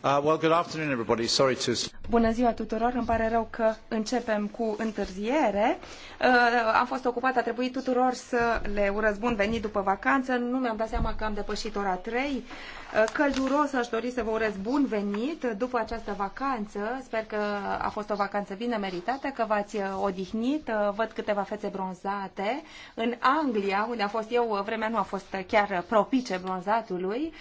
Uh, Bună ziua tuturor, îmi pare rău că începem cu întârziere. Uh, am fost ocupat, a trebuit tuturor să le urăz bun venit după vacanță. Nu mi-am dat seama că am depășit ora 3. Uh, călduros aș dori să vă urez bun venit după această vacanță. Sper că a fost o vacanță bine meritată, că v-ați uh, odihnit. Uh, văd câteva fețe bronzate. În Anglia, unde a fost eu, vremea nu a fost chiar propice bronzatului.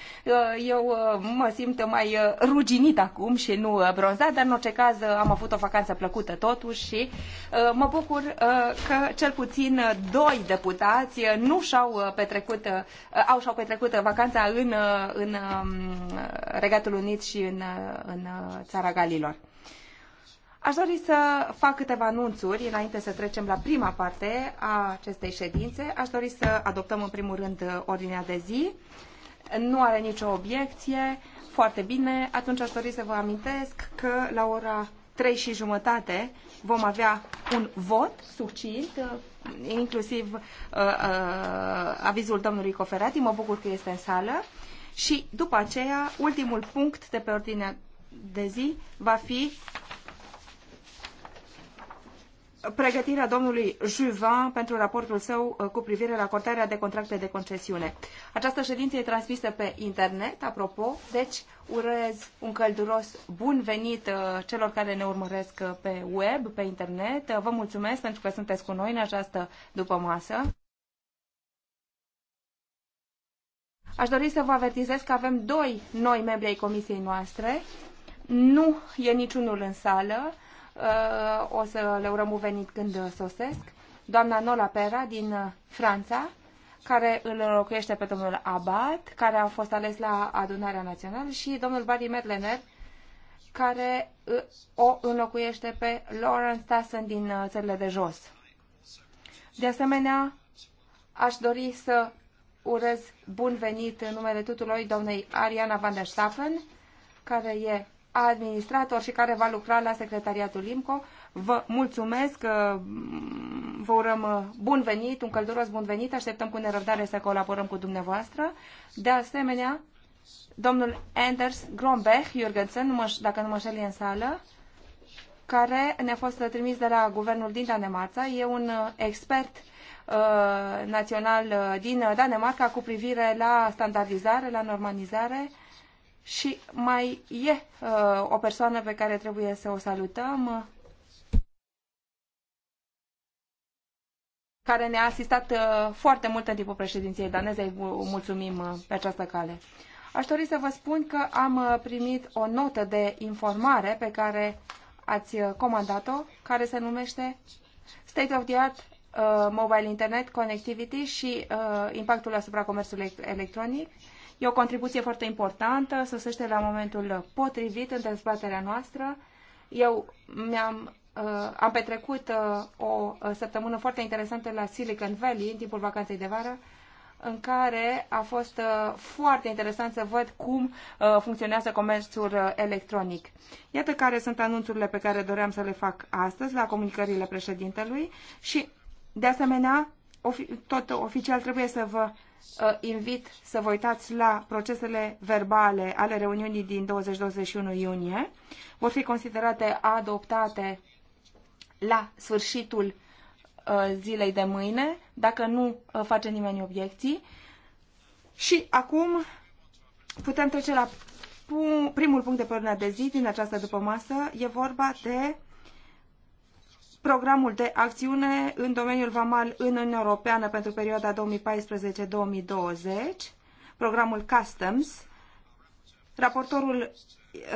Eu mă simt mai ruginit acum și nu bronzat, dar în orice caz am avut o vacanță plăcută totuși și mă bucur că cel puțin doi deputați nu și-au petrecut, au și-au petrecut vacanța în, în Um, Regatul Unit și în, uh, în uh, țara Galilor. Aș dori să fac câteva anunțuri înainte să trecem la prima parte a acestei ședințe. Aș dori să adoptăm în primul rând ordinea de zi. Nu are nicio obiecție. Foarte bine. Atunci aș dori să vă amintesc că la ora 3 și jumătate vom avea un vot succint, uh, inclusiv uh, uh, avizul domnului Coferati. Mă bucur că este în sală. Și după aceea, ultimul punct de pe ordinea de zi va fi pregătirea domnului Juvin pentru raportul său uh, cu privire la acordarea de contracte de concesiune. Această ședință e transmisă pe internet, apropo, deci urez un călduros bun venit uh, celor care ne urmăresc uh, pe web, pe internet. Vă mulțumesc pentru că sunteți cu noi în această după masă. Aș dori să vă avertizez că avem doi noi membri ai comisiei noastre. Nu e niciunul în sală. Uh, o să le urăm venit când sosesc. Doamna Nola Pera din Franța, care îl înlocuiește pe domnul Abad, care a fost ales la adunarea națională, și domnul Barry Medlener, care uh, o înlocuiește pe Lawrence Tassen din uh, țările de jos. De asemenea, aș dori să urez bun venit în numele tuturor doamnei Ariana van der Staffen, care e administrator și care va lucra la secretariatul IMCO. Vă mulțumesc, uh, vă urăm uh, bun venit, un călduros bun venit, așteptăm cu nerăbdare să colaborăm cu dumneavoastră. De asemenea, domnul Anders Grombech Jürgensen, dacă nu mă șel, în sală, care ne-a fost trimis de la guvernul din Danemarca, e un uh, expert uh, Uh, național uh, din uh, Danemarca cu privire la standardizare, la normalizare și mai e o persoană pe care trebuie să o salutăm. care ne-a asistat foarte mult în timpul președinției daneze. Îi mulțumim pe această cale. Aș dori să vă spun că am primit o notă de informare pe care ați comandat-o, care se numește State of the Art Uh, mobile Internet Connectivity și uh, impactul asupra comerțului electronic. E o contribuție foarte importantă, sosește la momentul potrivit în dezbaterea noastră. Eu mi-am uh, am petrecut o săptămână foarte interesantă la Silicon Valley în timpul vacanței de vară în care a fost foarte interesant să văd cum funcționează comerțul electronic. Iată care sunt anunțurile pe care doream să le fac astăzi la comunicările președintelui și de asemenea, tot oficial trebuie să vă uh, invit să vă uitați la procesele verbale ale reuniunii din 20-21 iunie. Vor fi considerate adoptate la sfârșitul uh, zilei de mâine, dacă nu uh, face nimeni obiecții. Și acum putem trece la primul punct de pe de zi din această dupămasă. E vorba de programul de acțiune în domeniul vamal în Uniunea Europeană pentru perioada 2014-2020, programul Customs. Raportorul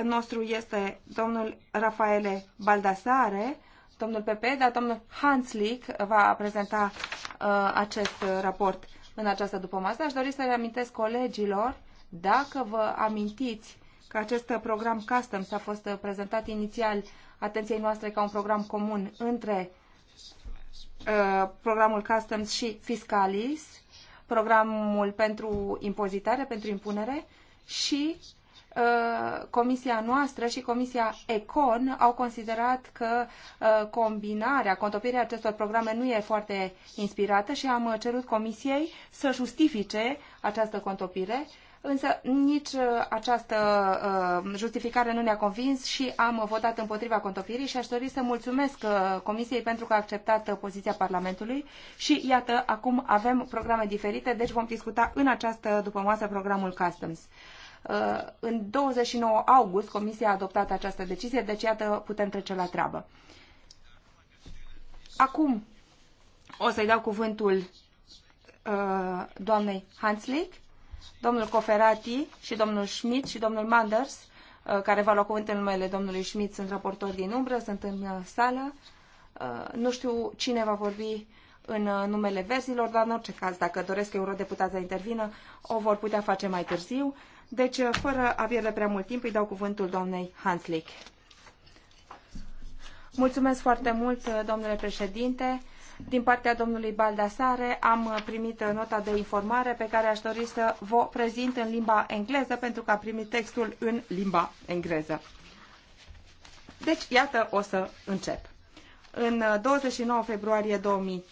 nostru este domnul Rafaele Baldasare, domnul Pepe, dar domnul Hanslik va prezenta uh, acest raport în această dupămasă. Aș dori să reamintesc colegilor, dacă vă amintiți că acest program Customs a fost prezentat inițial atenției noastre ca un program comun între uh, programul Customs și Fiscalis, programul pentru impozitare, pentru impunere și uh, Comisia noastră și Comisia Econ au considerat că uh, combinarea, contopirea acestor programe nu e foarte inspirată și am cerut Comisiei să justifice această contopire însă nici uh, această uh, justificare nu ne-a convins și am votat împotriva contopirii și aș dori să mulțumesc uh, Comisiei pentru că a acceptat poziția Parlamentului și iată, acum avem programe diferite, deci vom discuta în această după masă programul Customs. În 29 august Comisia a adoptat această decizie, deci iată putem trece la treabă. Acum o să-i dau cuvântul doamnei Hanslick domnul Coferati și domnul Schmidt și domnul Manders, uh, care va lua cuvântul numele domnului Schmidt, sunt raportori din umbră, sunt în uh, sală. Uh, nu știu cine va vorbi în numele verzilor, dar în orice caz, dacă doresc eurodeputați să intervină, o vor putea face mai târziu. Deci, fără a pierde prea mult timp, îi dau cuvântul doamnei Hanslick. Mulțumesc foarte mult, domnule președinte. Din partea domnului Baldasare am primit nota de informare pe care aș dori să vă prezint în limba engleză pentru că am primit textul în limba engleză. Deci, iată, o să încep. În 29 februarie 2000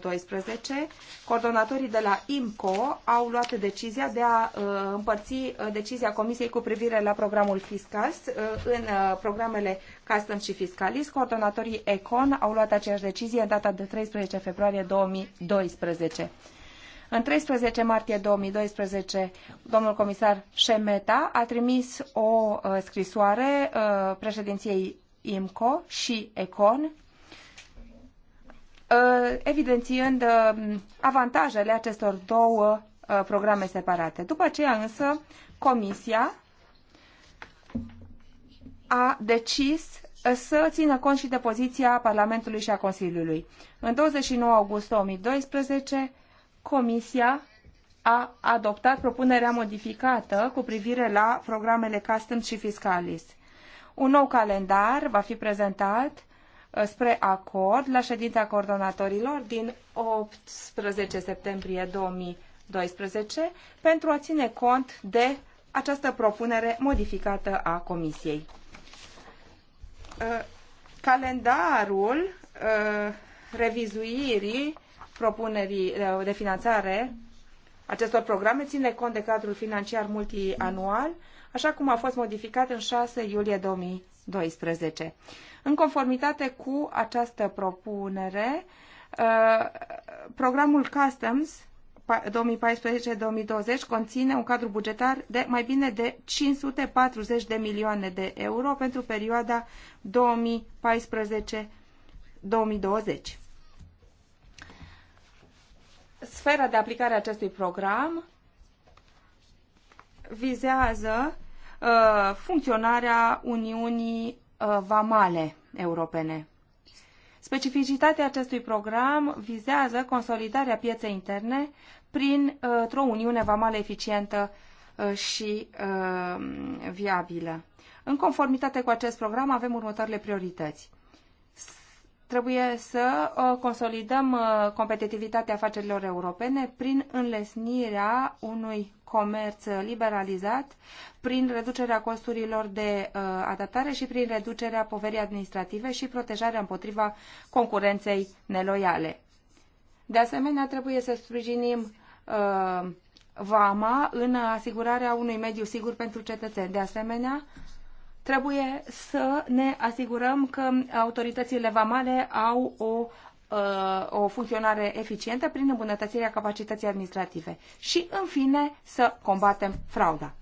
2012, coordonatorii de la IMCO au luat decizia de a uh, împărți uh, decizia Comisiei cu privire la programul Fiscals uh, în programele Custom și Fiscalis. Coordonatorii ECON au luat aceeași decizie în data de 13 februarie 2012. În 13 martie 2012, domnul comisar Șemeta a trimis o scrisoare președinției IMCO și ECON Uh, evidențiind uh, avantajele acestor două uh, programe separate. După aceea însă, Comisia a decis să țină cont și de poziția Parlamentului și a Consiliului. În 29 august 2012, Comisia a adoptat propunerea modificată cu privire la programele Customs și Fiscalis. Un nou calendar va fi prezentat Uh, spre acord la ședința coordonatorilor din 18 septembrie 2012 pentru a ține cont de această propunere modificată a Comisiei. Uh, calendarul uh, revizuirii propunerii de finanțare acestor programe ține cont de cadrul financiar multianual, așa cum a fost modificat în 6 iulie 2012. În conformitate cu această propunere, uh, programul Customs 2014-2020 conține un cadru bugetar de mai bine de 540 de milioane de euro pentru perioada 2014-2020. Sfera de aplicare a acestui program vizează uh, funcționarea Uniunii Uh, vamale europene. Specificitatea acestui program vizează consolidarea pieței interne prin uh, o uniune vamală eficientă uh, și viabilă. În conformitate cu acest program avem următoarele priorități. Trebuie să consolidăm competitivitatea afacerilor europene prin înlesnirea unui comerț liberalizat prin reducerea costurilor de uh, adaptare și prin reducerea poverii administrative și protejarea împotriva concurenței neloiale. De asemenea, trebuie să sprijinim uh, VAMA în asigurarea unui mediu sigur pentru cetățeni. De asemenea, trebuie să ne asigurăm că autoritățile vamale au o Uh, o funcționare eficientă prin îmbunătățirea capacității administrative și, în fine, să combatem frauda.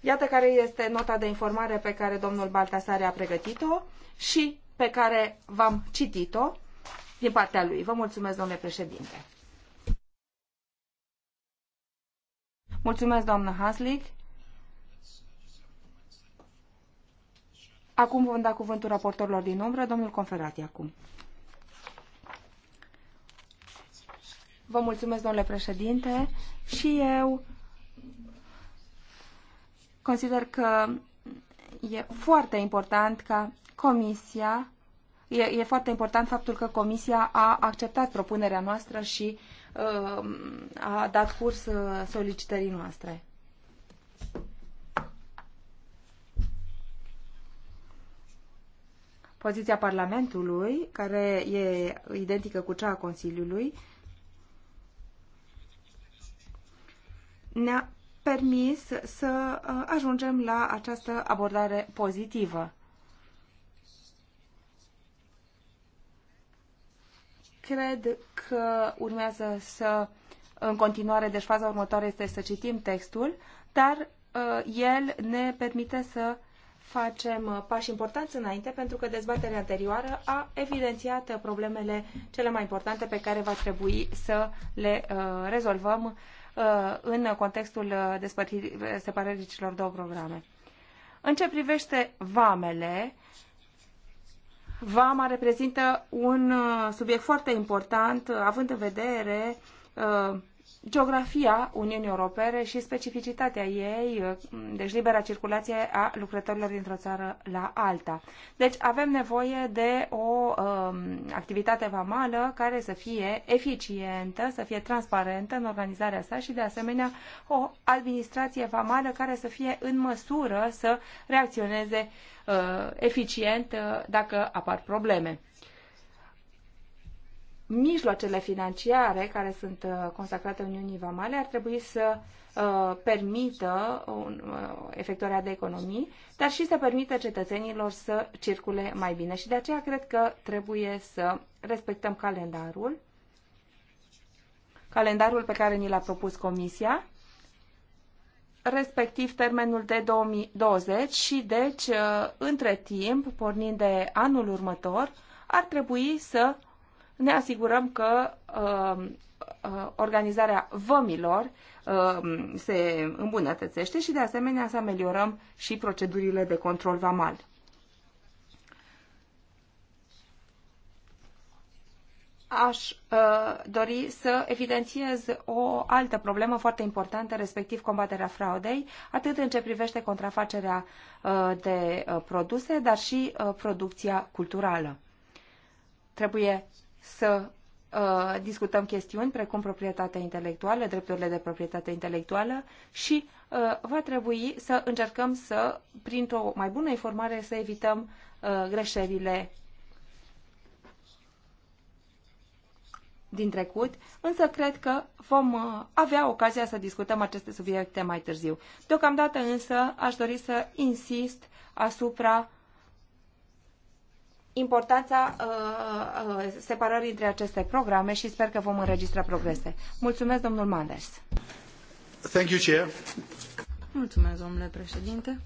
Iată care este nota de informare pe care domnul Baltasare a pregătit-o și pe care v-am citit-o din partea lui. Vă mulțumesc, domnule președinte. Mulțumesc, doamnă Haslick. Acum vom da cuvântul raportorilor din umbră, domnul Conferati acum. Vă mulțumesc, domnule președinte, și eu consider că e foarte important ca Comisia, e, e foarte important faptul că Comisia a acceptat propunerea noastră și uh, a dat curs uh, solicitării noastre. Poziția Parlamentului, care e identică cu cea a Consiliului, uh, ne-a permis să uh, ajungem la această abordare pozitivă. Cred că urmează să, în continuare, deci faza următoare este să citim textul, dar uh, el ne permite să facem uh, pași importanți înainte pentru că dezbaterea anterioară a evidențiat problemele cele mai importante pe care va trebui să le rezolvăm Uh, în contextul uh, uh, separării celor două programe. În ce privește vamele, vama reprezintă un subiect foarte important, având în vedere geografia Uniunii Europene și specificitatea ei, uh, deci libera circulație a lucrătorilor dintr-o țară la alta. Deci avem nevoie de o um, activitate vamală care să fie eficientă, să fie transparentă în organizarea sa și de asemenea o administrație vamală care să fie în măsură să reacționeze uh, eficient uh, dacă apar probleme mijloacele financiare care sunt uh, consacrate Uniunii Vamale ar trebui să uh, permită uh, efectuarea de economii, dar și să permită cetățenilor să circule mai bine. Și de aceea cred că trebuie să respectăm calendarul, calendarul pe care ni l-a propus Comisia, respectiv termenul de 2020 și deci între timp, pornind de anul următor, ar trebui să ne asigurăm că um, uh, organizarea vămilor uh, se îmbunătățește și de asemenea să ameliorăm și procedurile de control vamal. aș uh, dori să evidențiez o altă problemă foarte importantă, respectiv combaterea fraudei, atât în ce privește contrafacerea uh, de uh, produse, dar și uh, producția culturală. Trebuie să uh, discutăm chestiuni precum proprietatea intelectuală, drepturile de proprietate intelectuală și uh, va trebui să încercăm să, printr-o mai bună informare, să evităm uh, greșelile din trecut, însă cred că vom uh, avea ocazia să discutăm aceste subiecte mai târziu. Deocamdată însă aș dori să insist asupra importanța uh, uh, separării între aceste programe și sper că vom înregistra progrese. Mulțumesc, domnul Manders. Thank you, Chair. Mulțumesc, domnule președinte.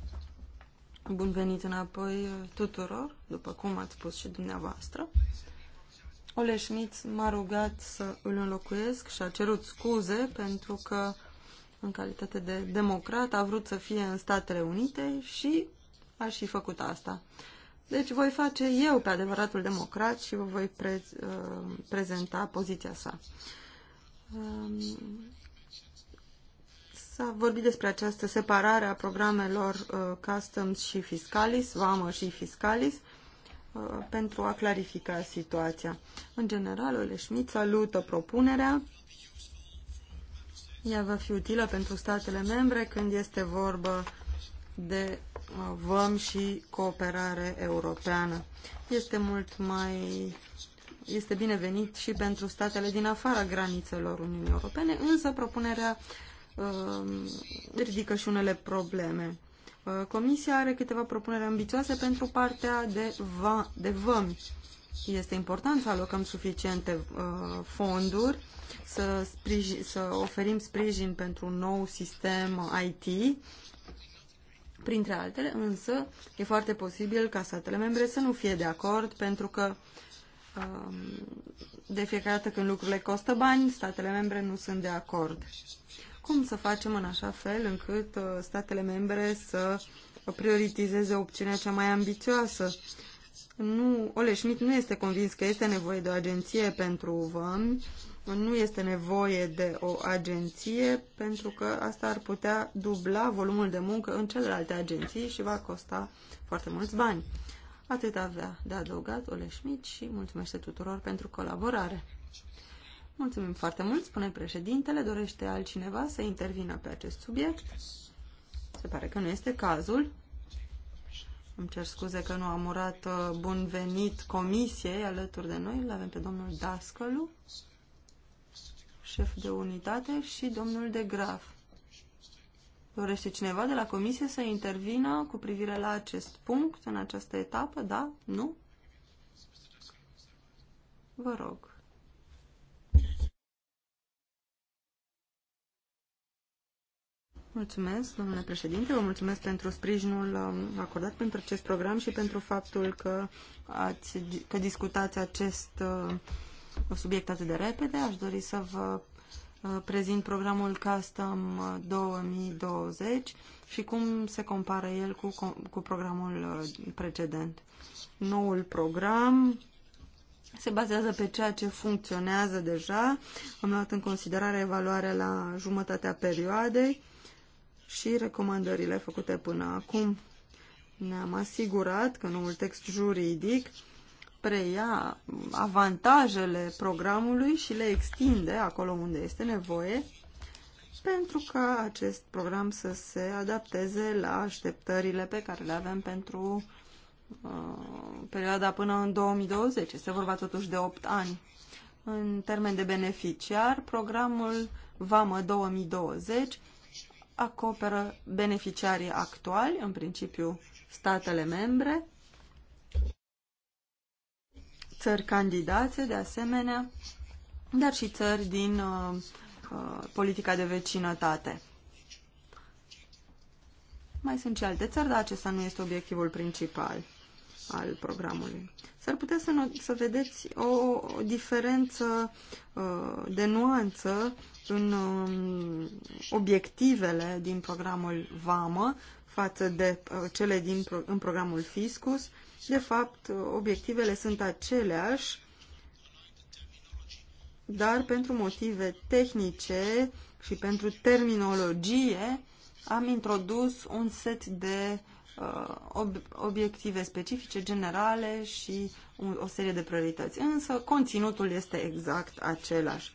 Bun venit înapoi uh, tuturor, după cum ați spus și dumneavoastră. Ole Schmidt m-a rugat să îl înlocuiesc și a cerut scuze pentru că, în calitate de democrat, a vrut să fie în Statele Unite și a și făcut asta. Deci voi face eu pe adevăratul democrat și vă voi pre, uh, prezenta poziția sa. Uh, S-a vorbit despre această separare a programelor uh, Customs și Fiscalis, VAMA și Fiscalis, uh, pentru a clarifica situația. În general, Ole Schmidt salută propunerea. Ea va fi utilă pentru statele membre când este vorbă de văm și cooperare europeană. Este mult mai este binevenit și pentru statele din afara granițelor Uniunii Europene, însă propunerea uh, ridică și unele probleme. Uh, Comisia are câteva propuneri ambițioase pentru partea de, va, de vămi. Este important să alocăm suficiente uh, fonduri, să, sprijin, să oferim sprijin pentru un nou sistem IT Printre altele, însă, e foarte posibil ca statele membre să nu fie de acord, pentru că um, de fiecare dată când lucrurile costă bani, statele membre nu sunt de acord. Cum să facem în așa fel încât uh, statele membre să prioritizeze opțiunea cea mai ambițioasă? Nu, Ole Schmidt nu este convins că este nevoie de o agenție pentru vămi, nu este nevoie de o agenție pentru că asta ar putea dubla volumul de muncă în celelalte agenții și va costa foarte mulți bani. Atât avea de adăugat Ole Schmidt și mulțumește tuturor pentru colaborare. Mulțumim foarte mult, spune președintele. Dorește altcineva să intervină pe acest subiect? Se pare că nu este cazul. Îmi cer scuze că nu am urat uh, bun venit comisiei alături de noi. L avem pe domnul Dascălu șef de unitate, și domnul de Graf. Dorește cineva de la comisie să intervină cu privire la acest punct, în această etapă? Da? Nu? Vă rog. Mulțumesc, domnule președinte, vă mulțumesc pentru sprijinul um, acordat pentru acest program și pentru faptul că, ați, că discutați acest uh, subiect atât de repede. Aș dori să vă uh, prezint programul Custom 2020 uh, și cum se compară el cu, cu programul uh, precedent. Noul program se bazează pe ceea ce funcționează deja. Am luat în considerare evaluarea la jumătatea perioadei și recomandările făcute până acum. Ne-am asigurat că noul text juridic preia avantajele programului și le extinde acolo unde este nevoie pentru ca acest program să se adapteze la așteptările pe care le avem pentru uh, perioada până în 2020. Este vorba totuși de 8 ani. În termen de beneficiar, programul VAMă 2020 acoperă beneficiarii actuali, în principiu statele membre, țări candidate, de asemenea, dar și țări din uh, uh, politica de vecinătate. Mai sunt și alte țări, dar acesta nu este obiectivul principal al programului. S-ar putea să, să vedeți o, o diferență uh, de nuanță în um, obiectivele din programul Vama față de uh, cele din pro, în programul Fiscus de fapt, obiectivele sunt aceleași, dar pentru motive tehnice și pentru terminologie am introdus un set de uh, obiective specifice, generale și o serie de priorități. Însă conținutul este exact același.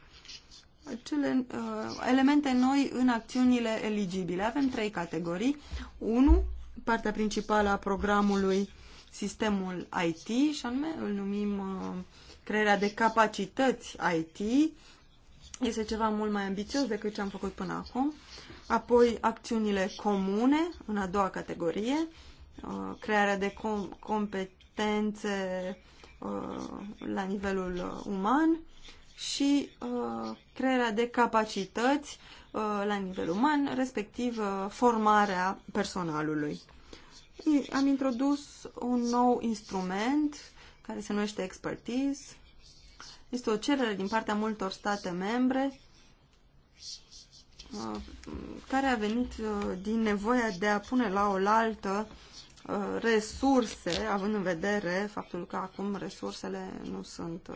Cele, uh, elemente noi în acțiunile eligibile. Avem trei categorii. 1. Partea principală a programului sistemul IT și anume îl numim uh, crearea de capacități IT. Este ceva mult mai ambițios decât ce am făcut până acum. Apoi acțiunile comune în a doua categorie, uh, crearea de com- competențe uh, la nivelul uman și crearea de capacități la nivel uman, respectiv formarea personalului am introdus un nou instrument care se numește expertise. Este o cerere din partea multor state membre uh, care a venit uh, din nevoia de a pune la oaltă uh, resurse, având în vedere faptul că acum resursele nu sunt,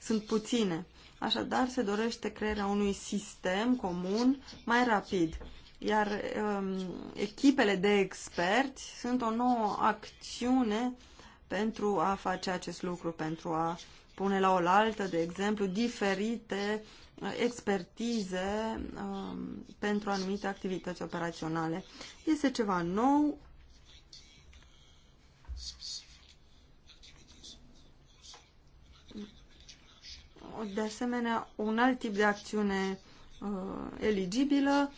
sunt puține. Așadar, se dorește crearea unui sistem comun mai rapid. Iar um, echipele de experți sunt o nouă acțiune pentru a face acest lucru, pentru a pune la oaltă, de exemplu, diferite uh, expertize um, pentru anumite activități operaționale. Este ceva nou. De asemenea, un alt tip de acțiune Uh, eligibilă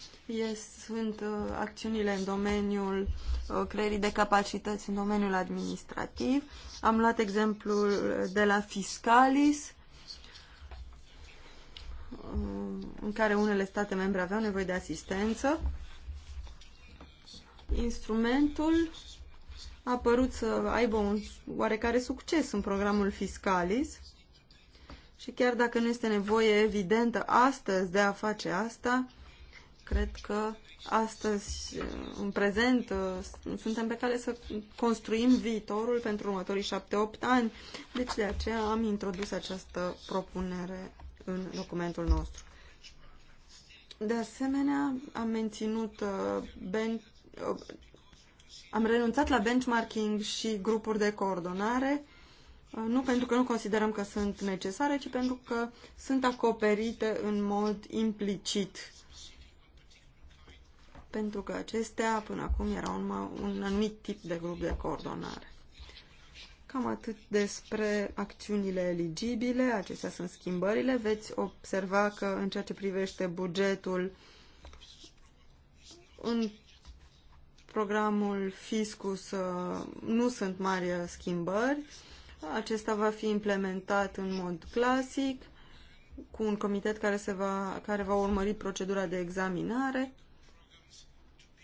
sunt uh, acțiunile în domeniul uh, creierii de capacități în domeniul administrativ. Am luat exemplul de la Fiscalis, în care unele state membre aveau nevoie de asistență. Instrumentul a părut să aibă un oarecare succes în programul Fiscalis și chiar dacă nu este nevoie evidentă astăzi de a face asta, cred că astăzi, uh, în prezent, uh, suntem pe cale să construim viitorul pentru următorii șapte-opt ani. Deci de aceea am introdus această propunere în documentul nostru. De asemenea, am menținut uh, ben... am renunțat la benchmarking și grupuri de coordonare Uh, nu pentru că nu considerăm că sunt necesare, ci pentru că sunt acoperite în mod implicit. Pentru că acestea până acum erau un, un anumit tip de grup de coordonare. Cam atât despre acțiunile eligibile, acestea sunt schimbările. Veți observa că în ceea ce privește bugetul în programul Fiscus uh, nu sunt mari schimbări acesta va fi implementat în mod clasic, cu un comitet care, se va, care va urmări procedura de examinare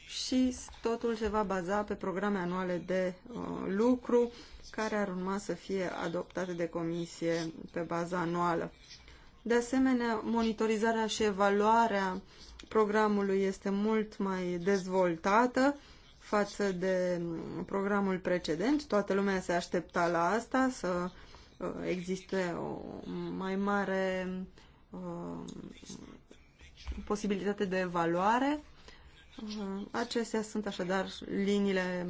și totul se va baza pe programe anuale de uh, lucru care ar urma să fie adoptate de comisie pe baza anuală. De asemenea, monitorizarea și evaluarea programului este mult mai dezvoltată față de programul precedent. Toată lumea se aștepta la asta, să uh, existe o mai mare uh, posibilitate de evaluare. Uh, acestea sunt așadar liniile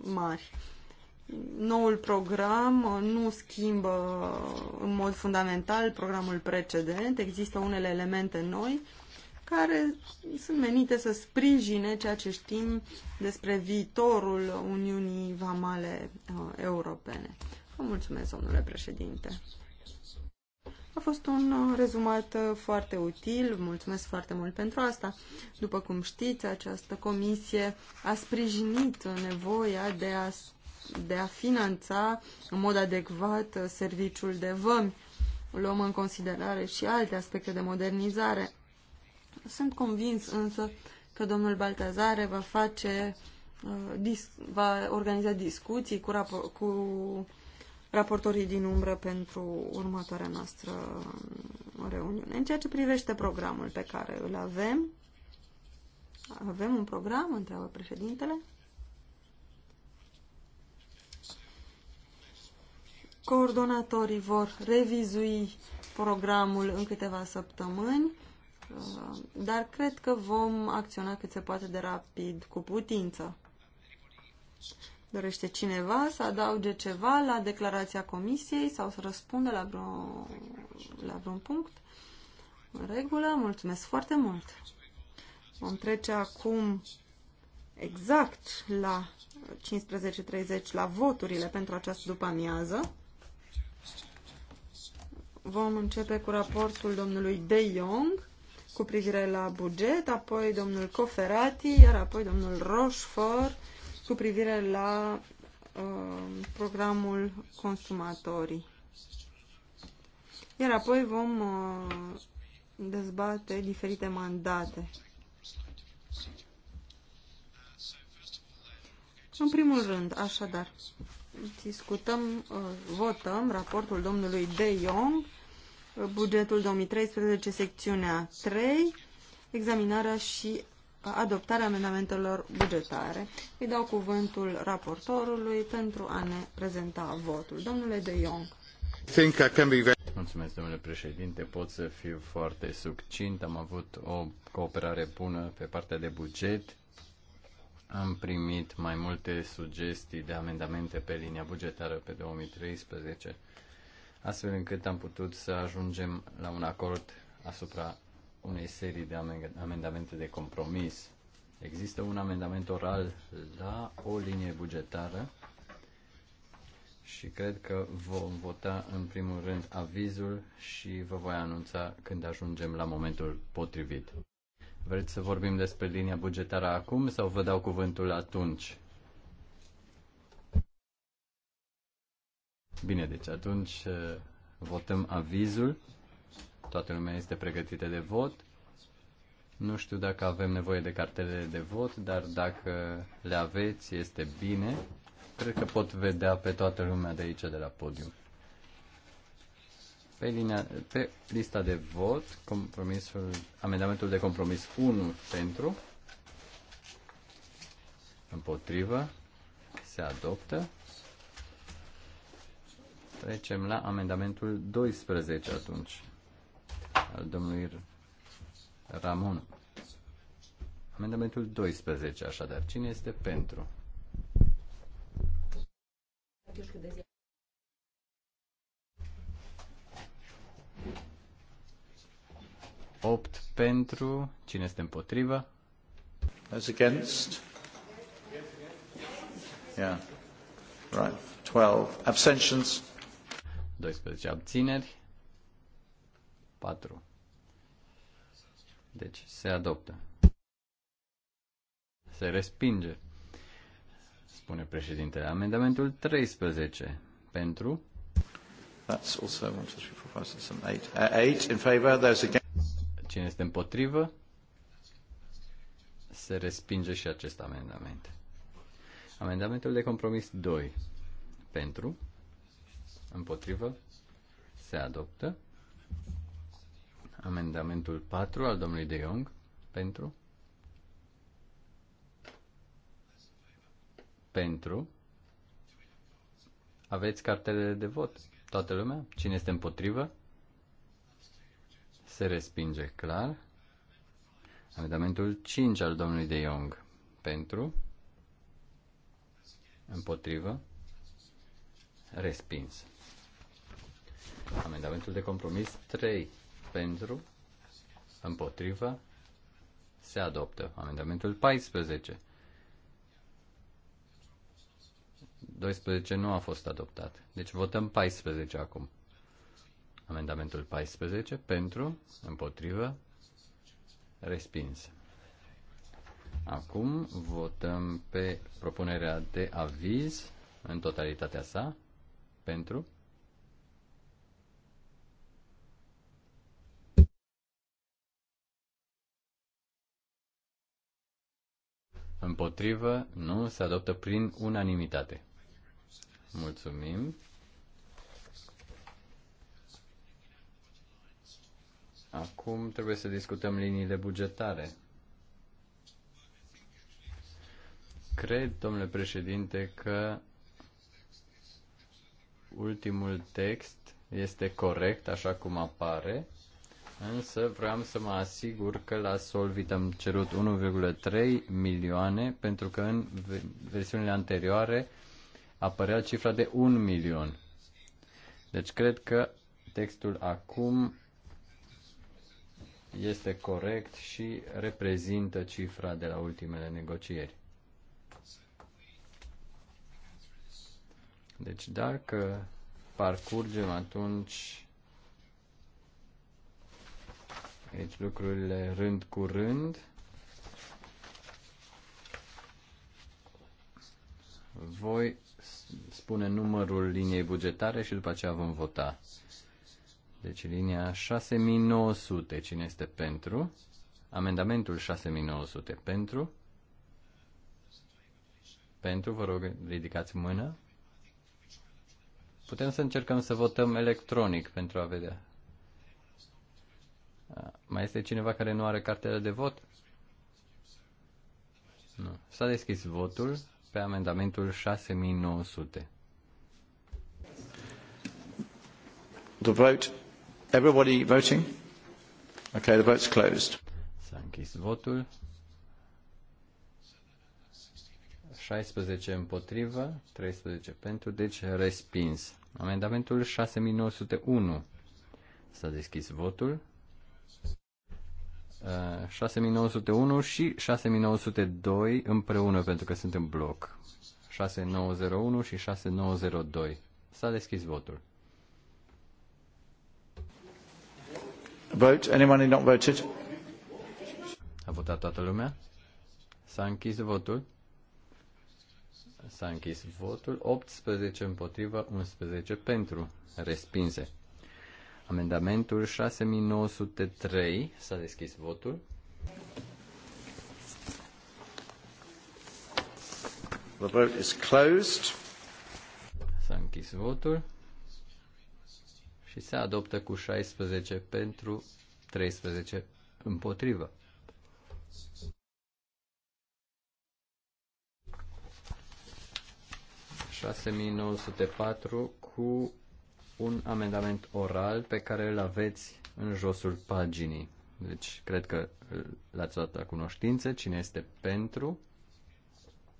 mari. Noul program uh, nu schimbă în mod fundamental programul precedent, există unele elemente noi, care sunt menite să sprijine ceea ce știm despre viitorul Uniunii Vamale uh, Europene. Vă mulțumesc, domnule președinte. A fost un uh, rezumat uh, foarte util, mulțumesc foarte mult pentru asta. După cum știți, această comisie a sprijinit nevoia de a, de a finanța în mod adecvat serviciul de vămi. Luăm în considerare și alte aspecte de modernizare sunt convins însă că domnul Baltazare va face uh, va organiza discuții cu, rapor cu raportorii din umbră pentru următoarea noastră um, reuniune. În ceea ce privește programul pe care îl avem, avem un program, întreabă președintele. Coordonatorii vor revizui programul în câteva săptămâni Uh, dar cred că vom acționa cât se poate de rapid, cu putință. Dorește cineva să adauge ceva la declarația comisiei sau să răspundă la, vreun, la vreun punct? În regulă, mulțumesc foarte mult! Vom trece acum exact la 15.30 la voturile pentru această după-amiază. Vom începe cu raportul domnului De Jong cu privire la buget, apoi domnul Coferati, iar apoi domnul Rochefort cu privire la uh, programul consumatorii. Iar apoi vom uh, dezbate diferite mandate. În primul rând, așadar, discutăm, uh, votăm raportul domnului De Jong bugetul 2013, secțiunea 3, examinarea și adoptarea amendamentelor bugetare. Îi dau cuvântul raportorului pentru a ne prezenta votul. Domnule De Jong. Mulțumesc, domnule președinte. Pot să fiu foarte succint. Am avut o cooperare bună pe partea de buget. Am primit mai multe sugestii de amendamente pe linia bugetară pe 2013 astfel încât am putut să ajungem la un acord asupra unei serii de amendamente de compromis. Există un amendament oral la o linie bugetară și cred că vom vota în primul rând avizul și vă voi anunța când ajungem la momentul potrivit. Vreți să vorbim despre linia bugetară acum sau vă dau cuvântul atunci? Bine, deci atunci eh, votăm avizul. Toată lumea este pregătită de vot. Nu știu dacă avem nevoie de cartele de vot, dar dacă le aveți, este bine. Cred că pot vedea pe toată lumea de aici, de la podium. Pe, linia, pe lista de vot, compromisul, amendamentul de compromis 1 pentru, împotrivă, se adoptă. Trecem la amendamentul 12 atunci, al domnului Ramon. Amendamentul 12, așadar. Cine este pentru? Opt pentru. Cine este împotrivă? As against? Yeah. Right. 12. Abstentions? 12 abțineri, 4. Deci se adoptă. Se respinge, spune președintele. Amendamentul 13 pentru. That's also 1, 2, 3, 4, 5, 6, 7, 8. 8 in favor, those against. Cine este împotrivă? Se respinge și acest amendament. Amendamentul de compromis 2 pentru împotrivă, se adoptă. Amendamentul 4 al domnului De Jong, pentru, pentru, aveți cartelele de vot, toată lumea, cine este împotrivă, se respinge clar. Amendamentul 5 al domnului De Jong, pentru, împotrivă, respins. Amendamentul de compromis 3 pentru, împotrivă, se adoptă. Amendamentul 14. 12 nu a fost adoptat. Deci votăm 14 acum. Amendamentul 14 pentru, împotrivă, respins. Acum votăm pe propunerea de aviz în totalitatea sa pentru, Împotrivă? Nu. Se adoptă prin unanimitate. Mulțumim. Acum trebuie să discutăm liniile bugetare. Cred, domnule președinte, că ultimul text este corect așa cum apare însă vreau să mă asigur că la Solvit am cerut 1,3 milioane, pentru că în versiunile anterioare apărea cifra de 1 milion. Deci cred că textul acum este corect și reprezintă cifra de la ultimele negocieri. Deci dacă parcurgem atunci aici deci lucrurile rând cu rând. Voi spune numărul liniei bugetare și după aceea vom vota. Deci linia 6900, cine este pentru? Amendamentul 6900, pentru? Pentru, vă rog, ridicați mână. Putem să încercăm să votăm electronic pentru a vedea. Mai este cineva care nu are cartela de vot? Nu. S-a deschis votul pe amendamentul 6900. The vote. Everybody voting? Okay, the vote's closed. S-a închis votul. 16 împotrivă, 13 pentru, deci respins. Amendamentul 6901. S-a deschis votul. 6901 eh, și 6902 împreună pentru că sunt în bloc. 6901 și 6902. S-a deschis votul. Vote. Anyone not voted? A votat toată lumea? S-a închis votul? S-a închis votul. 18 împotrivă, 11 pentru. Respinse. Amendamentul 6903. S-a deschis votul. The vote is closed. S-a închis votul și se adoptă cu 16 pentru 13 împotrivă. patru cu un amendament oral pe care îl aveți în josul paginii. Deci, cred că l-ați luat la cunoștință. Cine este pentru,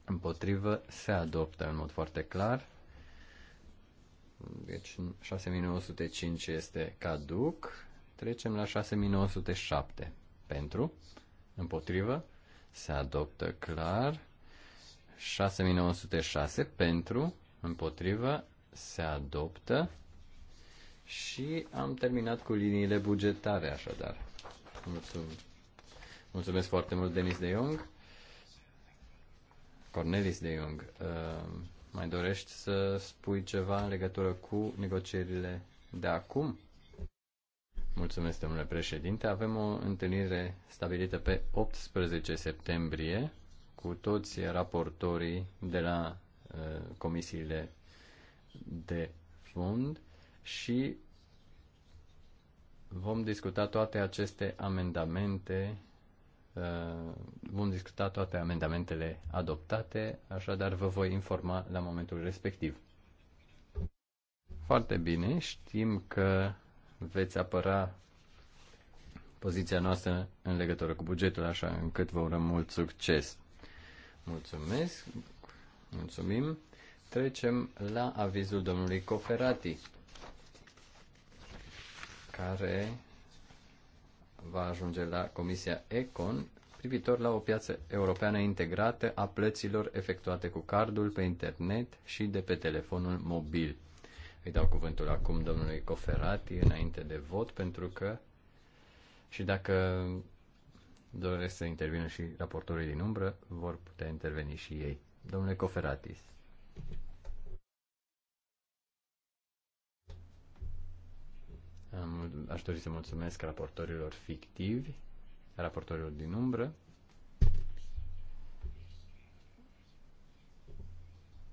împotrivă, se adoptă în mod foarte clar. Deci, 6905 este caduc. Trecem la 6907. Pentru, împotrivă, se adoptă clar. 6906 pentru, împotrivă, se adoptă și am terminat cu liniile bugetare, așadar. Mulțumesc, Mulțumesc foarte mult, Denis de Jong. Cornelis de Jong, uh, mai dorești să spui ceva în legătură cu negocierile de acum? Mulțumesc, domnule președinte. Avem o întâlnire stabilită pe 18 septembrie cu toți raportorii de la uh, comisiile de fond și vom discuta toate aceste amendamente, uh, vom discuta toate amendamentele adoptate, așadar vă voi informa la momentul respectiv. Foarte bine, știm că veți apăra poziția noastră în legătură cu bugetul, așa încât vă urăm mult succes. Mulțumesc, mulțumim. Trecem la avizul domnului Coferati care va ajunge la Comisia Econ privitor la o piață europeană integrată a plăților efectuate cu cardul pe internet și de pe telefonul mobil. Îi dau cuvântul acum domnului Coferati înainte de vot pentru că și dacă doresc să intervină și raportorii din umbră, vor putea interveni și ei. Domnule Coferatis. Aș dori să mulțumesc raportorilor fictivi, raportorilor din umbră.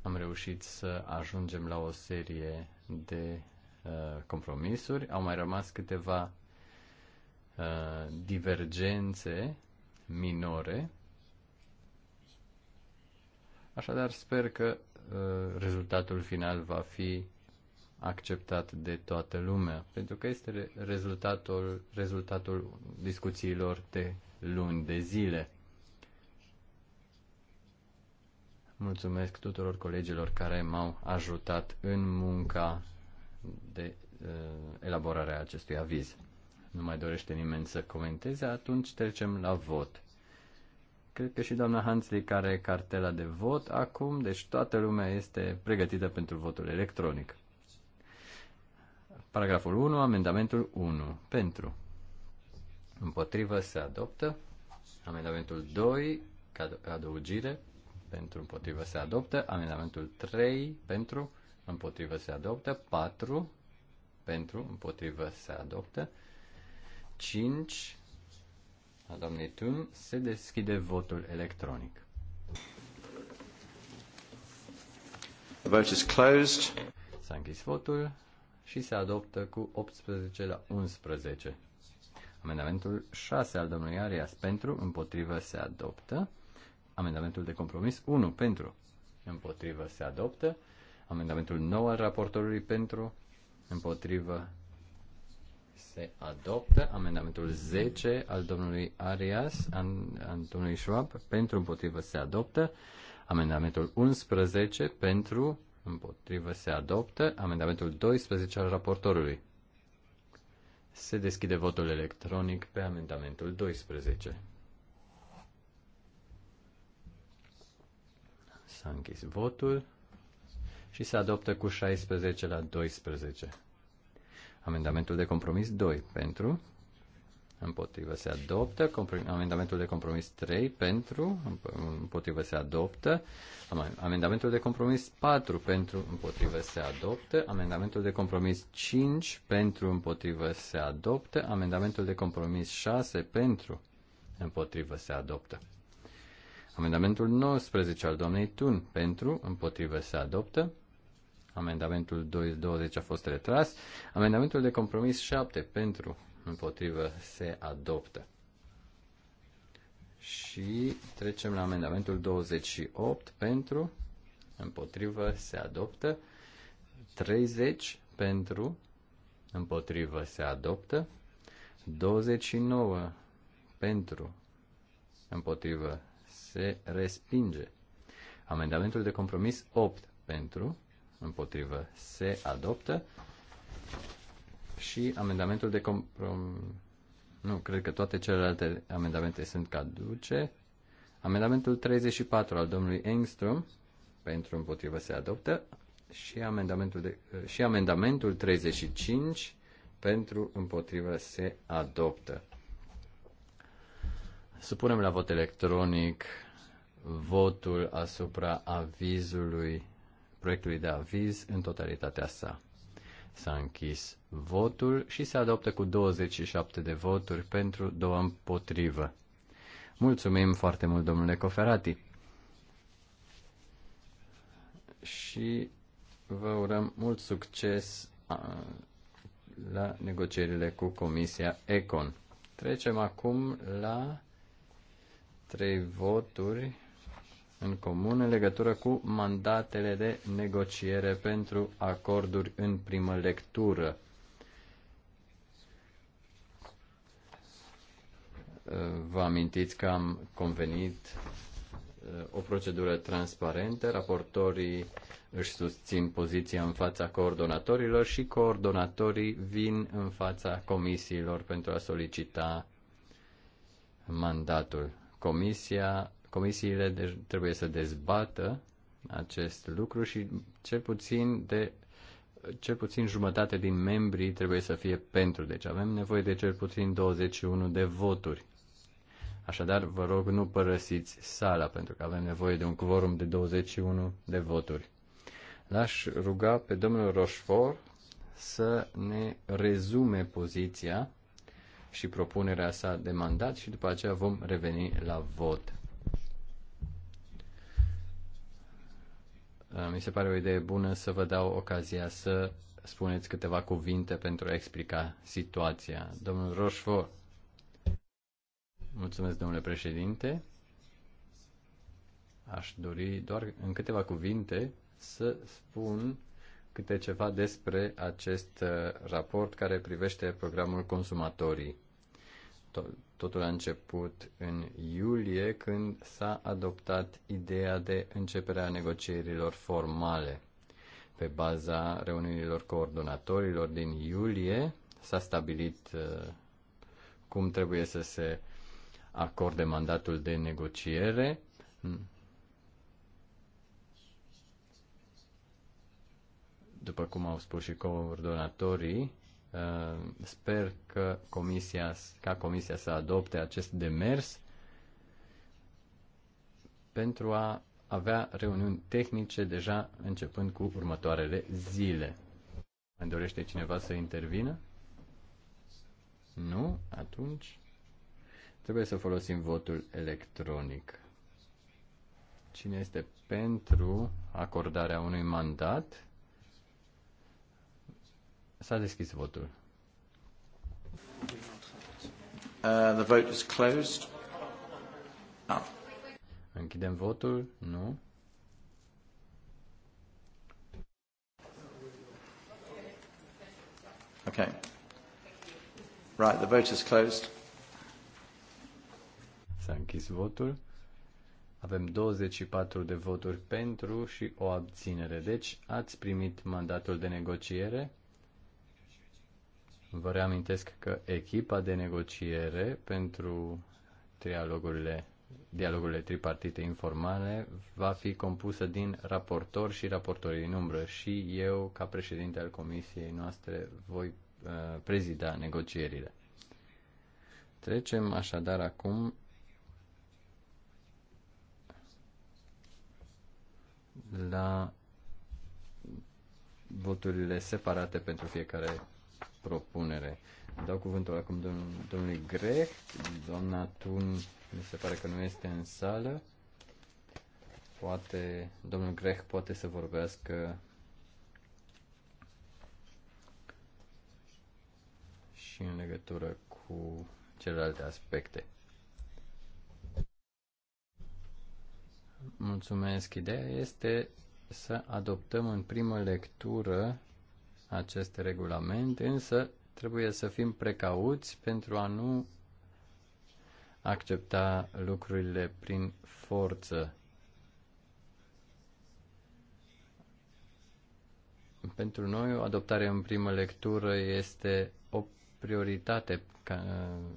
Am reușit să ajungem la o serie de uh, compromisuri. Au mai rămas câteva uh, divergențe minore. Așadar, sper că uh, rezultatul final va fi acceptat de toată lumea, pentru că este rezultatul, rezultatul discuțiilor de luni, de zile. Mulțumesc tuturor colegilor care m-au ajutat în munca de uh, elaborare a acestui aviz. Nu mai dorește nimeni să comenteze, atunci trecem la vot. Cred că și doamna Hansley care cartela de vot acum, deci toată lumea este pregătită pentru votul electronic. Paragraful 1, amendamentul 1. Pentru. Împotrivă se adoptă. Amendamentul 2, adăugire. Pentru împotrivă se adoptă. Amendamentul 3, pentru împotrivă se adoptă. 4, pentru împotrivă se adoptă. 5, a doamnei Tun, se deschide votul electronic. The vote is closed. S-a închis votul și se adoptă cu 18 la 11. Amendamentul 6 al domnului Arias pentru, împotrivă se adoptă. Amendamentul de compromis 1 pentru, împotrivă se adoptă. Amendamentul 9 al raportorului pentru, împotrivă se adoptă. Amendamentul 10 al domnului Arias, an, domnului Schwab, pentru, împotrivă se adoptă. Amendamentul 11 pentru, Împotrivă se adoptă. Amendamentul 12 al raportorului. Se deschide votul electronic pe amendamentul 12. S-a închis votul și se adoptă cu 16 la 12. Amendamentul de compromis 2 pentru, împotrivă se adoptă, amendamentul de compromis 3 pentru, împotrivă se adoptă, amendamentul de compromis 4 pentru, împotrivă se adoptă, amendamentul de compromis 5 pentru, împotrivă se adoptă, amendamentul de compromis 6 pentru, împotrivă se adoptă. Amendamentul 19 al doamnei Tun pentru, împotrivă se adoptă, amendamentul 20 a fost retras, amendamentul de compromis 7 pentru, împotrivă, se adoptă. Și trecem la amendamentul 28 pentru, împotrivă, se adoptă. 30 pentru, împotrivă, se adoptă. 29 pentru, împotrivă, se respinge. Amendamentul de compromis 8 pentru, împotrivă, se adoptă și amendamentul de comprom... Nu, cred că toate celelalte amendamente sunt caduce. Amendamentul 34 al domnului Engström pentru împotrivă se adoptă și amendamentul, de, și amendamentul 35 pentru împotrivă se adoptă. Supunem la vot electronic votul asupra avizului, proiectului de aviz în totalitatea sa. S-a închis votul și se adoptă cu 27 de voturi pentru, două împotrivă. Mulțumim foarte mult, domnule Coferati. Și vă urăm mult succes la negocierile cu Comisia Econ. Trecem acum la trei voturi în comun în legătură cu mandatele de negociere pentru acorduri în primă lectură. Vă amintiți că am convenit uh, o procedură transparentă, raportorii își susțin poziția în fața coordonatorilor și coordonatorii vin în fața comisiilor pentru a solicita mandatul. Comisia, comisiile de, trebuie să dezbată acest lucru și cel puțin de cel puțin jumătate din membrii trebuie să fie pentru. Deci avem nevoie de cel puțin 21 de voturi. Așadar, vă rog, nu părăsiți sala, pentru că avem nevoie de un quorum de 21 de voturi. L-aș ruga pe domnul Rochefort să ne rezume poziția și propunerea sa de mandat și după aceea vom reveni la vot. Uh, mi se pare o idee bună să vă dau ocazia să spuneți câteva cuvinte pentru a explica situația. Domnul Rochefort. Mulțumesc, domnule președinte. Aș dori doar în câteva cuvinte să spun câte ceva despre acest uh, raport care privește programul consumatorii. Totul a început în iulie când s-a adoptat ideea de începerea negocierilor formale. Pe baza reuniunilor coordonatorilor din iulie s-a stabilit uh, cum trebuie să se acorde mandatul de negociere. După cum au spus și coordonatorii, uh, sper că comisia, ca comisia să adopte acest demers pentru a avea reuniuni tehnice deja începând cu următoarele zile. Mai dorește cineva să intervină? Nu? Atunci Trebuie să folosim votul electronic. Cine este pentru acordarea unui mandat? S-a deschis votul. Uh, the vote is closed. Ah. Închidem votul? Nu. Okay. Right, the vote is closed. S-a închis votul. Avem 24 de voturi pentru și o abținere. Deci ați primit mandatul de negociere. Vă reamintesc că echipa de negociere pentru trialogurile, dialogurile tripartite informale va fi compusă din raportori și raportorii în umbră și eu, ca președinte al comisiei noastre, voi uh, prezida negocierile. Trecem așadar acum la voturile separate pentru fiecare propunere. Dau cuvântul acum domnului Grech, doamna Tun mi se pare că nu este în sală. Poate, domnul Grech poate să vorbească și în legătură cu celelalte aspecte. Mulțumesc. Ideea este să adoptăm în primă lectură acest regulament, însă trebuie să fim precauți pentru a nu accepta lucrurile prin forță. Pentru noi, o adoptare în primă lectură este o prioritate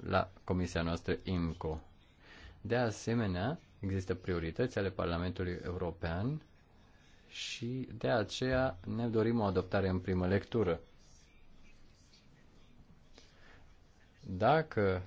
la comisia noastră IMCO. De asemenea, Există priorități ale Parlamentului European și de aceea ne dorim o adoptare în primă lectură. Dacă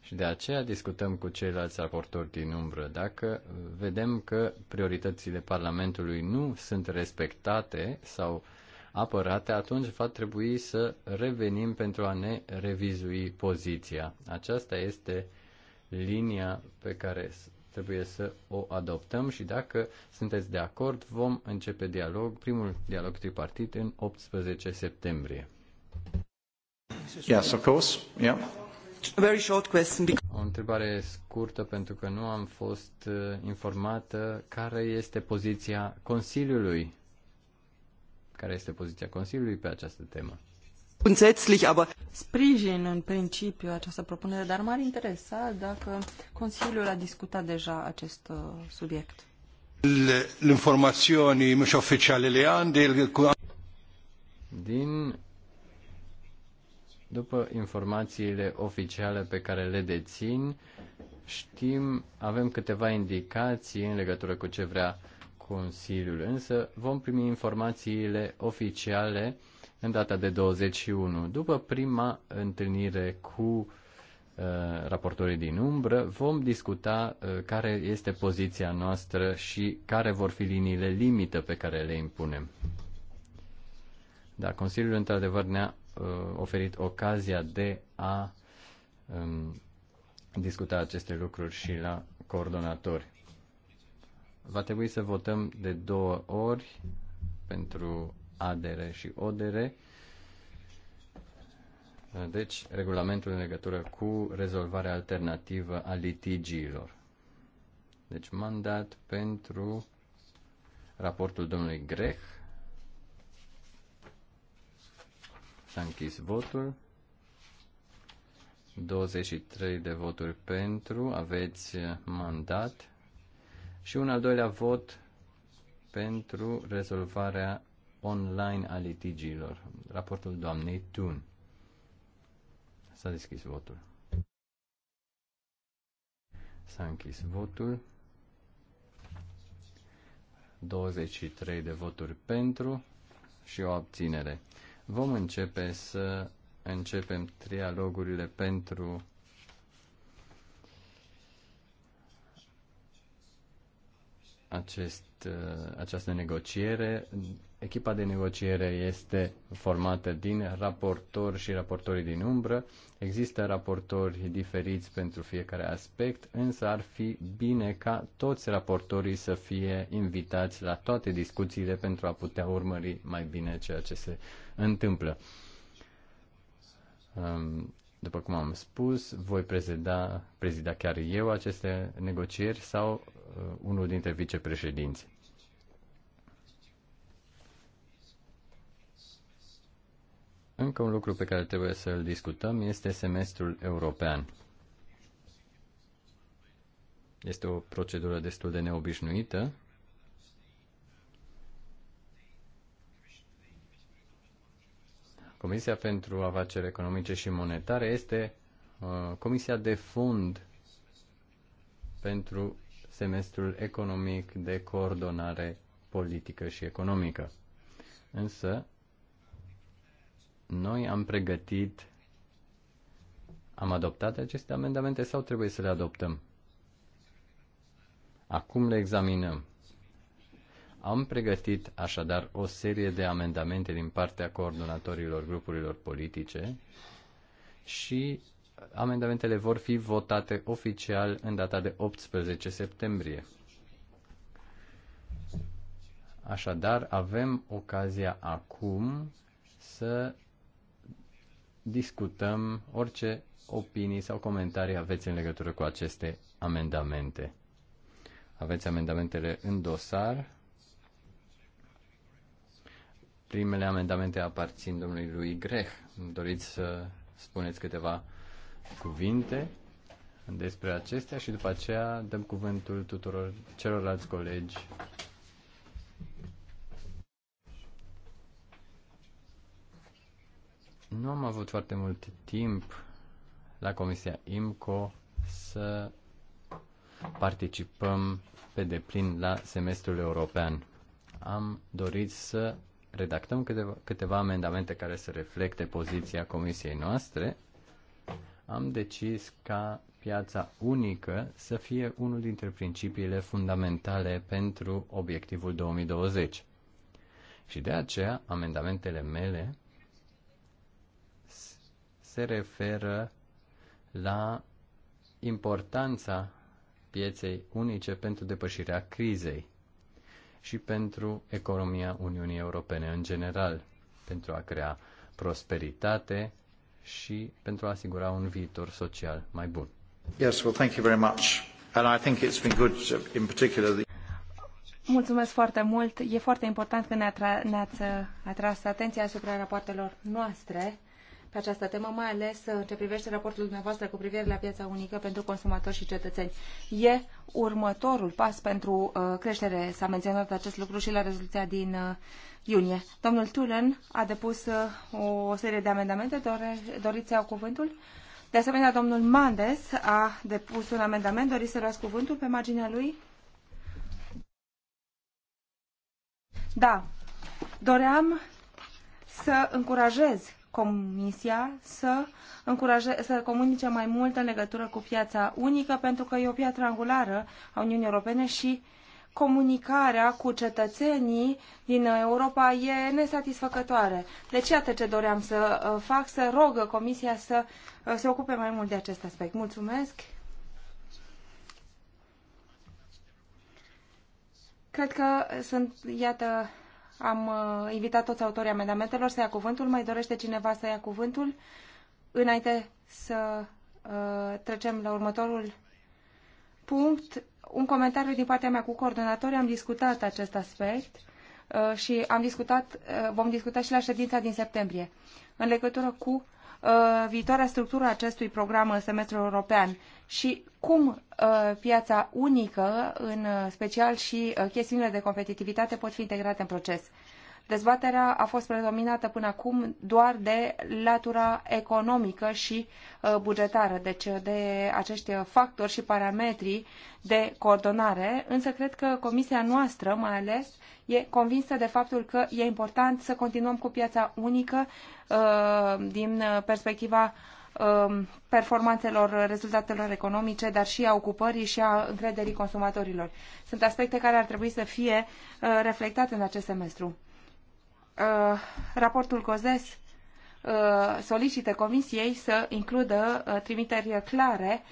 și de aceea discutăm cu ceilalți raportori din umbră. Dacă vedem că prioritățile Parlamentului nu sunt respectate sau apărate, atunci va trebui să revenim pentru a ne revizui poziția. Aceasta este linia pe care trebuie să o adoptăm și dacă sunteți de acord, vom începe dialog, primul dialog tripartit în 18 septembrie. Yes, of course. Yeah. Very short question. O întrebare scurtă pentru că nu am fost uh, informată care este poziția Consiliului. Care este poziția Consiliului pe această temă? Grundsätzlich, aber... Sprijin în principiu această propunere, dar m-ar interesa dacă Consiliul a discutat deja acest uh, subiect. l oficiale le ande... Din... După informațiile oficiale pe care le dețin, știm, avem câteva indicații în legătură cu ce vrea Consiliul, însă vom primi informațiile oficiale în data de 21. După prima întâlnire cu uh, raportorii din umbră, vom discuta uh, care este poziția noastră și care vor fi liniile limită pe care le impunem. Da, Consiliul într-adevăr ne-a uh, oferit ocazia de a um, discuta aceste lucruri și la coordonatori. Va trebui să votăm de două ori pentru ADR și ODR. Deci, regulamentul în legătură cu rezolvarea alternativă a litigiilor. Deci, mandat pentru raportul domnului Grech. S-a închis votul. 23 de voturi pentru, aveți mandat. Și un al doilea vot pentru rezolvarea online a litigiilor. Raportul doamnei Tun. S-a deschis votul. S-a închis votul. 23 de voturi pentru și o abținere. Vom începe să începem trialogurile pentru acest, această negociere Echipa de negociere este formată din raportori și raportorii din umbră. Există raportori diferiți pentru fiecare aspect, însă ar fi bine ca toți raportorii să fie invitați la toate discuțiile pentru a putea urmări mai bine ceea ce se întâmplă. Um, după cum am spus, voi prezida, prezida chiar eu aceste negocieri sau uh, unul dintre vicepreședinți. Încă un lucru pe care trebuie să-l discutăm este semestrul european. Este o procedură destul de neobișnuită. Comisia pentru Afaceri Economice și Monetare este uh, comisia de fund pentru semestrul economic de coordonare politică și economică. Însă, noi am pregătit, am adoptat aceste amendamente sau trebuie să le adoptăm? Acum le examinăm. Am pregătit așadar o serie de amendamente din partea coordonatorilor grupurilor politice și amendamentele vor fi votate oficial în data de 18 septembrie. Așadar, avem ocazia acum să discutăm orice opinii sau comentarii aveți în legătură cu aceste amendamente. Aveți amendamentele în dosar. Primele amendamente aparțin domnului lui Greh. Doriți să spuneți câteva cuvinte despre acestea și după aceea dăm cuvântul tuturor celorlalți colegi Nu am avut foarte mult timp la Comisia IMCO să participăm pe deplin la semestrul european. Am dorit să redactăm câteva, câteva amendamente care să reflecte poziția Comisiei noastre. Am decis ca piața unică să fie unul dintre principiile fundamentale pentru obiectivul 2020. Și de aceea, amendamentele mele se referă la importanța pieței unice pentru depășirea crizei și pentru economia Uniunii Europene în general, pentru a crea prosperitate și pentru a asigura un viitor social mai bun. Yes, well, thank you very much. And I think it's been good in particular the... Mulțumesc foarte mult. E foarte important că ne-ați atras atenția asupra rapoartelor noastre pe această temă, mai ales uh, în ce privește raportul dumneavoastră cu privire la piața unică pentru consumatori și cetățeni. E următorul pas pentru uh, creștere. S-a menționat acest lucru și la rezoluția din uh, iunie. Domnul Tulen a depus uh, o serie de amendamente. Dore, doriți să iau cuvântul? De asemenea, domnul Mandes a depus un amendament. Doriți să luați cuvântul pe marginea lui? Da. Doream să încurajez Comisia să, încuraje, să comunice mai mult în legătură cu piața unică, pentru că e o piatră angulară a Uniunii Europene și comunicarea cu cetățenii din Europa e nesatisfăcătoare. Deci iată ce doream să uh, fac, să rog Comisia să uh, se ocupe mai mult de acest aspect. Mulțumesc! Cred că sunt, iată, am uh, invitat toți autorii amendamentelor să ia cuvântul. Mai dorește cineva să ia cuvântul? Înainte să uh, trecem la următorul punct, un comentariu din partea mea cu coordonatorii. Am discutat acest aspect uh, și am discutat, uh, vom discuta și la ședința din septembrie în legătură cu uh, Uh, viitoarea structură a acestui program în semestrul european și cum uh, piața unică, în uh, special și chestiunile de competitivitate, pot fi integrate în proces. Dezbaterea a fost predominată până acum doar de latura economică și uh, bugetară, deci uh, de acești uh, factori și parametri de coordonare, însă cred că comisia noastră, mai ales, e convinsă de faptul că e important să continuăm cu piața unică din perspectiva um, performanțelor, rezultatelor economice, dar și a ocupării și a încrederii consumatorilor. Sunt aspecte care ar trebui să fie reflectate în acest semestru. Uh, raportul Gozes uh, solicită Comisiei să includă uh, trimiteri clare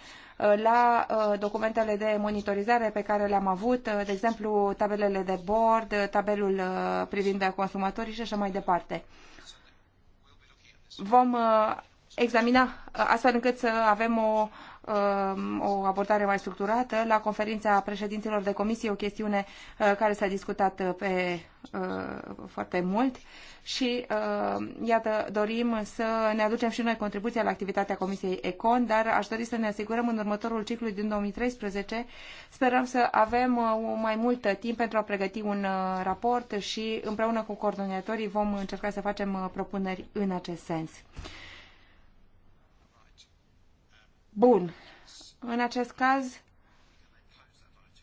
la documentele de monitorizare pe care le-am avut, de exemplu tabelele de bord, tabelul privind consumatorii și așa mai departe. Vom examina astfel încât să avem o Um, o abordare mai structurată. La conferința președinților de comisie, o chestiune uh, care s-a discutat uh, pe uh, foarte mult și iată, dorim să ne aducem și noi contribuția la activitatea Comisiei Econ, dar aș dori să ne asigurăm în următorul ciclu din 2013, sperăm să avem mai mult timp pentru a pregăti un raport și împreună cu coordonatorii vom încerca să facem propuneri în acest sens. Bun. În acest caz,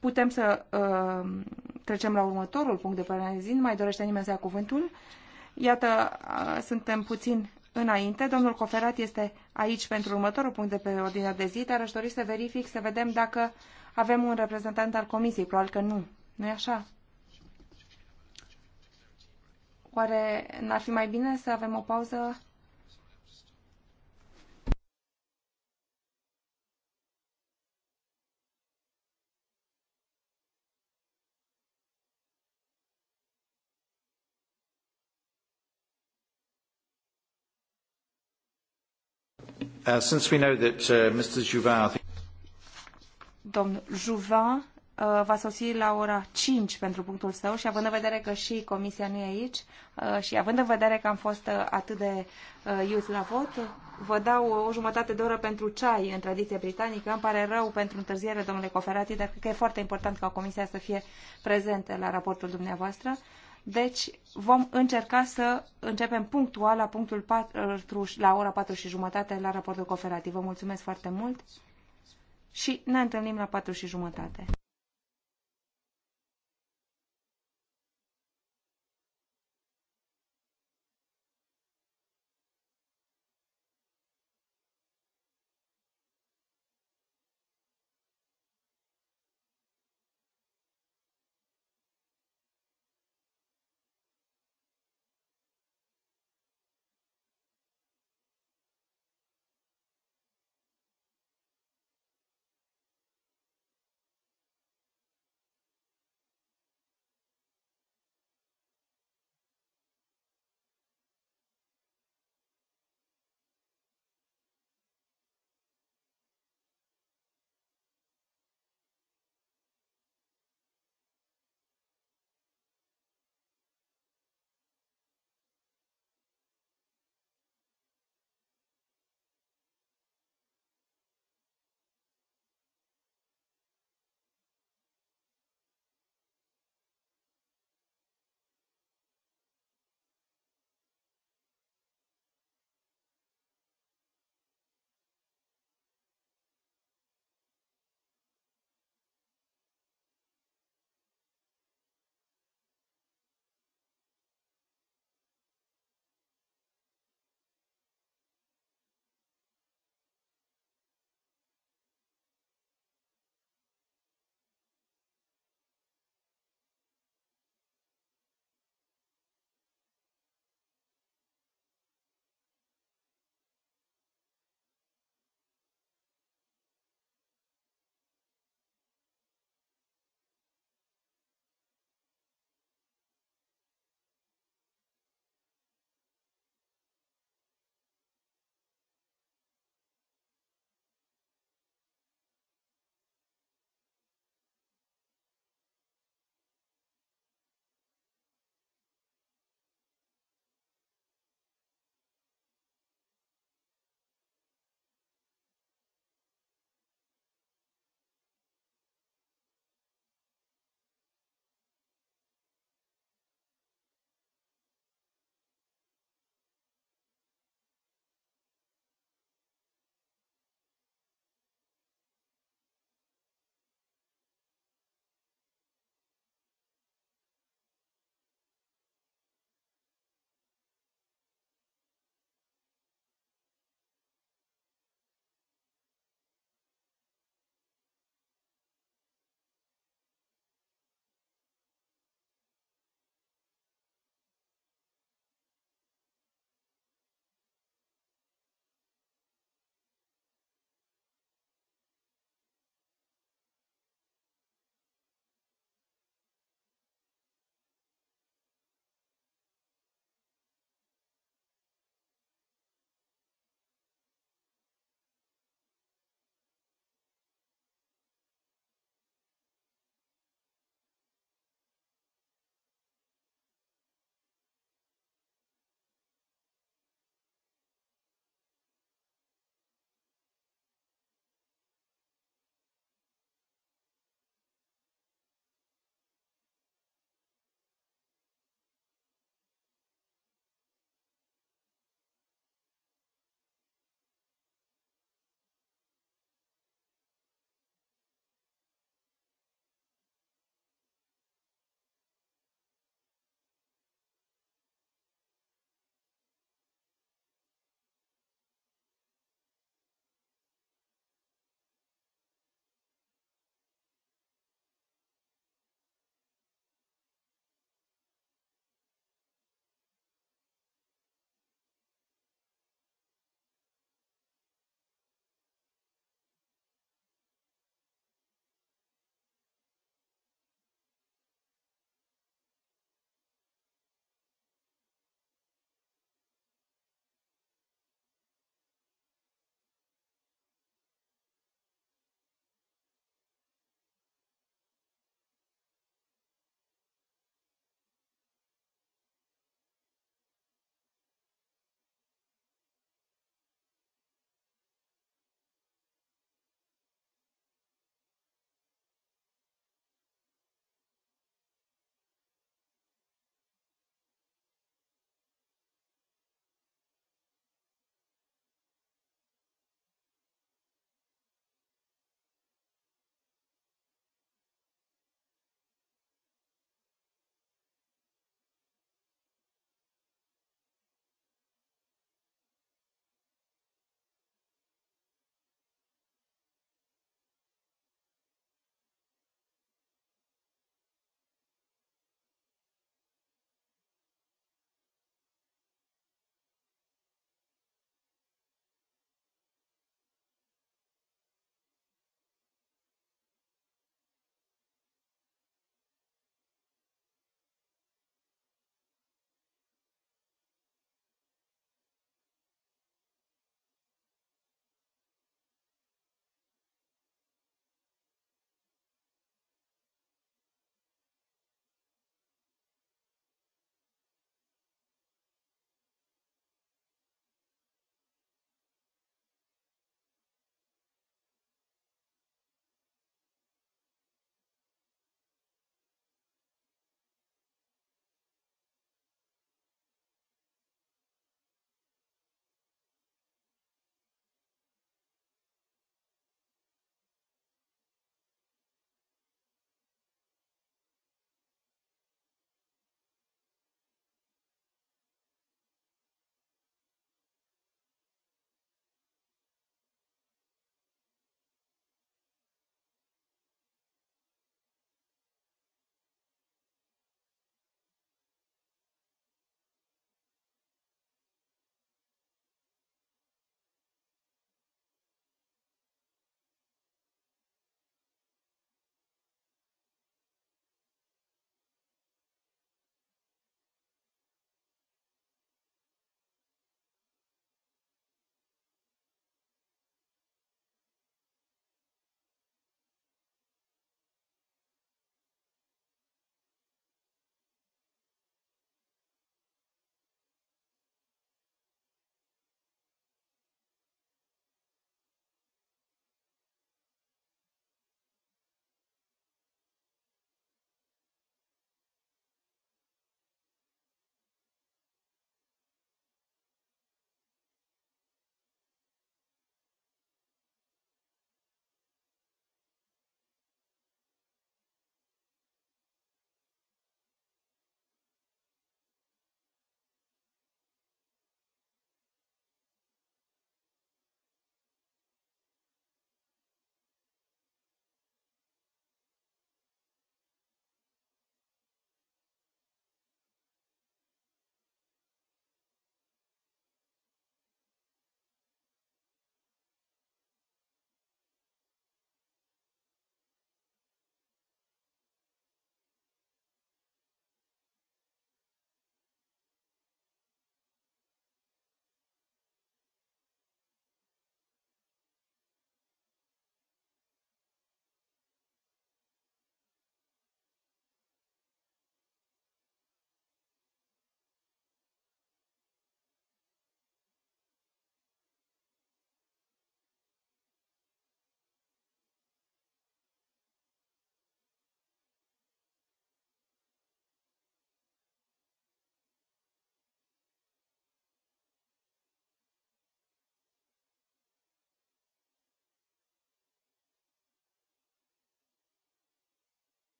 putem să uh, trecem la următorul punct de pe zi. Nu mai dorește nimeni să ia cuvântul. Iată, uh, suntem puțin înainte. Domnul Coferat este aici pentru următorul punct de pe ordinea de zi, dar aș dori să verific, să vedem dacă avem un reprezentant al comisiei. Probabil că nu. Nu-i așa? Oare n-ar fi mai bine să avem o pauză Uh, since we know that uh, Mr. Domnul Juvin uh, va sosi la ora 5 pentru punctul său și având în vedere că și comisia nu e aici uh, și având în vedere că am fost uh, atât de uh, iuți la vot, vă dau o jumătate de oră pentru ceai în tradiție britanică. Îmi pare rău pentru întârziere, domnule Coferati, dar cred că e foarte important ca comisia să fie prezentă la raportul dumneavoastră. Uh, deci vom încerca să începem punctual la punctul 4, la ora 4 și jumătate la raportul cooperativ. Vă mulțumesc foarte mult și ne întâlnim la 4 și jumătate.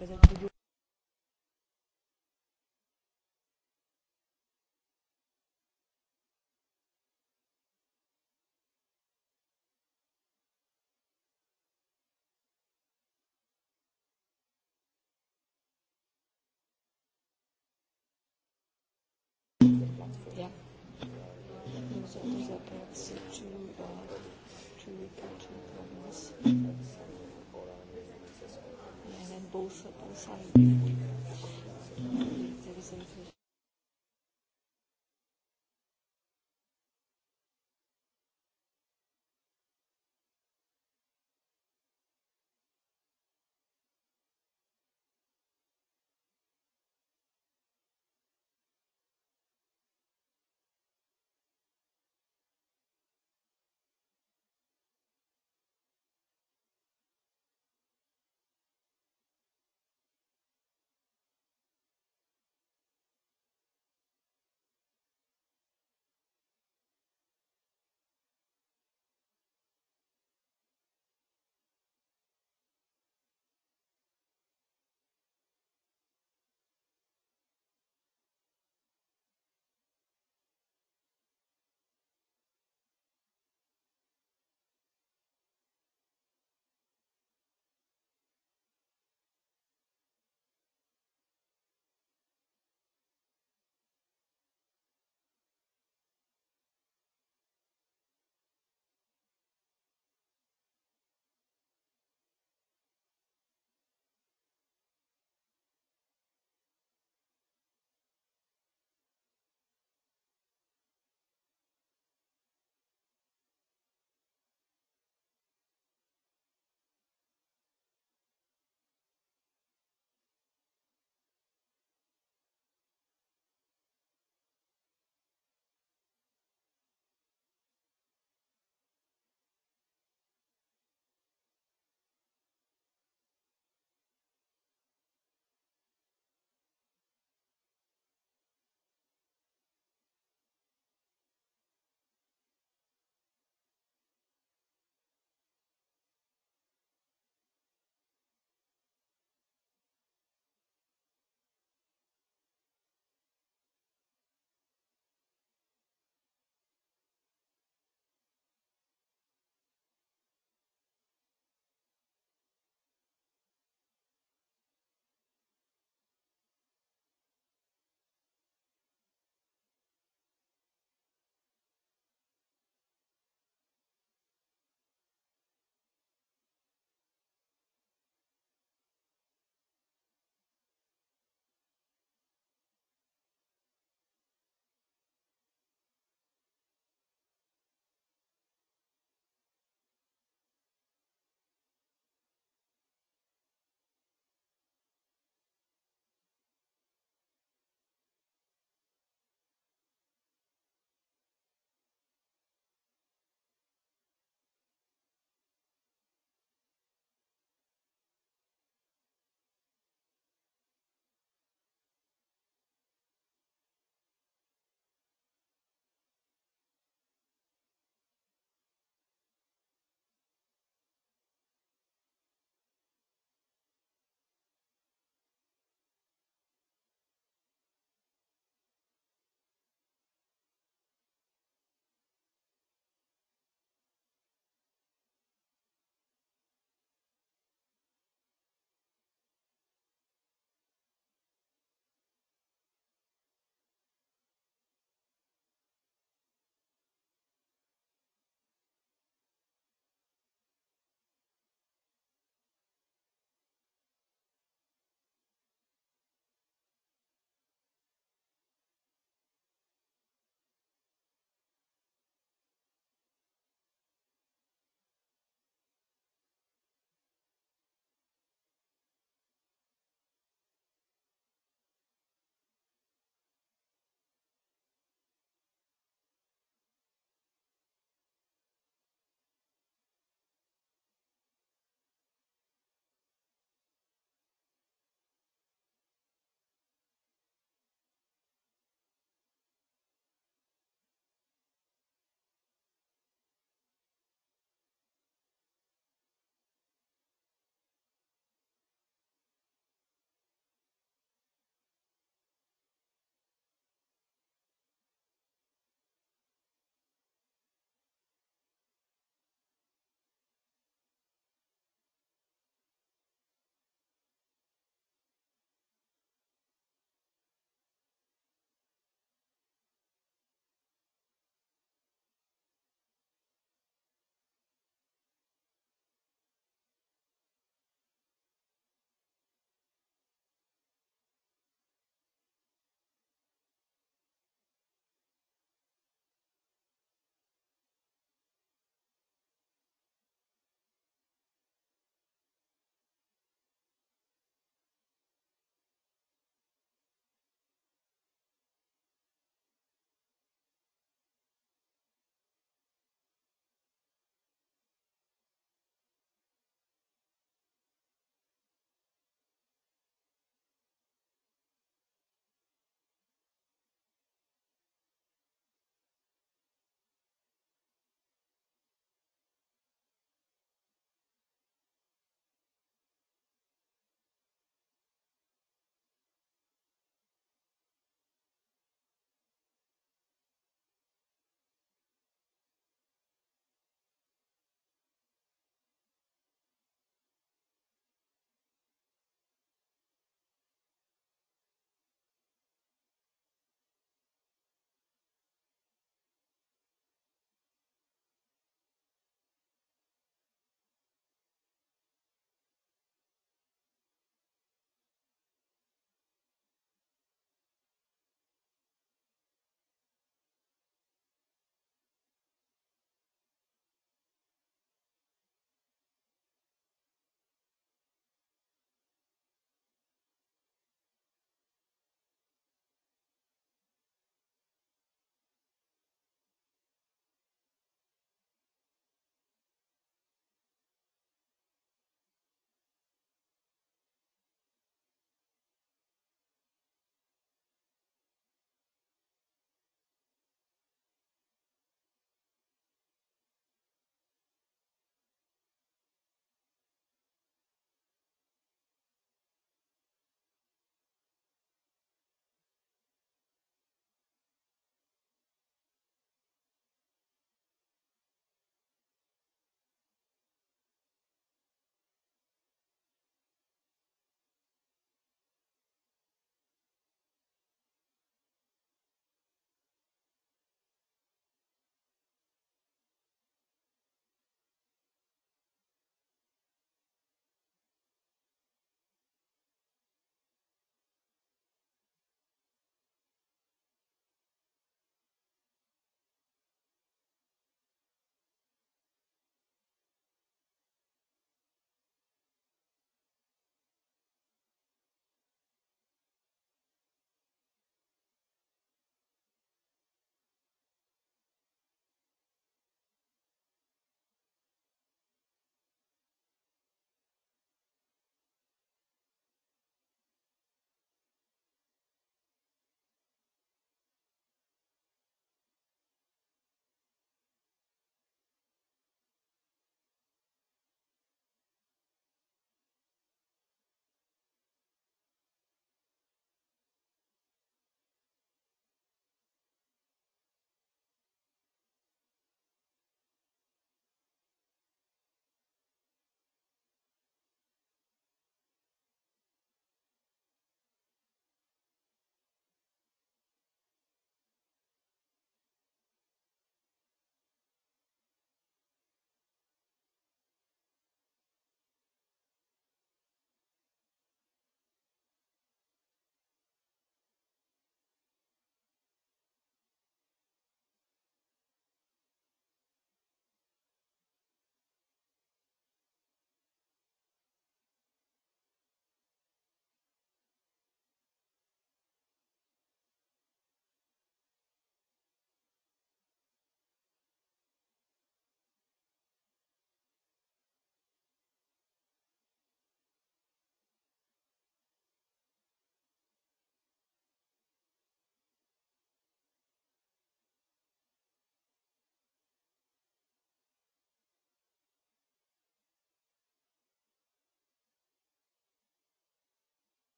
représentative both, both sides.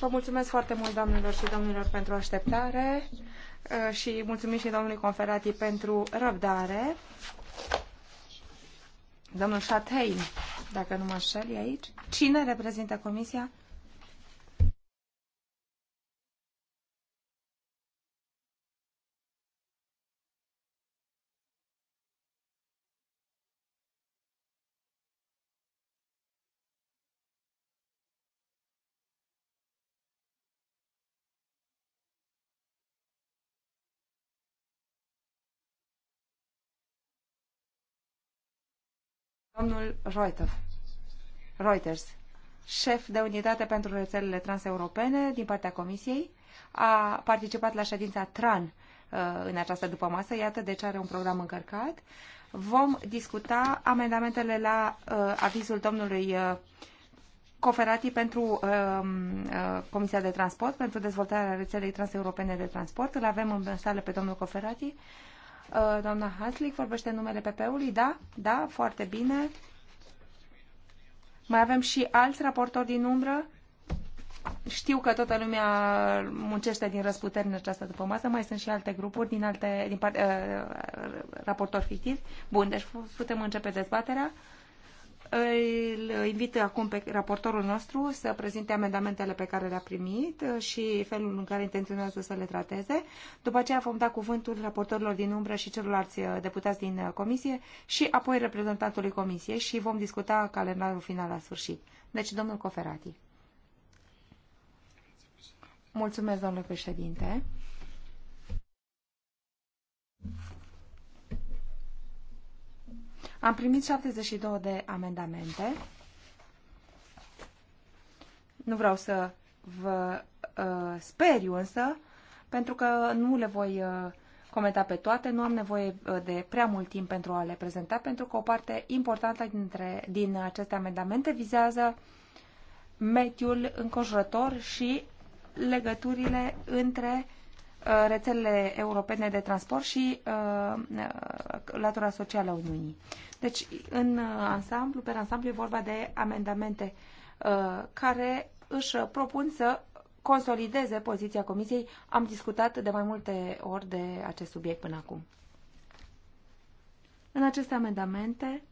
Vă mulțumesc foarte mult, doamnelor și domnilor, pentru așteptare uh, și mulțumim și domnului Conferati pentru răbdare. Domnul Șathein, dacă nu mă șel, e aici. Cine reprezintă comisia? Domnul Reuters. Reuters, șef de unitate pentru rețelele transeuropene din partea Comisiei, a participat la ședința TRAN uh, în această dupămasă. Iată, de ce are un program încărcat. Vom discuta amendamentele la uh, avizul domnului uh, Coferati pentru uh, uh, Comisia de Transport, pentru dezvoltarea rețelei transeuropene de transport. Îl avem în sală pe domnul Coferati. Uh, Uh, doamna Haslick vorbește numele PP-ului, da? Da, foarte bine. Mai avem și alți raportori din umbră? Știu că toată lumea muncește din răsputeri în această după masă, mai sunt și alte grupuri din alte din part, uh, raportori fictivi. Bun, deci putem începe dezbaterea. Uh, îl invit acum pe raportorul nostru să prezinte amendamentele pe care le-a primit și felul în care intenționează să le trateze. După aceea vom da cuvântul raportorilor din umbră și celorlalți uh, deputați din uh, comisie și apoi reprezentantului comisiei și vom discuta calendarul final la sfârșit. Deci, domnul Coferati. Mulțumesc, domnule președinte. Am primit 72 de amendamente. Nu vreau să vă uh, speriu însă, pentru că nu le voi uh, comenta pe toate, nu am nevoie uh, de prea mult timp pentru a le prezenta, pentru că o parte importantă dintre, din aceste amendamente vizează mediul înconjurător și legăturile între uh, Uh, rețelele europene de transport și uh, uh, latura socială a Uniunii. Deci, în ansamblu, pe ansamblu, e vorba de amendamente care își propun să consolideze poziția Comisiei. Am discutat de mai multe ori de acest subiect până acum. În aceste amendamente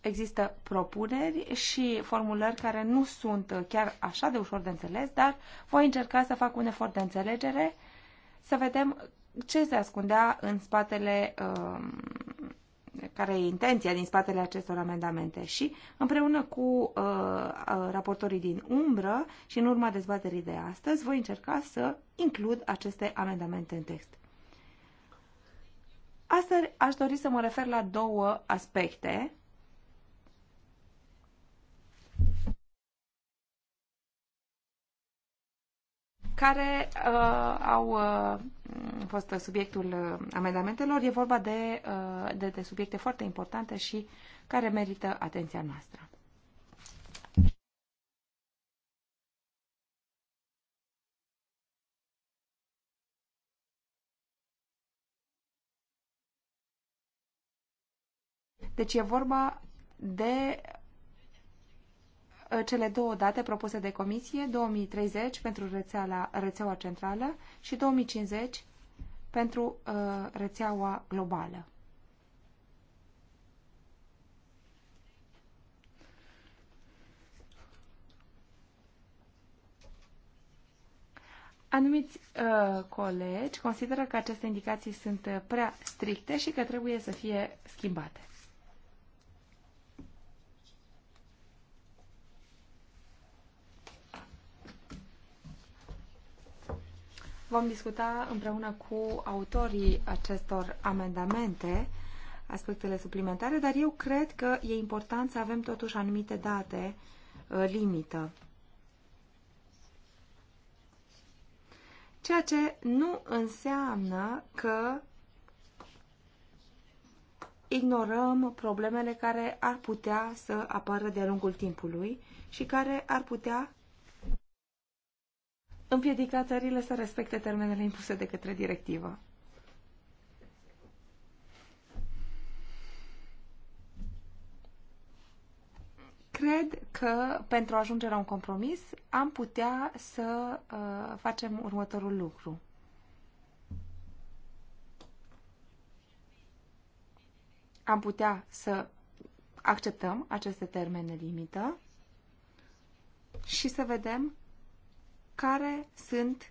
există propuneri și formulări care nu sunt chiar așa de ușor de înțeles, dar voi încerca să fac un efort de înțelegere, să vedem ce se ascundea în spatele, um, care e intenția din spatele acestor amendamente. Și împreună cu uh, uh, raportorii din umbră și în urma dezbaterii de astăzi, voi încerca să includ aceste amendamente în text. Astăzi aș dori să mă refer la două aspecte care uh, au uh, fost subiectul uh, amendamentelor. E vorba de, uh, de, de subiecte foarte importante și care merită atenția noastră. Deci e vorba de Uh, cele două date propuse de comisie, 2030 pentru rețeala, rețeaua centrală și 2050 pentru uh, rețeaua globală. Anumiți uh, colegi consideră că aceste indicații sunt uh, prea stricte și că trebuie să fie schimbate. Vom discuta împreună cu autorii acestor amendamente aspectele suplimentare, dar eu cred că e important să avem totuși anumite date uh, limită. Ceea ce nu înseamnă că ignorăm problemele care ar putea să apară de-a lungul timpului și care ar putea împiedica țările să respecte termenele impuse de către directivă. Cred că pentru a ajunge la un compromis am putea să uh, facem următorul lucru. Am putea să acceptăm aceste termene limită și să vedem care sunt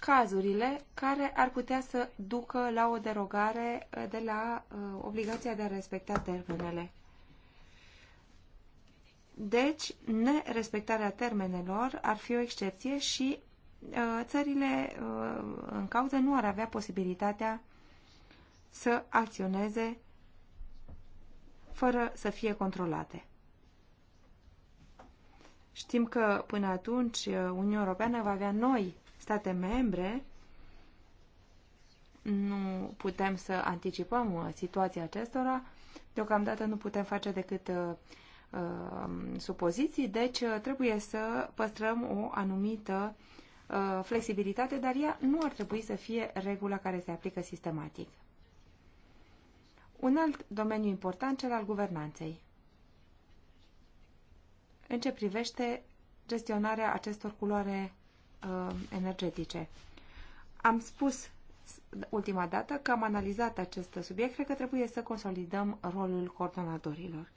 cazurile care ar putea să ducă la o derogare uh, de la uh, obligația de a respecta termenele. Deci, nerespectarea termenelor ar fi o excepție și uh, țările în cauză nu ar avea posibilitatea să acționeze fără să fie controlate. Știm că până atunci uh, Uniunea Europeană va avea noi state membre. Nu putem să anticipăm uh, situația acestora. Deocamdată nu putem face decât uh, um, supoziții, deci trebuie să păstrăm o anumită flexibilitate, dar ea nu ar trebui să fie regula care se aplică sistematic. Un alt domeniu important, cel al guvernanței în ce privește gestionarea acestor culoare uh, energetice. Am spus ultima dată că am analizat acest subiect, cred că trebuie să consolidăm rolul coordonatorilor.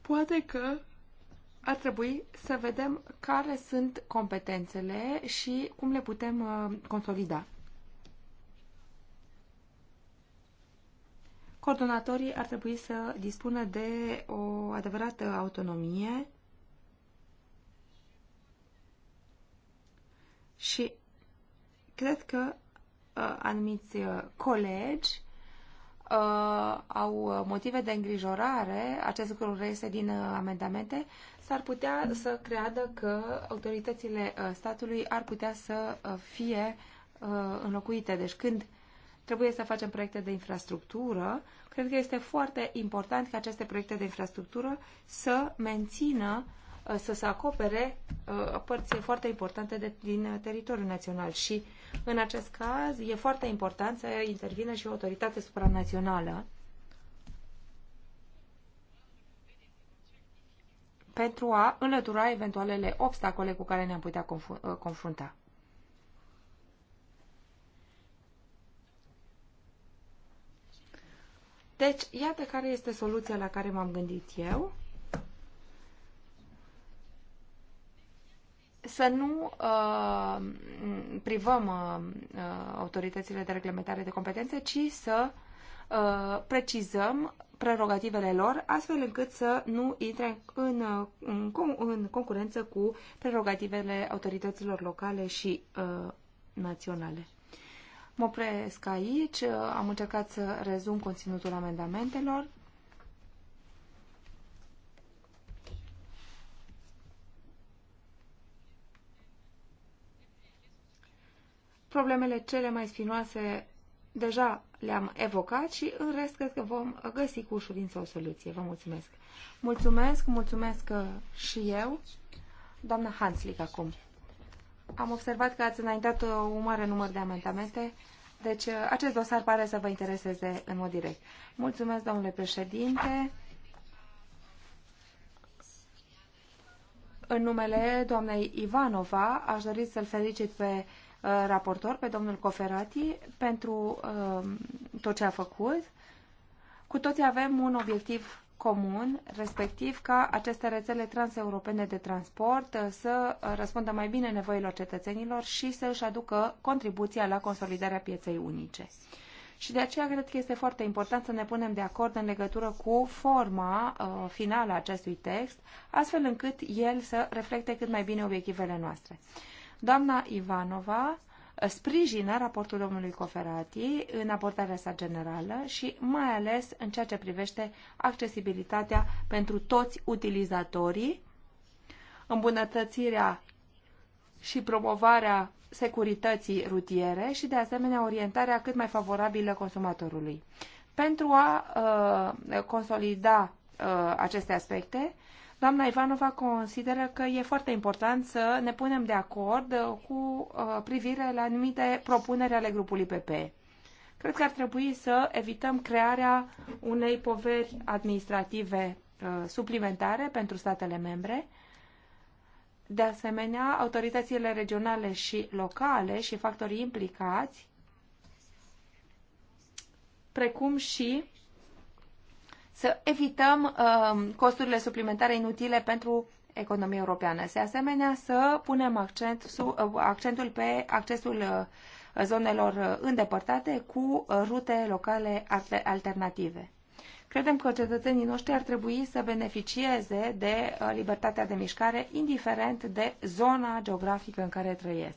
Poate că ar trebui să vedem care sunt competențele și cum le putem uh, consolida. Coordonatorii ar trebui să dispună de o adevărată autonomie și cred că uh, anumiți uh, colegi uh, au motive de îngrijorare, acest lucru reiese din uh, amendamente, s-ar putea să creadă că autoritățile uh, statului ar putea să uh, fie uh, înlocuite. Deci când Trebuie să facem proiecte de infrastructură. Cred că este foarte important ca aceste proiecte de infrastructură să mențină, uh, să se acopere uh, părți foarte importante de, din teritoriul național și în acest caz e foarte important să intervină și o autoritate supranațională pentru a înlătura eventualele obstacole cu care ne-am putea uh, confrunta. Deci, iată care este soluția la care m-am gândit eu. Să nu uh, privăm uh, uh, autoritățile de reglementare de competențe, ci să uh, precizăm prerogativele lor, astfel încât să nu intre în, uh, în, în concurență cu prerogativele autorităților locale și uh, naționale. Mă opresc aici, am încercat să rezum conținutul amendamentelor. Problemele cele mai spinoase deja le-am evocat și în rest cred că vom găsi cu ușurință o soluție. Vă mulțumesc! Mulțumesc, mulțumesc și eu, doamna Hanslick acum. Am observat că ați înaintat un mare număr de amendamente, deci uh, acest dosar pare să vă intereseze în mod direct. Mulțumesc, domnule președinte. În numele doamnei Ivanova, aș dori să-l felicit pe uh, raportor, pe domnul Coferati, pentru uh, tot ce a făcut. Cu toții avem un obiectiv comun, respectiv ca aceste rețele transeuropene de transport uh, să uh, răspundă mai bine nevoilor cetățenilor și să își aducă contribuția la consolidarea pieței unice. Și de aceea cred că este foarte important să ne punem de acord în legătură cu forma uh, finală a acestui text, astfel încât el să reflecte cât mai bine obiectivele noastre. Doamna Ivanova sprijină raportul domnului Coferati în abordarea sa generală și mai ales în ceea ce privește accesibilitatea pentru toți utilizatorii, îmbunătățirea și promovarea securității rutiere și, de asemenea, orientarea cât mai favorabilă consumatorului. Pentru a uh, consolida uh, aceste aspecte, Doamna Ivanova consideră că e foarte important să ne punem de acord uh, cu uh, privire la anumite propuneri ale grupului PP. Cred că ar trebui să evităm crearea unei poveri administrative uh, suplimentare pentru statele membre. De asemenea, autoritățile regionale și locale și factorii implicați, precum și să evităm uh, costurile suplimentare inutile pentru economia europeană. Se asemenea să punem accent, su, uh, accentul pe accesul uh, zonelor uh, îndepărtate cu rute locale alternative. Credem că cetățenii noștri ar trebui să beneficieze de libertatea de mișcare, indiferent de zona geografică în care trăiesc.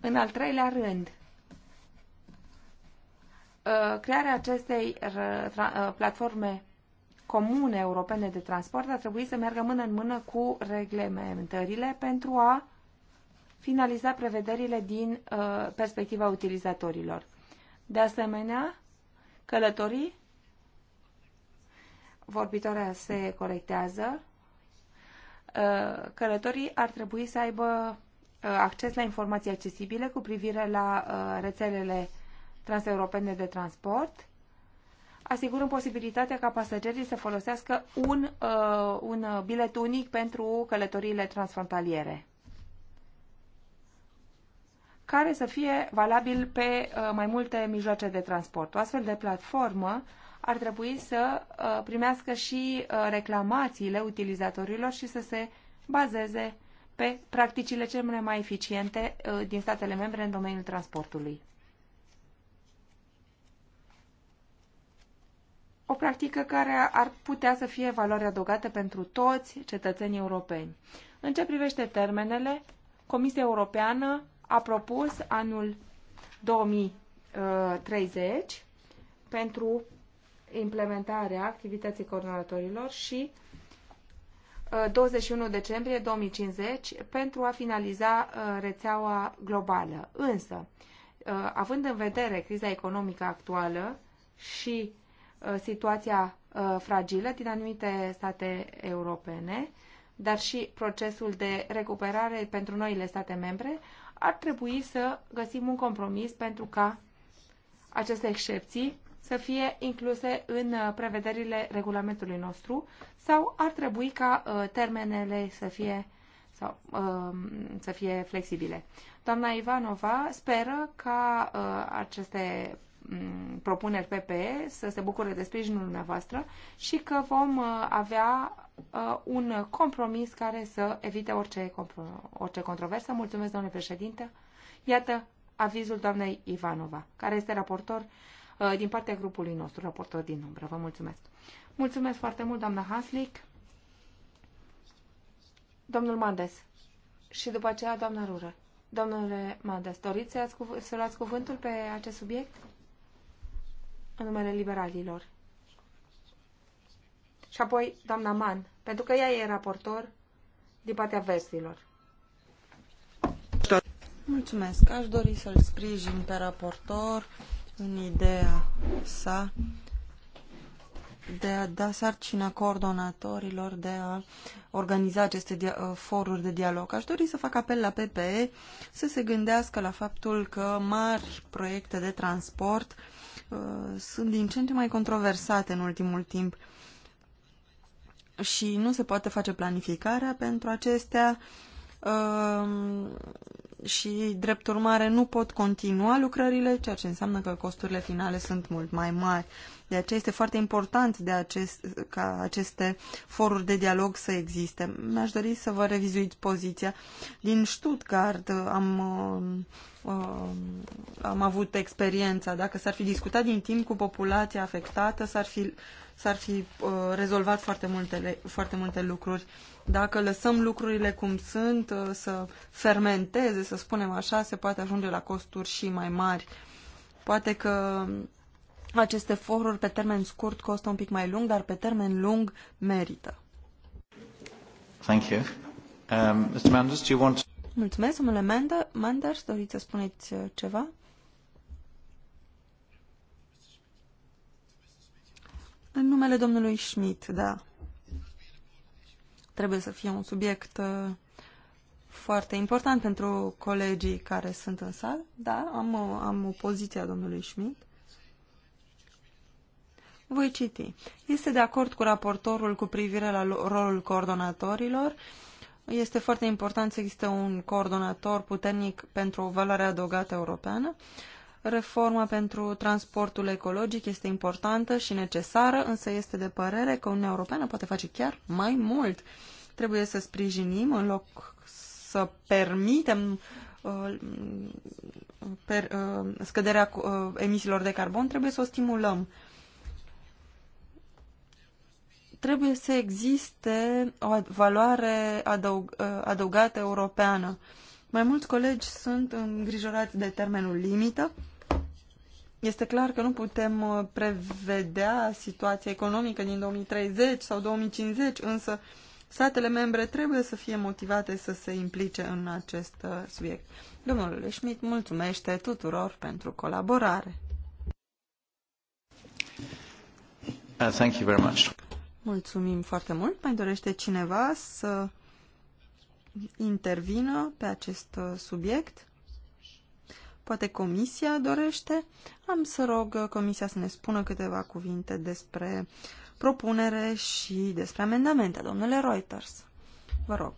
În al treilea rând, Uh, crearea acestei uh, uh, platforme comune europene de transport ar trebui să meargă mână în mână cu reglementările pentru a finaliza prevederile din perspectiva utilizatorilor. De asemenea, călătorii, vorbitoarea se corectează, călătorii ar trebui să aibă acces la informații accesibile cu privire la rețelele transeuropene de transport, asigurând posibilitatea ca pasagerii să folosească un, uh, un bilet unic pentru călătoriile transfrontaliere care să fie valabil pe uh, mai multe mijloace de transport. O astfel de platformă ar trebui să uh, primească și uh, reclamațiile utilizatorilor și să se bazeze pe practicile cele mai eficiente din statele membre în domeniul transportului. o practică care ar putea să fie valoare adăugată pentru toți cetățenii europeni. În ce privește termenele, Comisia Europeană a propus anul 2030 pentru implementarea activității coordonatorilor și 21 uh, decembrie 2050 pentru a finaliza uh, rețeaua globală. Însă, uh, având în vedere criza economică actuală și Uh, situația uh, fragilă din anumite state europene, dar și procesul de recuperare pentru noile state membre, ar trebui să găsim un compromis pentru ca aceste excepții să fie incluse în uh, prevederile regulamentului nostru sau ar trebui ca termenele să fie sau um, să fie flexibile. Doamna Ivanova speră ca aceste Mm, propuneri PPE să se bucure de sprijinul dumneavoastră și că vom uh, avea uh, un compromis care să evite orice, orice controversă. Mulțumesc, domnule președinte. Iată avizul doamnei Ivanova, care este raportor uh, din partea grupului nostru, raportor din umbră. Vă mulțumesc. Mulțumesc foarte mult, doamna Haslik. Domnul Mandes. Și după aceea, doamna Rură. Domnule Mandes, doriți să luați cuvântul pe acest subiect? în numele liberalilor. Și apoi doamna Mann, pentru că ea e raportor din partea vestilor. Mulțumesc. Aș dori să-l sprijin pe raportor în ideea sa de a da sarcina coordonatorilor de a organiza aceste uh, foruri de dialog. Aș dori să fac apel la PPE să se gândească la faptul că mari proiecte de transport uh, Uh, sunt din ce în ce mai controversate în ultimul timp și nu se poate face planificarea pentru acestea um, și, drept urmare, nu pot continua lucrările, ceea ce înseamnă că costurile finale sunt mult mai mari. De aceea este foarte important de acest, ca aceste foruri de dialog să existe. Mi-aș dori să vă revizuiți poziția. Din Stuttgart am, uh, uh, am avut experiența. Dacă s-ar fi discutat din timp cu populația afectată, s-ar fi, s-ar fi uh, rezolvat foarte multe, foarte multe lucruri. Dacă lăsăm lucrurile cum sunt, să fermenteze, să spunem așa, se poate ajunge la costuri și mai mari. Poate că aceste foruri pe termen scurt costă un pic mai lung, dar pe termen lung merită. Thank you. Um, Mr. Manders, do you want to... Mulțumesc, domnule Manders, doriți să spuneți uh, ceva? În numele domnului Schmidt, da. Trebuie să fie un subiect uh, foarte important pentru colegii care sunt în sală. Da, am, uh, am o poziție a domnului Schmidt. Voi citi. Este de acord cu raportorul cu privire la rolul coordonatorilor. Este foarte important să existe un coordonator puternic pentru o valoare adăugată europeană. Reforma pentru transportul ecologic este importantă și necesară, însă este de părere că Uniunea Europeană poate face chiar mai mult. Trebuie să sprijinim în loc să permitem uh, per, uh, scăderea uh, emisiilor de carbon, trebuie să o stimulăm trebuie să existe o valoare adăug, adăugată europeană. Mai mulți colegi sunt îngrijorați de termenul limită. Este clar că nu putem uh, prevedea situația economică din 2030 sau 2050, însă statele membre trebuie să fie motivate să se implice în acest uh, subiect. Domnul Schmidt mulțumește tuturor pentru colaborare. Uh, thank you very much. Mulțumim foarte mult. Mai dorește cineva să intervină pe acest uh, subiect? Poate comisia dorește? Am să rog uh, comisia să ne spună câteva cuvinte despre propunere și despre amendamente. Domnule Reuters, vă rog.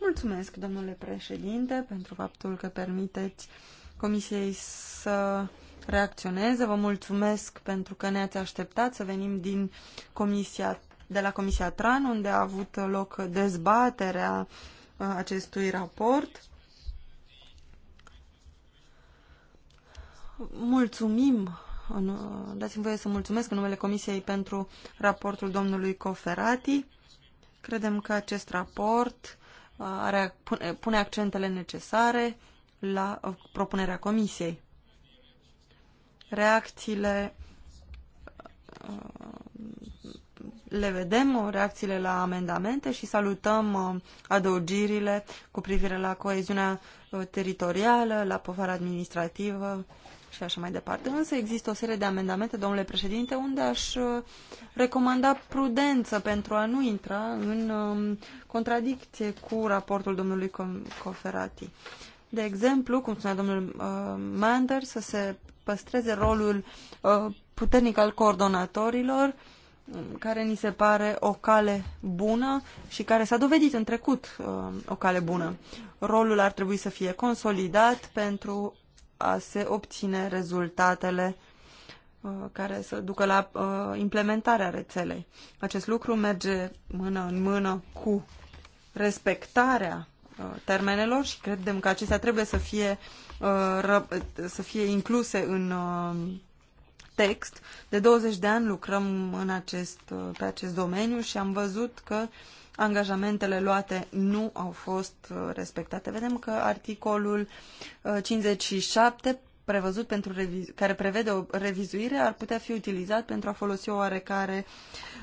Mulțumesc, domnule președinte, pentru faptul că permiteți comisiei să reacționeze. Vă mulțumesc pentru că ne-ați așteptat să venim din comisia de la Comisia TRAN, unde a avut loc dezbaterea uh, acestui raport. Mulțumim, uh, dați-mi voie să mulțumesc în numele Comisiei pentru raportul domnului Coferati. Credem că acest raport uh, are, pune accentele necesare la propunerea Comisiei. Reacțiile le vedem uh, reacțiile la amendamente și salutăm uh, adăugirile cu privire la coeziunea uh, teritorială, la povara administrativă și așa mai departe. Însă există o serie de amendamente, domnule președinte, unde aș recomanda prudență pentru a nu intra în um, contradicție cu raportul domnului Coferati. De exemplu, cum spunea domnul uh, Mander, să se păstreze rolul uh, puternic al coordonatorilor Mm, care ni se pare o cale bună și care s-a dovedit în trecut mm, o cale bună. Rolul ar trebui să fie consolidat pentru a se obține rezultatele mm, care să ducă la implementarea rețelei. Acest lucru merge mână în mână cu respectarea termenelor și credem că acestea trebuie să fie, să fie incluse în text. De 20 de ani lucrăm în acest, pe acest domeniu și am văzut că angajamentele luate nu au fost uh, respectate. Vedem că articolul 57 uh, prevăzut pentru care prevede o revizuire ar putea fi utilizat pentru a folosi o oarecare,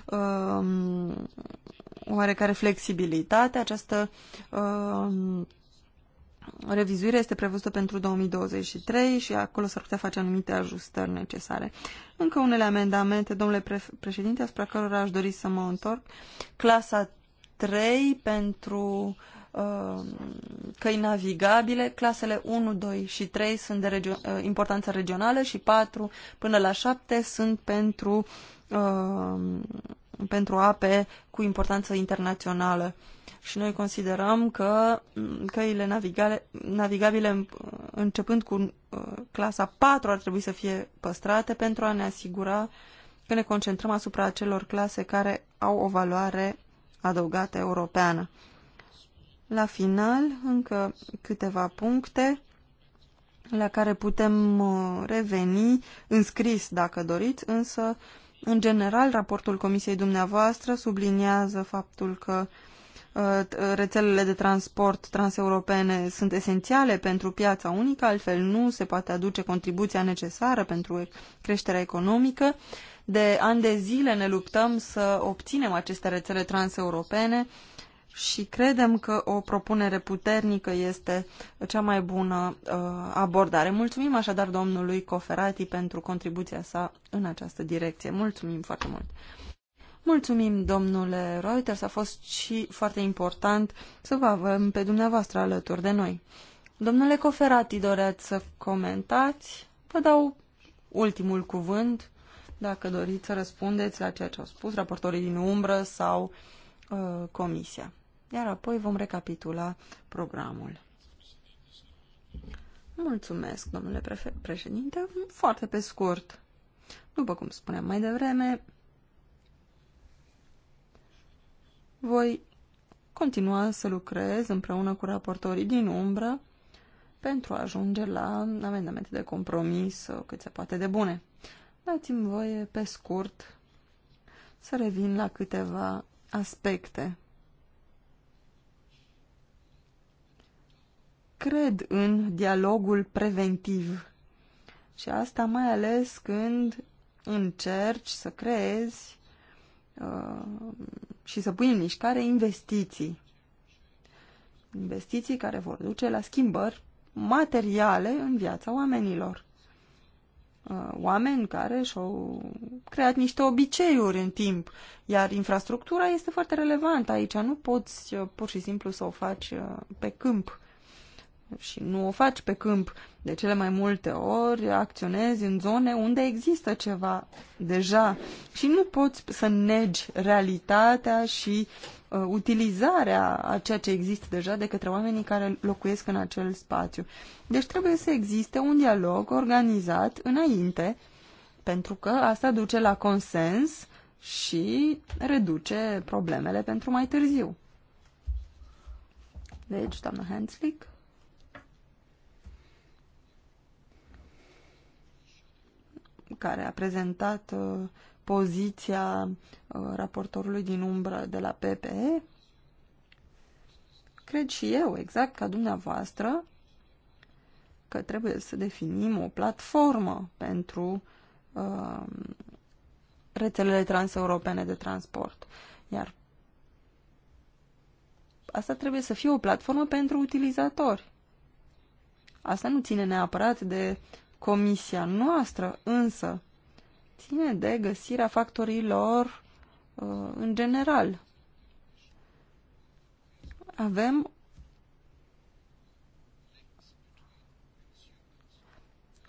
um, oarecare flexibilitate. Această um, revizuire este prevăzută pentru 2023 și acolo s-ar putea face anumite ajustări necesare. Încă unele amendamente, domnule pre președinte, asupra cărora aș dori să mă întorc. Clasa 3 pentru uh, căi navigabile, clasele 1, 2 și 3 sunt de regio uh, importanță regională și 4 până la 7 sunt pentru, uh, pentru ape cu importanță internațională. Uh, și noi considerăm că căile navigale, navigabile începând cu uh, clasa 4 ar trebui să fie păstrate pentru a ne asigura că ne concentrăm asupra acelor clase care au o valoare adăugată europeană. La final, încă câteva puncte la care putem uh, reveni înscris, dacă doriți, însă, în general, raportul Comisiei dumneavoastră subliniază faptul că uh, Uh, rețelele de transport transeuropene sunt esențiale pentru piața unică, altfel nu se poate aduce contribuția necesară pentru creșterea economică. De ani de zile ne luptăm să obținem aceste rețele transeuropene și credem că o propunere puternică este cea mai bună uh, abordare. Mulțumim așadar domnului Coferati pentru contribuția sa în această direcție. Mulțumim foarte mult! Mulțumim, domnule Reuters, a fost și foarte important să vă avem pe dumneavoastră alături de noi. Domnule Coferati, doreați să comentați? Vă dau ultimul cuvânt, dacă doriți să răspundeți la ceea ce au spus raportorii din umbră sau uh, comisia. Iar apoi vom recapitula programul. Mulțumesc, domnule președinte. Foarte pe scurt. După cum spuneam mai devreme, Voi continua să lucrez împreună cu raportorii din umbră pentru a ajunge la amendamente de compromis cât se poate de bune. Dați-mi voie, pe scurt, să revin la câteva aspecte. Cred în dialogul preventiv și asta mai ales când încerci să creezi uh, și să pui în mișcare investiții. Investiții care vor duce la schimbări materiale în viața oamenilor. Uh, oameni care și-au creat niște obiceiuri în timp, iar infrastructura este foarte relevantă aici. Nu poți uh, pur și simplu să o faci uh, pe câmp și nu o faci pe câmp. De cele mai multe ori acționezi în zone unde există ceva deja și nu poți să negi realitatea și uh, utilizarea a ceea ce există deja de către oamenii care locuiesc în acel spațiu. Deci trebuie să existe un dialog organizat înainte, pentru că asta duce la consens și reduce problemele pentru mai târziu. Deci, doamna Hanslick. care a prezentat uh, poziția uh, raportorului din umbră de la PPE, cred și eu, exact ca dumneavoastră, că trebuie să definim o platformă pentru uh, rețelele transeuropene de transport. Iar asta trebuie să fie o platformă pentru utilizatori. Asta nu ține neapărat de Comisia noastră însă ține de găsirea factorilor uh, în general. Avem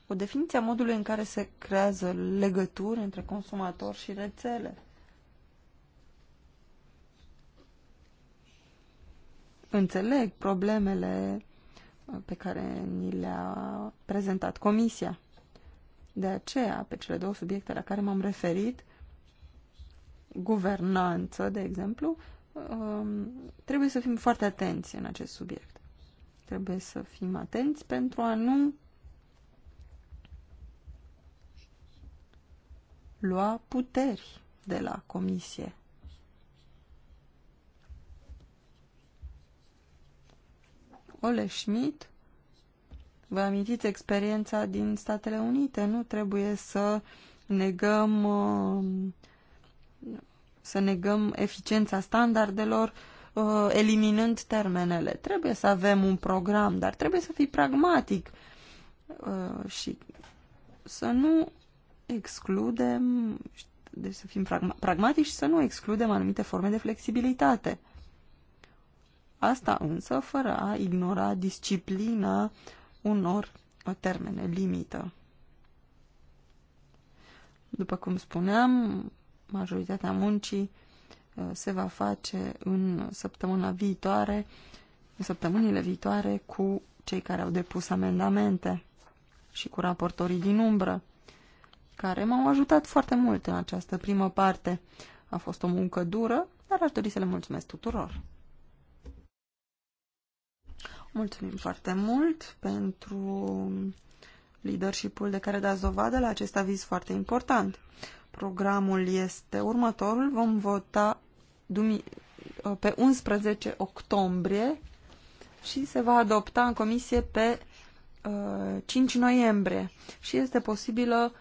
o definiție a modului în care se creează legături între consumator și rețele. Înțeleg problemele pe care ni le-a prezentat Comisia. De aceea, pe cele două subiecte la care m-am referit, guvernanță, de exemplu, um, trebuie să fim foarte atenți în acest subiect. Trebuie să fim atenți pentru a nu lua puteri de la Comisie. Ole Schmidt, vă amintiți experiența din Statele Unite? Nu trebuie să negăm uh, să negăm eficiența standardelor uh, eliminând termenele. Trebuie să avem un program, dar trebuie să fii pragmatic uh, și să nu excludem, deci să fim pragmatici și să nu excludem anumite forme de flexibilitate. Asta însă fără a ignora disciplina unor termene limită. După cum spuneam, majoritatea muncii uh, se va face în săptămâna viitoare, în săptămânile viitoare cu cei care au depus amendamente și cu raportorii din umbră, care m-au ajutat foarte mult în această primă parte. A fost o muncă dură, dar aș dori să le mulțumesc tuturor. Mulțumim foarte mult pentru leadership-ul de care dați dovadă la acest aviz foarte important. Programul este următorul. Vom vota pe 11 octombrie și se va adopta în comisie pe 5 uh, noiembrie și este posibilă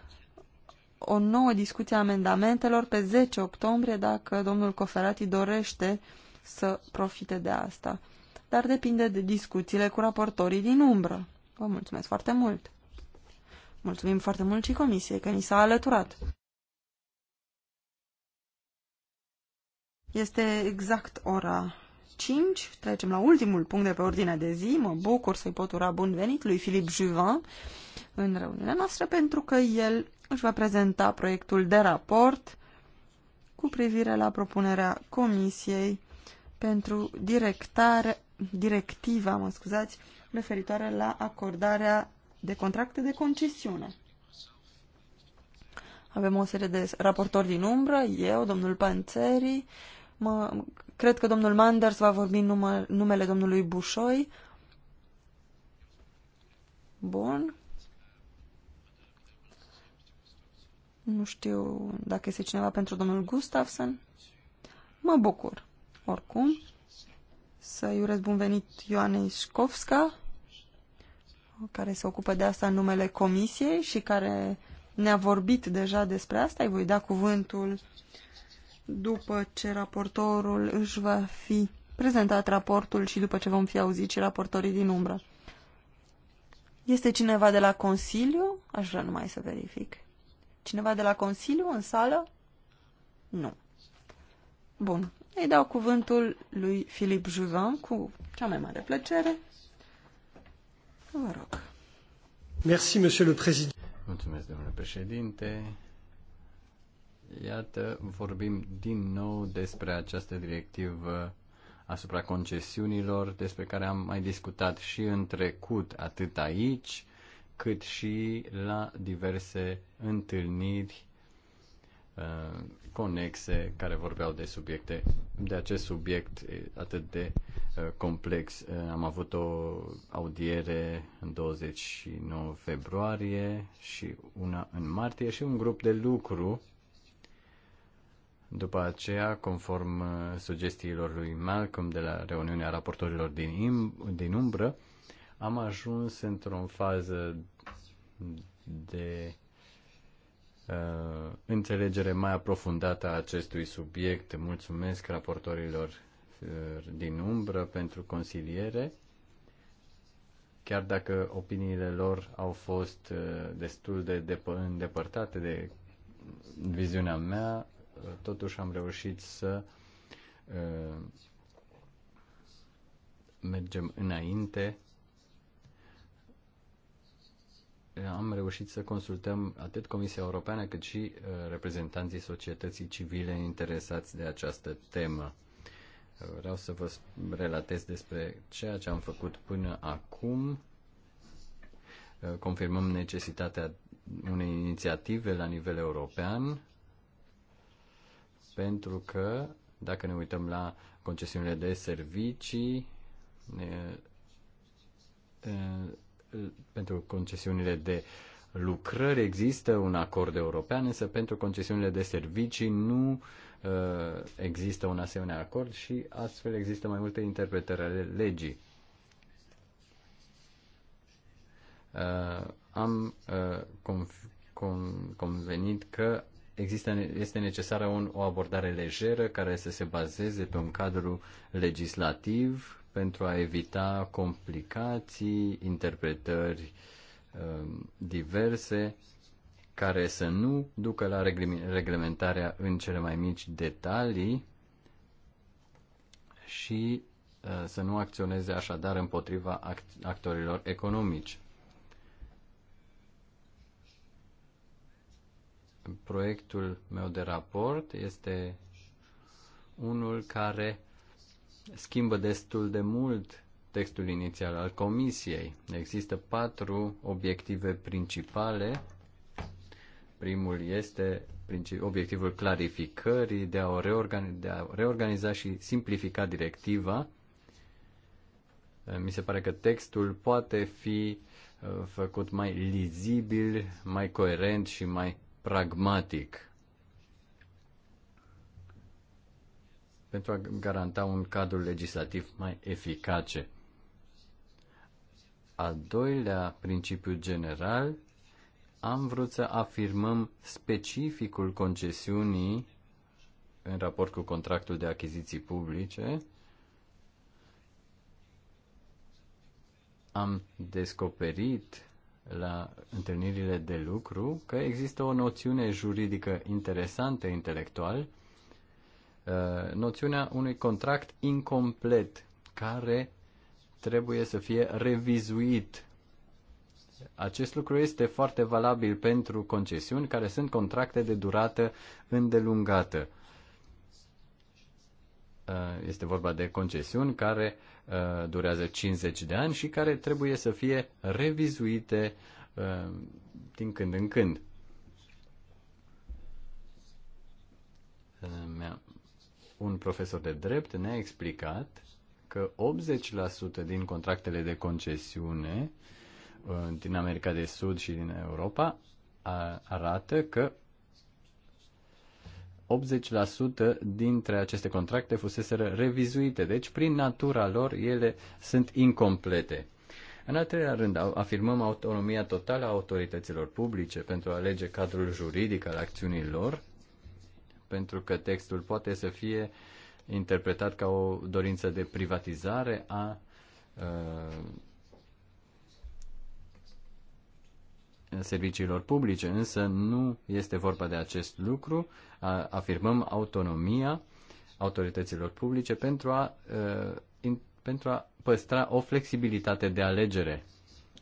o nouă discuție a amendamentelor pe 10 octombrie dacă domnul Coferati dorește să profite de asta dar depinde de discuțiile cu raportorii din umbră. Vă mulțumesc foarte mult! Mulțumim foarte mult și comisiei că ni s-a alăturat. Este exact ora 5. Trecem la ultimul punct de pe ordinea de zi. Mă bucur să-i pot ura bun venit lui Filip Juvin în reuniunea noastră pentru că el își va prezenta proiectul de raport cu privire la propunerea Comisiei pentru directare, directiva, mă scuzați, referitoare la acordarea de contracte de concesiune. Avem o serie de raportori din umbră, eu, domnul Panțeri, mă, cred că domnul Manders va vorbi numă, numele domnului Bușoi. Bun. Nu știu dacă este cineva pentru domnul Gustafsson. Mă bucur, oricum să-i urez bun venit Ioanei Școvsca, care se ocupă de asta în numele Comisiei și care ne-a vorbit deja despre asta. Îi voi da cuvântul după ce raportorul își va fi prezentat raportul și după ce vom fi auzit și raportorii din umbră. Este cineva de la Consiliu? Aș vrea numai să verific. Cineva de la Consiliu în sală? Nu. Bun. Îi dau cuvântul lui Filip Juvin cu cea mai mare plăcere. Vă rog. Merci, monsieur le président. Mulțumesc, domnule președinte. Iată, vorbim din nou despre această directivă asupra concesiunilor, despre care am mai discutat și în trecut, atât aici, cât și la diverse întâlniri Uh, conexe care vorbeau de subiecte, de acest subiect atât de uh, complex. Uh, am avut o audiere în 29 februarie și una în martie și un grup de lucru. După aceea, conform sugestiilor lui Malcolm de la reuniunea raportorilor din, din umbră, am ajuns într-o fază de Uh, înțelegere mai aprofundată a acestui subiect. Mulțumesc raportorilor uh, din umbră pentru consiliere, chiar dacă opiniile lor au fost uh, destul de îndepărtate de viziunea mea, totuși am reușit să mergem înainte am reușit să consultăm atât Comisia Europeană cât și uh, reprezentanții societății civile interesați de această temă. Vreau să vă relatez despre ceea ce am făcut până acum. Uh, confirmăm necesitatea unei inițiative la nivel european pentru că dacă ne uităm la concesiunile de servicii, uh, pentru concesiunile de lucrări există un acord european, însă pentru concesiunile de servicii nu uh, există un asemenea acord și astfel există mai multe interpretări ale legii. Uh, am uh, convenit că există, este necesară un, o abordare lejeră care să se bazeze pe un cadru legislativ pentru a evita complicații, interpretări um, diverse care să nu ducă la reglementarea în cele mai mici detalii și uh, să nu acționeze așadar împotriva actorilor economici. Proiectul meu de raport este unul care schimbă destul de mult textul inițial al comisiei. Există patru obiective principale. Primul este obiectivul clarificării, de a, o reorganiza, de a reorganiza și simplifica directiva. Mi se pare că textul poate fi uh, făcut mai lizibil, mai coerent și mai pragmatic. pentru a garanta un cadru legislativ mai eficace. Al doilea principiu general, am vrut să afirmăm specificul concesiunii în raport cu contractul de achiziții publice. Am descoperit la întâlnirile de lucru că există o noțiune juridică interesantă intelectual Uh, noțiunea unui contract incomplet care trebuie să fie revizuit. Acest lucru este foarte valabil pentru concesiuni care sunt contracte de durată îndelungată. Uh, este vorba de concesiuni care uh, durează 50 de ani și care trebuie să fie revizuite din când în când un profesor de drept ne-a explicat că 80% din contractele de concesiune uh, din America de Sud și din Europa arată că 80% dintre aceste contracte fuseseră revizuite, deci prin natura lor ele sunt incomplete. În al treilea rând, afirmăm autonomia totală a autorităților publice pentru a alege cadrul juridic al acțiunilor pentru că textul poate să fie interpretat ca o dorință de privatizare a uh, serviciilor publice, însă nu este vorba de acest lucru. Afirmăm autonomia autorităților publice pentru a, uh, pentru a păstra o flexibilitate de alegere.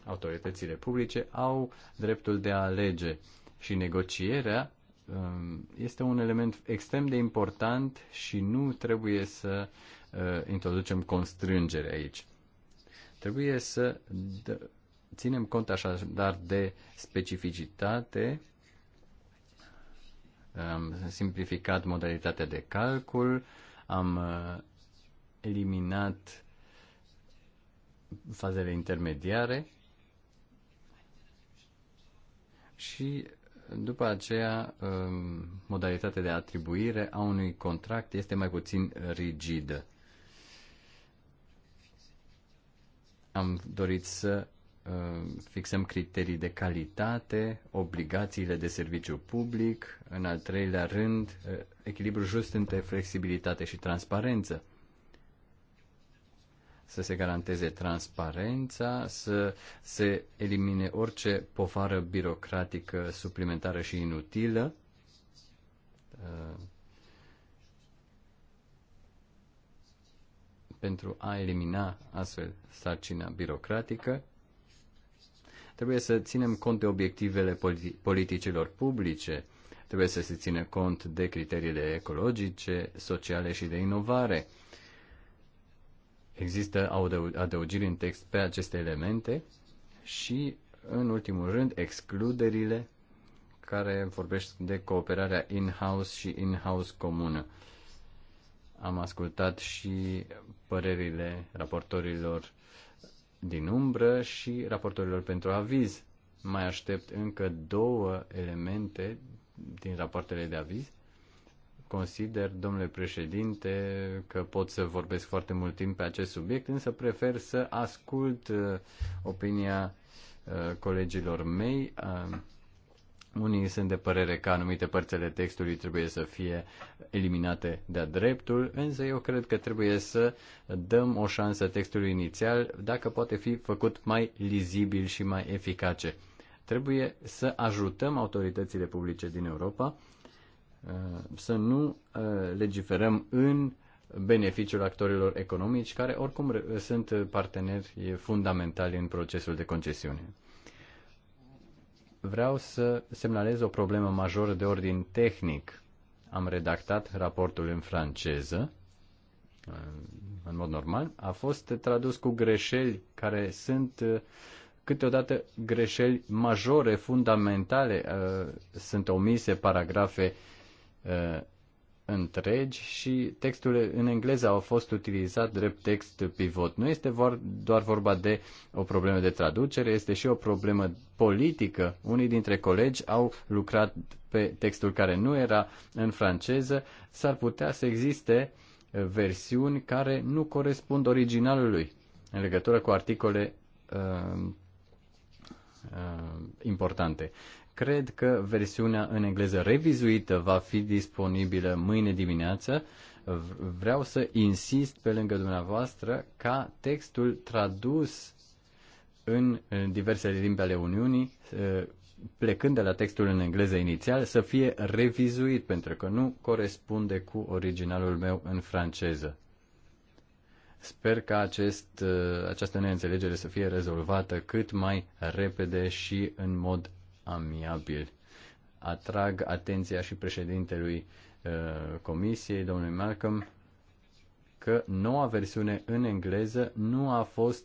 Autoritățile publice au dreptul de a alege și negocierea Um, este un element extrem de important și nu trebuie să uh, introducem constrângere aici. Trebuie să ținem cont așadar de specificitate. Am simplificat modalitatea de calcul, am uh, eliminat fazele intermediare și după aceea, um, modalitatea de atribuire a unui contract este mai puțin rigidă. Am dorit să um, fixăm criterii de calitate, obligațiile de serviciu public, în al treilea rând, uh, echilibru just între flexibilitate și transparență să se garanteze transparența, să se elimine orice povară birocratică suplimentară și inutilă. Uh, pentru a elimina astfel sarcina birocratică, trebuie să ținem cont de obiectivele politicilor publice, trebuie să se ține cont de criteriile ecologice, sociale și de inovare Există adăugiri în text pe aceste elemente și, în ultimul rând, excluderile care vorbesc de cooperarea in-house și in-house comună. Am ascultat și părerile raportorilor din umbră și raportorilor pentru aviz. Mai aștept încă două elemente din rapoartele de aviz Consider, domnule președinte, că pot să vorbesc foarte mult timp pe acest subiect, însă prefer să ascult uh, opinia uh, colegilor mei. Uh, unii sunt de părere că anumite părțile textului trebuie să fie eliminate de-a dreptul, însă eu cred că trebuie să dăm o șansă textului inițial dacă poate fi făcut mai lizibil și mai eficace. Trebuie să ajutăm autoritățile publice din Europa Uh, să nu uh, legiferăm în beneficiul actorilor economici, care oricum uh, sunt parteneri fundamentali în procesul de concesiune. Vreau să semnalez o problemă majoră de ordin tehnic. Am redactat raportul în franceză, în mod normal, a fost tradus cu greșeli care sunt câteodată greșeli majore, fundamentale, sunt omise paragrafe uh, întregi și textul în engleză au fost utilizat drept text pivot. Nu este vor, doar vorba de o problemă de traducere, este și o problemă politică. Unii dintre colegi au lucrat pe textul care nu era în franceză. S-ar putea să existe uh, versiuni care nu corespund originalului în legătură cu articole uh, uh, importante. Cred că versiunea în engleză revizuită va fi disponibilă mâine dimineață. Vreau să insist pe lângă dumneavoastră ca textul tradus în diversele limbi ale Uniunii, plecând de la textul în engleză inițial, să fie revizuit, pentru că nu corespunde cu originalul meu în franceză. Sper că acest, această neînțelegere să fie rezolvată cât mai repede și în mod amiabil. Atrag atenția și președintelui uh, comisiei, domnului Malcolm, că noua versiune în engleză nu a fost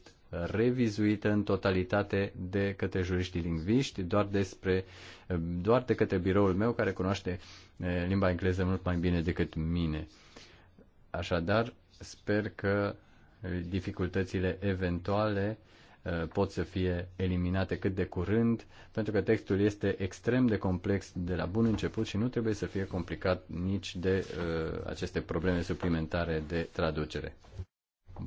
revizuită în totalitate de către juriștii lingviști, doar, despre, uh, doar de către biroul meu care cunoaște uh, limba engleză mult mai bine decât mine. Așadar, sper că dificultățile eventuale Uh, pot să fie eliminate cât de curând, pentru că textul este extrem de complex de la bun început și nu trebuie să fie complicat nici de uh, aceste probleme suplimentare de traducere.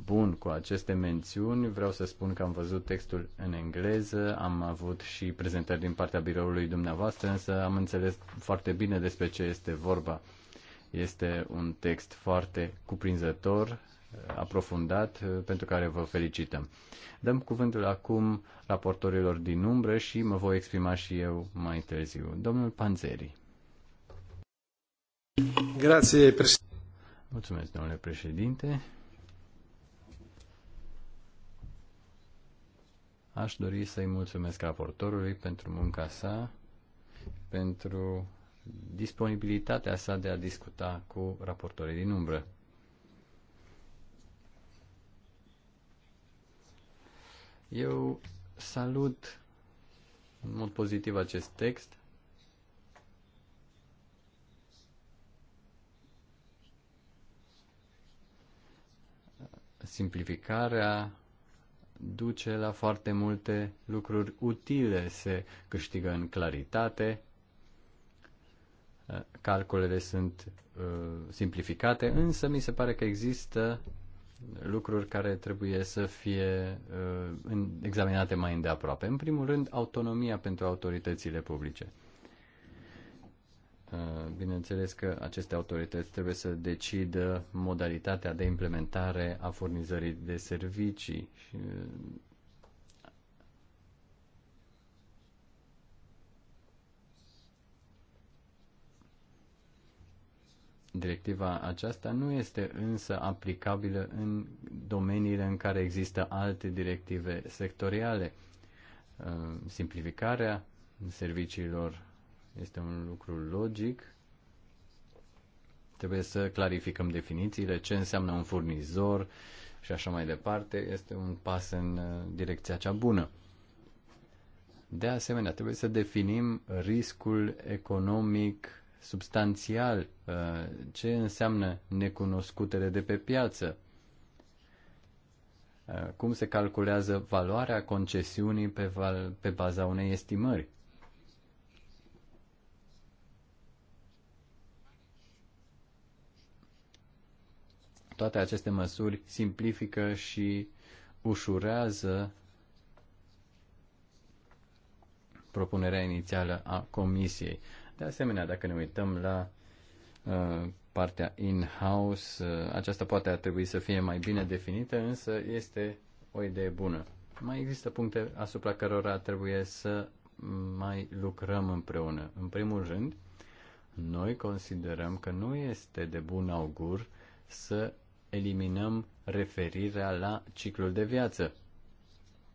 Bun, cu aceste mențiuni vreau să spun că am văzut textul în engleză, am avut și prezentări din partea biroului dumneavoastră, însă am înțeles foarte bine despre ce este vorba. Este un text foarte cuprinzător aprofundat, eh, pentru care vă felicităm. Dăm cuvântul acum raportorilor din umbră și mă voi exprima și eu mai târziu. Domnul Panzeri. Grazie, președinte. Mulțumesc, domnule președinte. Aș dori să-i mulțumesc raportorului pentru munca sa, pentru disponibilitatea sa de a discuta cu raportorii din umbră. Eu salut în mod pozitiv acest text. Simplificarea duce la foarte multe lucruri utile, se câștigă în claritate, calculele sunt uh, simplificate, însă mi se pare că există lucruri care trebuie să fie uh, examinate mai îndeaproape. În primul rând, autonomia pentru autoritățile publice. Uh, bineînțeles că aceste autorități trebuie să decidă modalitatea de implementare a furnizării de servicii și uh, Directiva aceasta nu este însă aplicabilă în domeniile în care există alte directive sectoriale. Uh, simplificarea serviciilor este un lucru logic. Trebuie să clarificăm definițiile, ce înseamnă un furnizor și așa mai departe. Este un pas în uh, direcția cea bună. De asemenea, trebuie să definim riscul economic substanțial uh, ce înseamnă necunoscutele de pe piață, uh, cum se calculează valoarea concesiunii pe, val- pe baza unei estimări. Toate aceste măsuri simplifică și ușurează propunerea inițială a Comisiei. De asemenea, dacă ne uităm la uh, partea in-house, uh, aceasta poate ar trebui să fie mai bine definită, însă este o idee bună. Mai există puncte asupra cărora trebuie să mai lucrăm împreună. În primul rând, noi considerăm că nu este de bun augur să eliminăm referirea la ciclul de viață.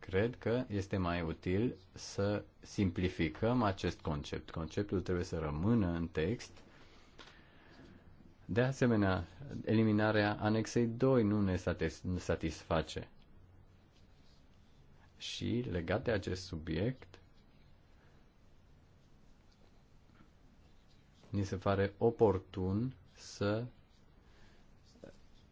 Cred că este mai util să simplificăm acest concept. Conceptul trebuie să rămână în text. De asemenea, eliminarea anexei 2 nu ne satisface. Și legat de acest subiect, ni se pare oportun să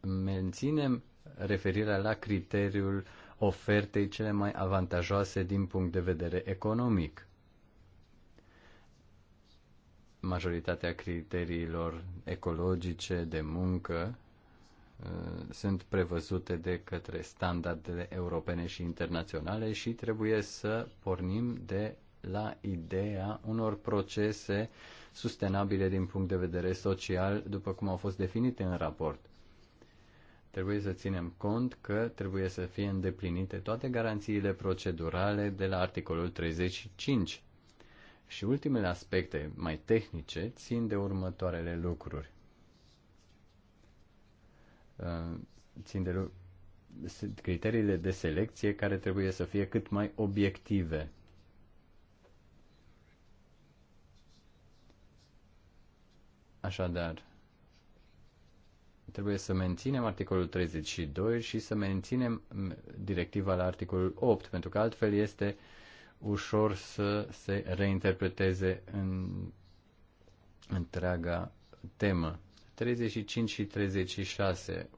menținem referirea la criteriul ofertei cele mai avantajoase din punct de vedere economic. Majoritatea criteriilor ecologice de muncă uh, sunt prevăzute de către standardele europene și internaționale și trebuie să pornim de la ideea unor procese sustenabile din punct de vedere social, după cum au fost definite în raport trebuie să ținem cont că trebuie să fie îndeplinite toate garanțiile procedurale de la articolul 35. Și ultimele aspecte mai tehnice țin de următoarele lucruri. Uh, țin de criteriile de selecție care trebuie să fie cât mai obiective. Așadar, trebuie să menținem articolul 32 și să menținem mm, directiva la articolul 8, pentru că altfel este ușor să se reinterpreteze în întreaga temă. 35 și 36.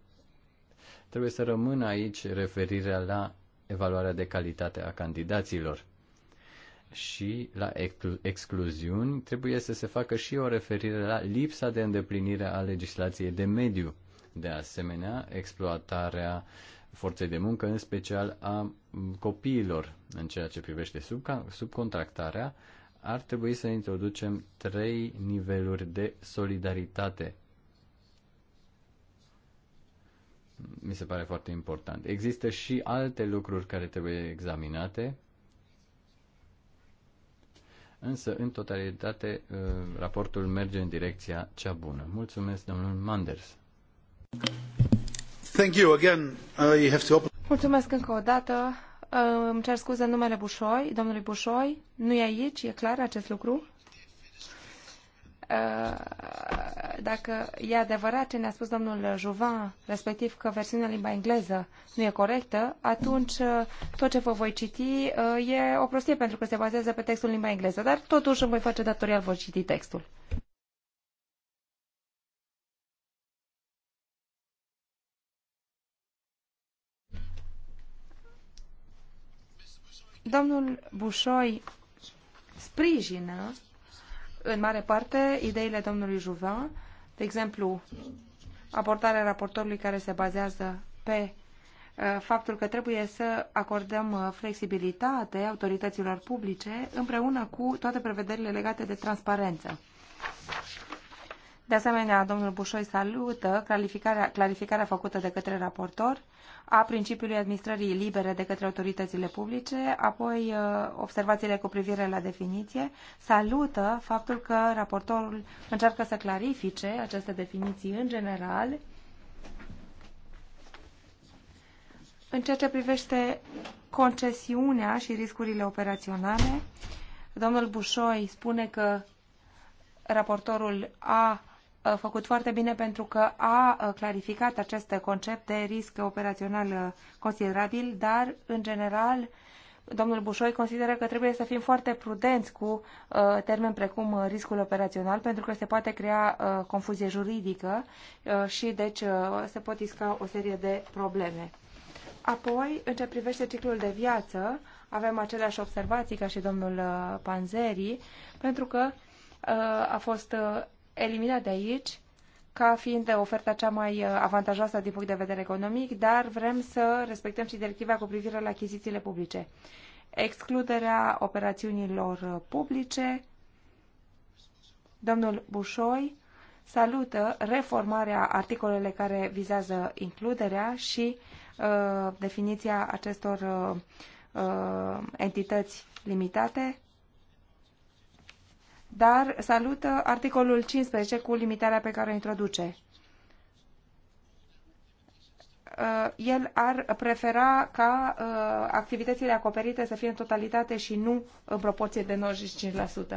Trebuie să rămână aici referirea la evaluarea de calitate a candidaților și la excluziuni trebuie să se facă și o referire la lipsa de îndeplinire a legislației de mediu. De asemenea, exploatarea forței de muncă, în special a copiilor, în ceea ce privește subcontractarea, ar trebui să introducem trei niveluri de solidaritate. Mi se pare foarte important. Există și alte lucruri care trebuie examinate, însă, în totalitate, uh, raportul merge în direcția cea bună. Mulțumesc, domnul Manders. Mulțumesc încă o dată. Îmi cer scuze în numele Bușoi, domnului Bușoi. Nu e aici, e clar acest lucru? Ă, dacă e adevărat ce ne-a spus domnul Juvan, respectiv că versiunea limba engleză nu e corectă, atunci ă, tot ce vă voi citi ă, e o prostie pentru că se bazează pe textul limba engleză, dar totuși îmi voi face datoria, voi citi textul. Domnul Bușoi sprijină în mare parte ideile domnului Juvin, de exemplu, aportarea raportorului care se bazează pe uh, faptul că trebuie să acordăm uh, flexibilitate autorităților publice împreună cu toate prevederile legate de transparență. De asemenea, domnul Bușoi salută clarificarea, clarificarea făcută de către raportor a principiului administrării libere de către autoritățile publice, apoi uh, observațiile cu privire la definiție, salută faptul că raportorul încearcă să clarifice aceste definiții în general în ceea ce privește concesiunea și riscurile operaționale. Domnul Bușoi spune că raportorul a făcut foarte bine pentru că a clarificat acest concept de risc operațional uh, considerabil, dar, în general, domnul Bușoi consideră că trebuie să fim foarte prudenți cu uh, termeni precum uh, riscul operațional, pentru că se poate crea confuzie juridică și, deci, se pot isca o serie de probleme. Apoi, în ce privește ciclul de viață, avem aceleași observații ca și domnul Panzeri, pentru că a fost eliminat de aici ca fiind oferta cea mai uh, avantajoasă din punct de vedere economic, dar vrem să respectăm și directiva cu privire la achizițiile publice. Excluderea operațiunilor uh, publice. Domnul Bușoi salută reformarea articolele care vizează includerea și uh, definiția acestor uh, uh entități limitate dar salută articolul 15 cu limitarea pe care o introduce. Uh, el ar prefera ca uh, activitățile acoperite să fie în totalitate și nu în proporție de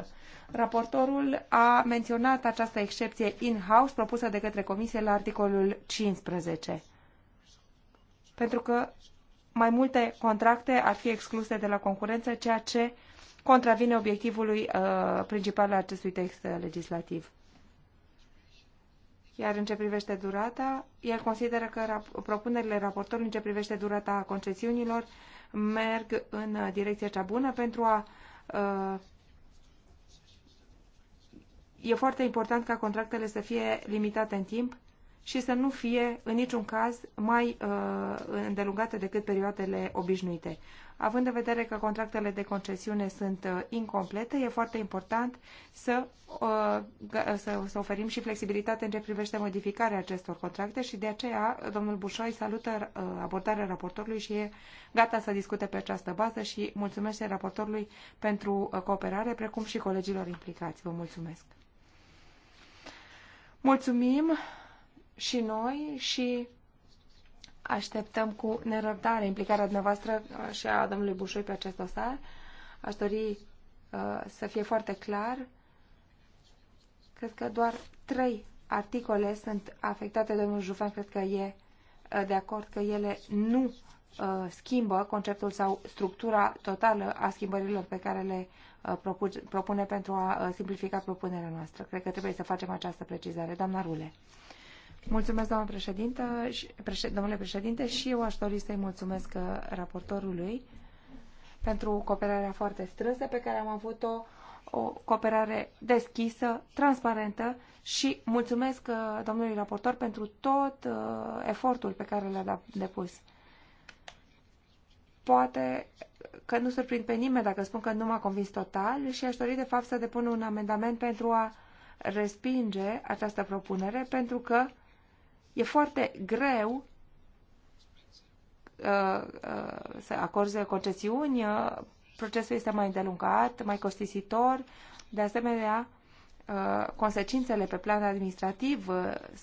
95%. Raportorul a menționat această excepție in-house propusă de către Comisie la articolul 15, pentru că mai multe contracte ar fi excluse de la concurență, ceea ce contravine obiectivului uh, principal al acestui text legislativ. Iar în ce privește durata, el consideră că rap propunerile raportorului în ce privește durata concesiunilor merg în uh, direcția cea bună pentru a uh, e foarte important ca contractele să fie limitate în timp și să nu fie în niciun caz mai uh, îndelungate decât perioadele obișnuite. Având în vedere că contractele de concesiune sunt uh, incomplete, e foarte important să, uh, să, să oferim și flexibilitate în ce privește modificarea acestor contracte și de aceea domnul Bușoi salută uh, abordarea raportorului și e gata să discute pe această bază și mulțumesc raportorului pentru cooperare, precum și colegilor implicați. Vă mulțumesc! Mulțumim și noi și Așteptăm cu nerăbdare implicarea dumneavoastră uh, și a domnului Bușoi pe acest dosar. Aș dori uh, să fie foarte clar. Cred că doar trei articole sunt afectate. Domnul Jufan cred că e uh, de acord că ele nu uh, schimbă conceptul sau structura totală a schimbărilor pe care le uh, propune pentru a uh, simplifica propunerea noastră. Cred că trebuie să facem această precizare. Doamna Rule. Mulțumesc, doamnă președintă, domnule președinte, și eu aș dori să-i mulțumesc uh, raportorului pentru cooperarea foarte strânsă pe care am avut-o, o cooperare deschisă, transparentă și mulțumesc uh, domnului raportor pentru tot uh, efortul pe care l-a depus. Poate că nu surprind pe nimeni dacă spun că nu m-a convins total și aș dori de fapt să depun un amendament pentru a respinge această propunere pentru că E foarte greu uh, uh, să acorde concesiuni, uh, procesul este mai delungat, mai costisitor, de asemenea, consecințele pe plan administrativ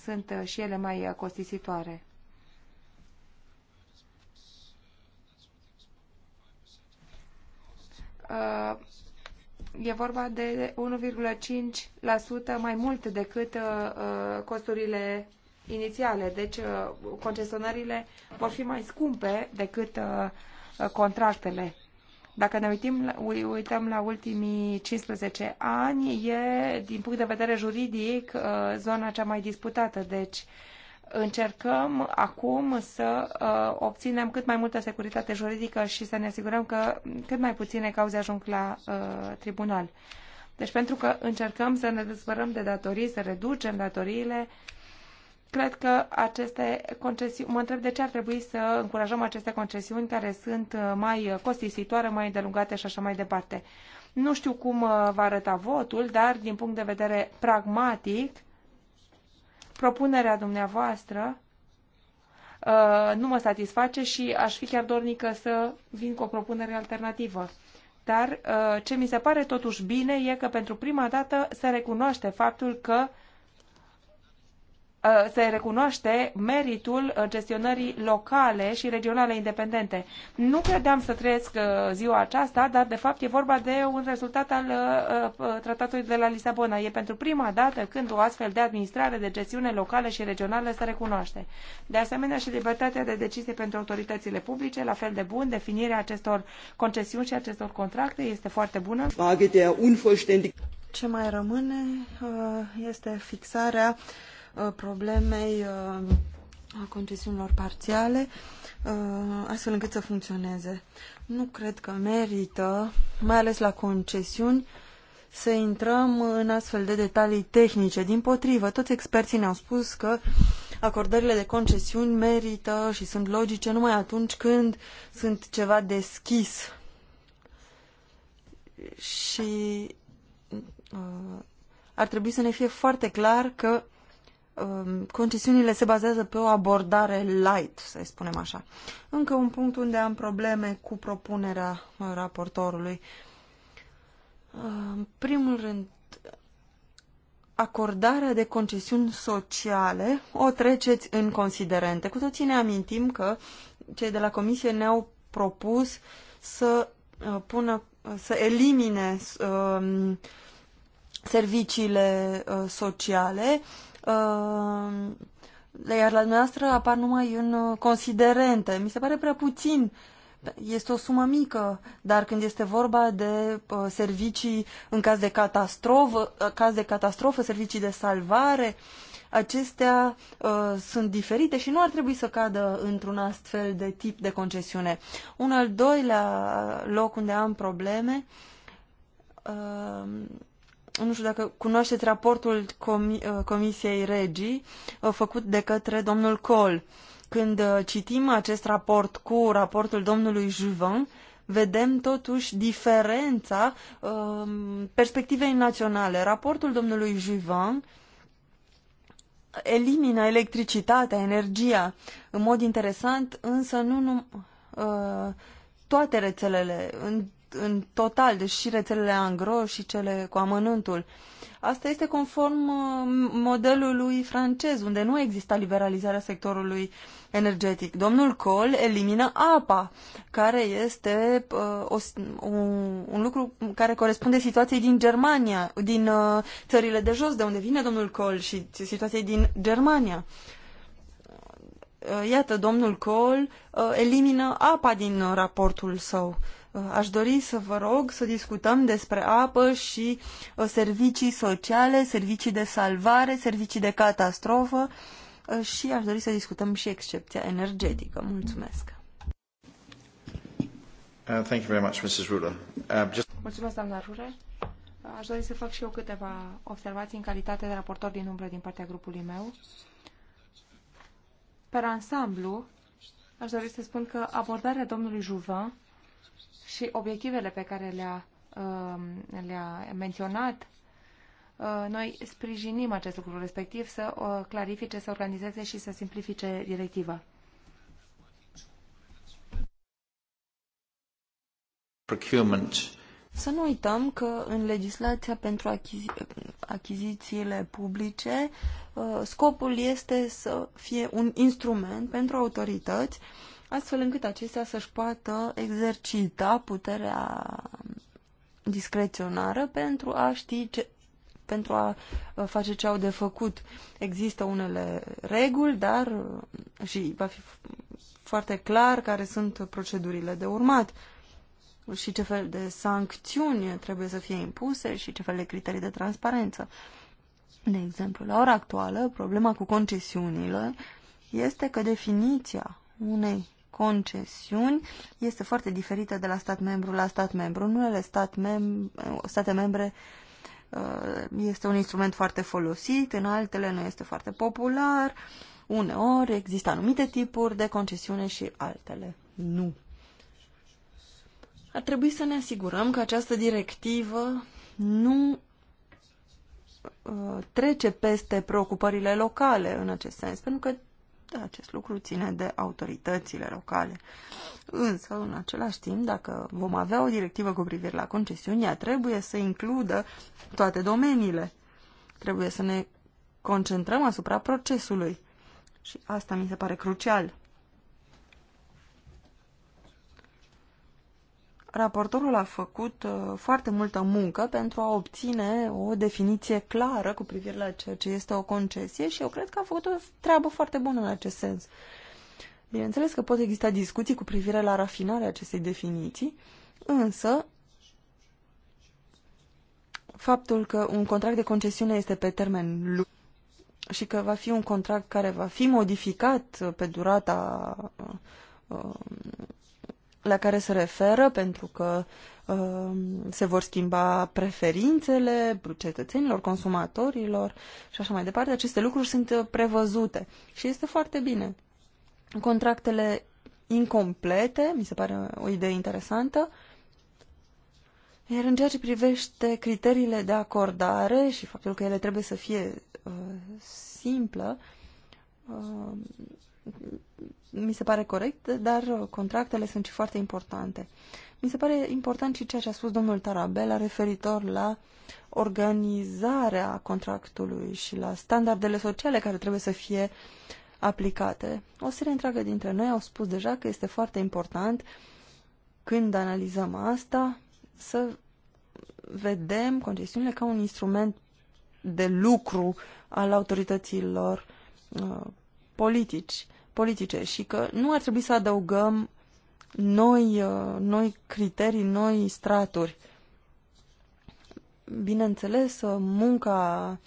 sunt și ele mai costisitoare. E vorba de 1,5% mai mult decât costurile inițiale, deci uh, concesionările vor fi mai scumpe decât uh, uh, contractele. Dacă ne uităm, uităm la ultimii 15 ani, e, din punct de vedere juridic, zona cea mai disputată. Deci, încercăm acum să obținem cât mai multă securitate juridică și să ne asigurăm că cât mai puține cauze ajung la tribunal. Deci pentru că încercăm să ne desfărăm de datorii, să reducem datoriile, cred că aceste concesiuni, mă întreb de ce ar trebui să încurajăm aceste concesiuni care sunt uh, mai costisitoare, mai îndelungate și așa mai departe. Nu știu cum uh, va arăta votul, dar din punct de vedere pragmatic, propunerea dumneavoastră uh, nu mă satisface și aș fi chiar dornică să vin cu o propunere alternativă. Dar ce mi se pare totuși bine e că pentru prima dată se recunoaște faptul că uh, Uh, se recunoaște meritul uh, gestionării locale și regionale independente. Nu credeam să trăiesc uh, ziua aceasta, dar de fapt e vorba de un rezultat al tratatului de la Lisabona. E pentru prima dată când o astfel de administrare de gestiune locală și regională se recunoaște. De asemenea și libertatea de decizie pentru autoritățile publice, la fel de bun, definirea acestor concesiuni și acestor contracte este foarte bună. Ce mai rămâne este fixarea Uh, problemei uh, a concesiunilor parțiale, uh, astfel încât să funcționeze. Nu cred că merită, mai ales la concesiuni, să intrăm în astfel de detalii tehnice. Din potrivă, toți experții ne-au spus că acordările de concesiuni merită și sunt logice numai atunci când sunt ceva deschis. Și uh, ar trebui să ne fie foarte clar că Um, concesiunile se bazează pe o abordare light, să spunem așa. Încă un punct unde am probleme cu propunerea raportorului. Uh, în primul rând, acordarea de concesiuni sociale o treceți în considerente. Cu toții ne amintim că cei de la Comisie ne-au propus să uh, pună, să elimine um, serviciile uh, sociale Ehm, iar la dumneavoastră apar numai în uh, considerente. Mi se pare prea puțin. Este o sumă mică, dar când este vorba de uh, servicii în caz de catastrofă, uh, caz de catastrofă servicii de salvare, acestea uh, sunt diferite și nu ar trebui să cadă într-un astfel de tip de concesiune. Un al doilea loc unde am probleme uh, nu știu dacă cunoașteți raportul uh, Comisiei Regii uh, făcut de către domnul Cole, Când uh, citim acest raport cu raportul domnului Juvin, vedem totuși diferența um, perspectivei naționale. Raportul domnului Juvin elimina electricitatea, energia, în mod interesant, însă nu uh, toate rețelele, în în total, deci și rețelele angro și cele cu amănântul. Asta este conform uh, modelului francez, unde nu exista liberalizarea sectorului energetic. Domnul Col elimină apa, care este uh, o, un, lucru care corespunde situației din Germania, din uh, țările de jos, de unde vine domnul Col și situației din Germania uh, iată, domnul Kohl uh, elimină apa din raportul său. Uh, aș dori să vă rog să discutăm despre apă și uh, servicii sociale, servicii de salvare, servicii de catastrofă uh, și aș dori să discutăm și excepția energetică. Mulțumesc! Uh, thank you very much, Mrs. Ruler. Uh, just... Mulțumesc, doamna Rure. Aș dori să fac și eu câteva observații în calitate de raportor din umbră din partea grupului meu. Per ansamblu, aș dori să spun că abordarea domnului Juvin și obiectivele pe care le-a um, le menționat, uh, noi sprijinim acest lucru, respectiv să o uh, clarifice, să organizeze și să simplifice directiva. Procurement. Să nu uităm că în legislația pentru achizi achizițiile publice uh, scopul este să fie un instrument pentru autorități uh, astfel încât acestea să-și poată exercita puterea discreționară pentru a ști ce, pentru a uh, face ce au de făcut. Există unele reguli, dar uh, și va fi foarte clar care sunt procedurile de urmat și ce fel de sancțiuni trebuie să fie impuse și ce fel de criterii de transparență. De exemplu, la ora actuală, problema cu concesiunile este că definiția unei concesiuni este foarte diferită de la stat membru la stat membru. În unele stat mem state membre uh, este un instrument foarte folosit, în altele nu este foarte popular, uneori există anumite tipuri de concesiune și altele nu. Ar trebui să ne asigurăm că această directivă nu uh, trece peste preocupările locale în acest sens, pentru că acest lucru ține de autoritățile locale. Însă, în același timp, dacă vom avea o directivă cu privire la concesiuni, trebuie să includă toate domeniile. Trebuie să ne concentrăm asupra procesului. Și asta mi se pare crucial. raportorul a făcut uh, foarte multă muncă pentru a obține o definiție clară cu privire la ceea ce este o concesie și eu cred că a făcut o treabă foarte bună în acest sens. Bineînțeles că pot exista discuții cu privire la rafinarea acestei definiții, însă faptul că un contract de concesiune este pe termen lung și că va fi un contract care va fi modificat uh, pe durata uh, la care se referă pentru că um, se vor schimba preferințele cetățenilor, consumatorilor și așa mai departe. Aceste lucruri sunt uh, prevăzute și este foarte bine. Contractele incomplete, mi se pare o idee interesantă, iar în ceea ce privește criteriile de acordare și faptul că ele trebuie să fie uh, simplă, uh, mi se pare corect, dar contractele sunt și foarte importante. Mi se pare important și ceea ce a spus domnul Tarabella referitor la organizarea contractului și la standardele sociale care trebuie să fie aplicate. O serie întreagă dintre noi au spus deja că este foarte important când analizăm asta să vedem concesiunile ca un instrument de lucru al autorităților uh, politici politice și că nu ar trebui să adăugăm noi, uh, noi criterii, noi straturi. Bineînțeles, uh, munca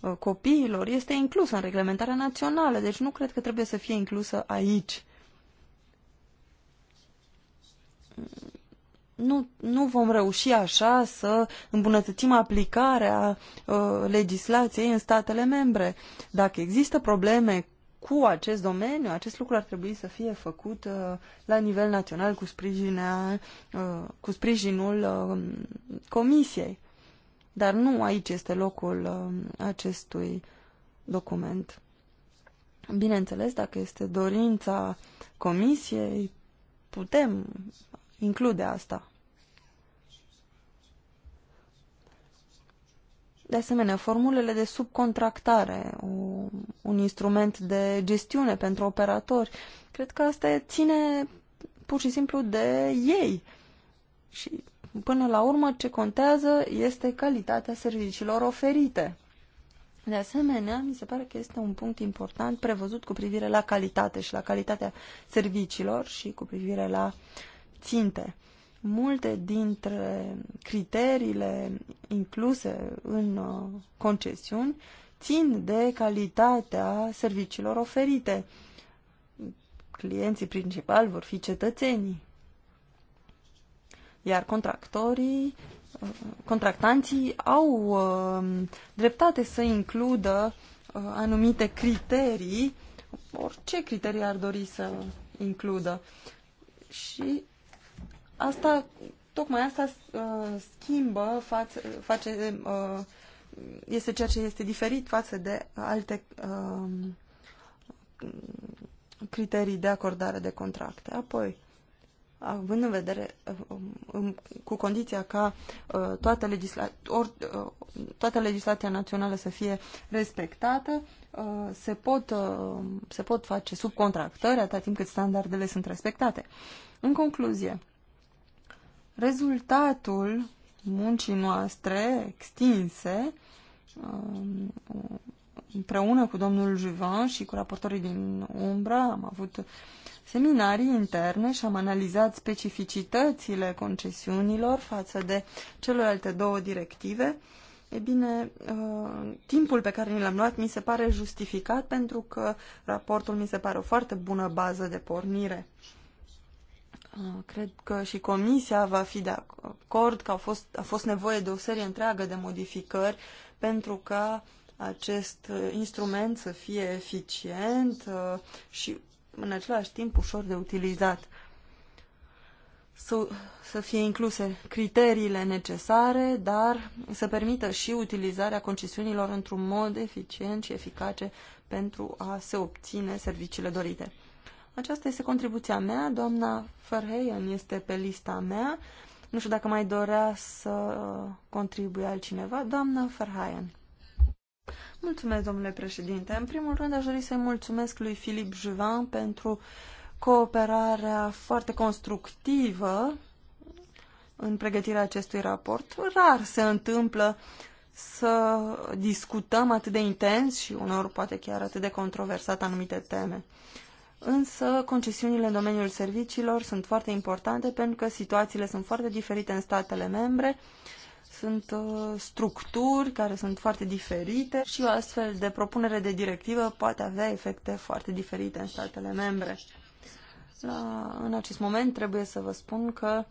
uh, copiilor este inclusă în reglementarea națională, deci nu cred că trebuie să fie inclusă aici. Nu, nu vom reuși așa să îmbunătățim aplicarea uh, legislației în statele membre. Dacă există probleme cu acest domeniu, acest lucru ar trebui să fie făcut uh, la nivel național cu, sprijinea, uh, cu sprijinul uh, comisiei. Dar nu aici este locul uh, acestui document. Bineînțeles, dacă este dorința comisiei, putem include asta. De asemenea, formulele de subcontractare, un instrument de gestiune pentru operatori, cred că asta ține pur și simplu de ei. Și până la urmă ce contează este calitatea serviciilor oferite. De asemenea, mi se pare că este un punct important prevăzut cu privire la calitate și la calitatea serviciilor și cu privire la ținte multe dintre criteriile incluse în uh, concesiuni țin de calitatea serviciilor oferite. Clienții principali vor fi cetățenii, iar contractorii, uh, contractanții au uh, dreptate să includă anumite criterii, orice criterii ar dori să includă. Și Asta, tocmai asta uh, schimbă, față, face, uh, este ceea ce este diferit față de alte uh, criterii de acordare de contracte. Apoi, având în vedere um, cu condiția ca toată, legisla or, toată legislația națională să fie respectată, se pot, se pot face subcontractări atât timp cât standardele sunt respectate. În concluzie, Rezultatul muncii noastre extinse, um, împreună cu domnul Juvan și cu raportorii din umbra, am avut seminarii interne și am analizat specificitățile concesiunilor față de celelalte două directive. E bine, uh, timpul pe care ni l-am luat mi se pare justificat pentru că raportul mi se pare o foarte bună bază de pornire. Ah, cred că și Comisia va fi de acord că a fost, a fost nevoie de o serie întreagă de modificări pentru ca acest instrument să fie eficient uh, și în același timp ușor de utilizat. Să, să fie incluse criteriile necesare, dar să permită și utilizarea concesiunilor într-un mod eficient și eficace pentru a se obține serviciile dorite. Aceasta este contribuția mea. Doamna Ferheyen este pe lista mea. Nu știu dacă mai dorea să contribuie altcineva. Doamna Ferheyen. Mulțumesc, domnule președinte. În primul rând, aș dori să-i mulțumesc lui Filip Juvan pentru cooperarea foarte constructivă în pregătirea acestui raport. Rar se întâmplă să discutăm atât de intens și uneori poate chiar atât de controversat anumite teme. Însă, concesiunile în domeniul serviciilor sunt foarte importante pentru că situațiile sunt foarte diferite în statele membre, sunt uh, structuri care sunt foarte diferite și o astfel de propunere de directivă poate avea efecte foarte diferite în statele membre. La, în acest moment trebuie să vă spun că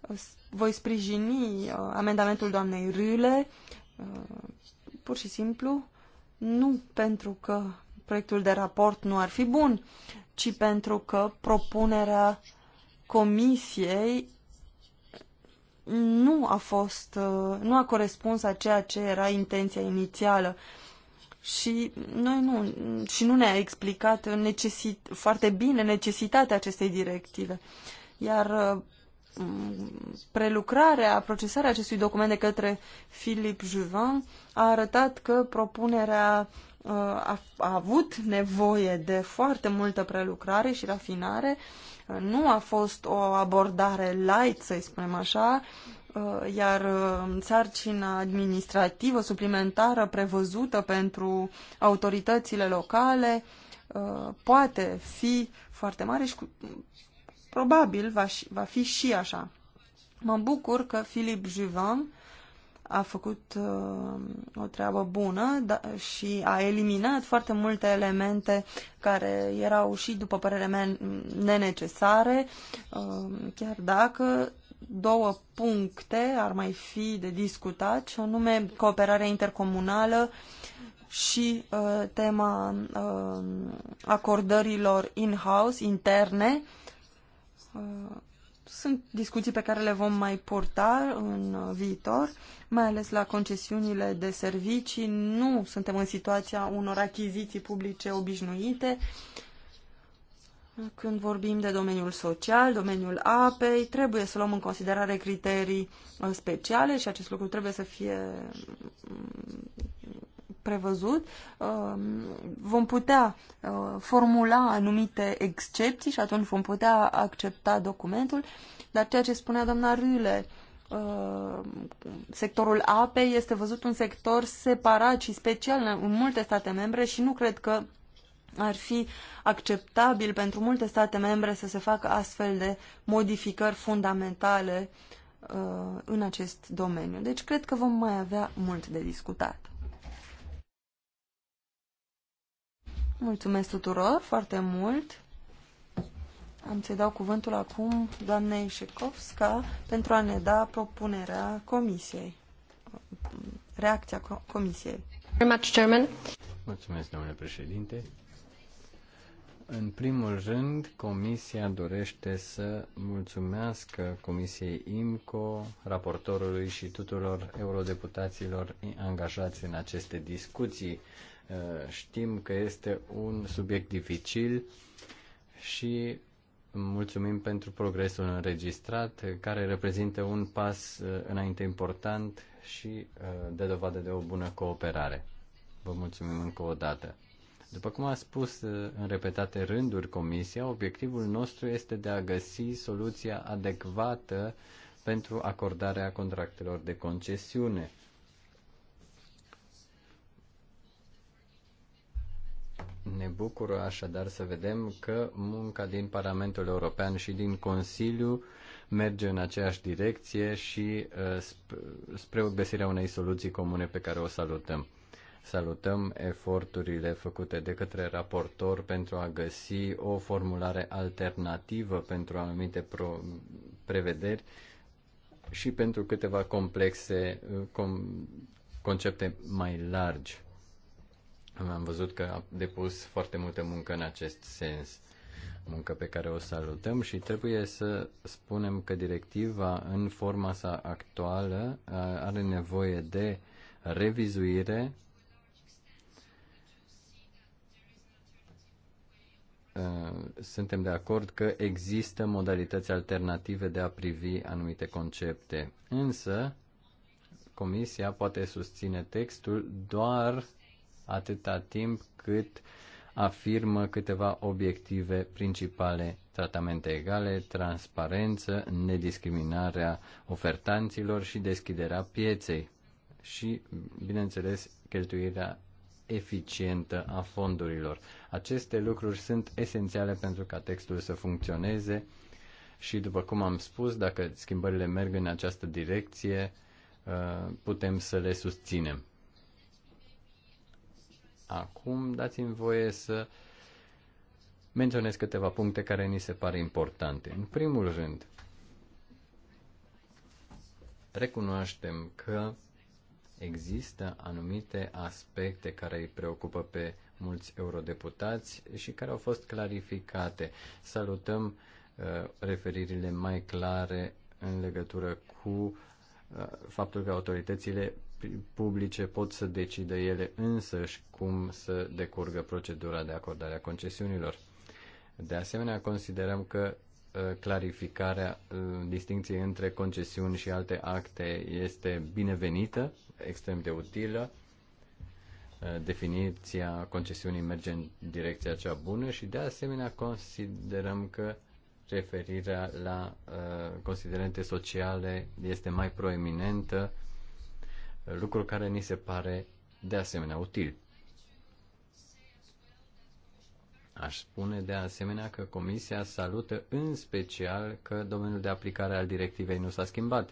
uh, voi sprijini uh, amendamentul doamnei Râle, uh, pur și simplu, nu pentru că proiectul de raport nu ar fi bun, ci pentru că propunerea comisiei nu a fost, uh, nu a corespuns a ceea ce era intenția inițială. Și noi nu, și nu ne-a explicat necesit, foarte bine necesitatea acestei directive. Iar uh, prelucrarea, procesarea acestui document de către Philip Juvin a arătat că propunerea Uh, a, a avut nevoie de foarte multă prelucrare și rafinare. Uh, nu a fost o abordare light, să-i spunem așa, uh, iar sarcina administrativă suplimentară prevăzută pentru autoritățile locale poate fi foarte mare și cu, probabil va, va fi și așa. Mă bucur că Filip Juvin a făcut uh, o treabă bună da, și a eliminat foarte multe elemente care erau și, după părerea mea, nenecesare, uh, chiar dacă două puncte ar mai fi de discutat, și anume cooperarea intercomunală și uh, tema uh, acordărilor in-house, interne, uh, sunt discuții pe care le vom mai purta în viitor, mai ales la concesiunile de servicii. Nu suntem în situația unor achiziții publice obișnuite. Când vorbim de domeniul social, domeniul apei, trebuie să luăm în considerare criterii uh, speciale și acest lucru trebuie să fie prevăzut, um, vom putea uh, formula anumite excepții și atunci vom putea accepta documentul, dar ceea ce spunea doamna Râle, uh, sectorul apei este văzut un sector separat și special în multe state membre și nu cred că ar fi acceptabil pentru multe state membre să se facă astfel de modificări fundamentale uh, în acest domeniu. Deci cred că vom mai avea mult de discutat. Mulțumesc tuturor foarte mult. Am să-i dau cuvântul acum doamnei Șecovska pentru a ne da propunerea comisiei, reacția comisiei. Mulțumesc, domnule președinte. În primul rând, Comisia dorește să mulțumească Comisiei IMCO, raportorului și tuturor eurodeputaților angajați în aceste discuții. Eh, știm că este un subiect dificil și mulțumim pentru progresul înregistrat, care reprezintă un pas eh, înainte important și eh, de dovadă de o bună cooperare. Vă mulțumim încă o dată. După cum a spus în repetate rânduri Comisia, obiectivul nostru este de a găsi soluția adecvată pentru acordarea contractelor de concesiune Ne bucură așadar să vedem că munca din Parlamentul European și din Consiliu merge în aceeași direcție și uh, spre găsirea unei soluții comune pe care o salutăm. Salutăm eforturile făcute de către raportor pentru a găsi o formulare alternativă pentru anumite pro- prevederi și pentru câteva complexe, uh, com- concepte mai largi am văzut că a depus foarte multă muncă în acest sens, muncă pe care o salutăm și trebuie să spunem că directiva în forma sa actuală are nevoie de revizuire suntem de acord că există modalități alternative de a privi anumite concepte. Însă, Comisia poate susține textul doar atâta timp cât afirmă câteva obiective principale, tratamente egale, transparență, nediscriminarea ofertanților și deschiderea pieței și, bineînțeles, cheltuirea eficientă a fondurilor. Aceste lucruri sunt esențiale pentru ca textul să funcționeze și, după cum am spus, dacă schimbările merg în această direcție, uh, putem să le susținem. Acum dați-mi voie să menționez câteva puncte care ni se pare importante. În primul rând, recunoaștem că există anumite aspecte care îi preocupă pe mulți eurodeputați și care au fost clarificate. Salutăm uh, referirile mai clare în legătură cu uh, faptul că autoritățile publice pot să decidă ele însăși cum să decurgă procedura de acordare a concesiunilor. De asemenea, considerăm că ă, clarificarea ă, distinției între concesiuni și alte acte este binevenită, extrem de utilă. Ă, definiția concesiunii merge în direcția cea bună și de asemenea considerăm că referirea la considerente sociale este mai proeminentă lucru care ni se pare de asemenea util. Aș spune de asemenea că Comisia salută în special că domeniul de aplicare al directivei nu s-a schimbat.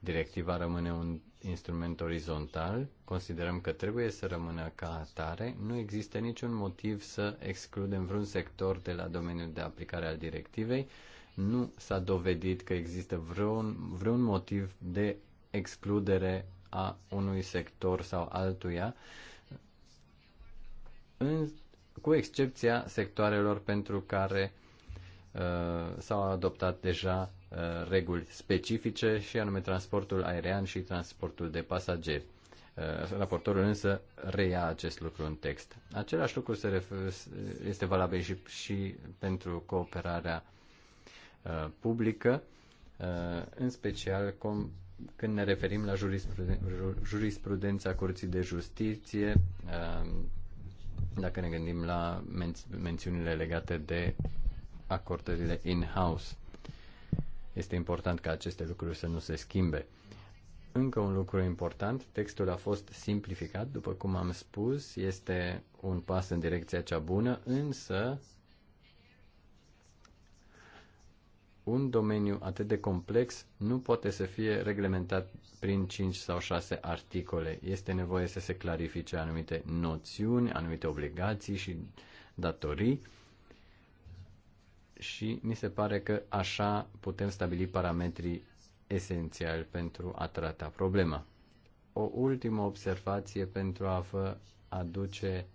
Directiva rămâne un instrument orizontal, considerăm că trebuie să rămână ca atare, nu există niciun motiv să excludem vreun sector de la domeniul de aplicare al directivei, nu s-a dovedit că există vreun, vreun motiv de excludere a unui sector sau altuia, în, cu excepția sectoarelor pentru care uh, s-au adoptat deja uh, reguli specifice și anume transportul aerian și transportul de pasageri. Uh, raportorul însă reia acest lucru în text. Același lucru se este valabil și, și pentru cooperarea uh, publică, uh, în special com- când ne referim la jurisprudența Curții de Justiție, um, dacă ne gândim la men- mențiunile legate de acordările in-house, este important ca aceste lucruri să nu se schimbe. Încă un lucru important, textul a fost simplificat, după cum am spus, este un pas în direcția cea bună, însă un domeniu atât de complex nu poate să fie reglementat prin 5 sau 6 articole. Este nevoie să se clarifice anumite noțiuni, anumite obligații și datorii și mi se pare că așa putem stabili parametrii esențiali pentru a trata problema. O ultimă observație pentru a vă aduce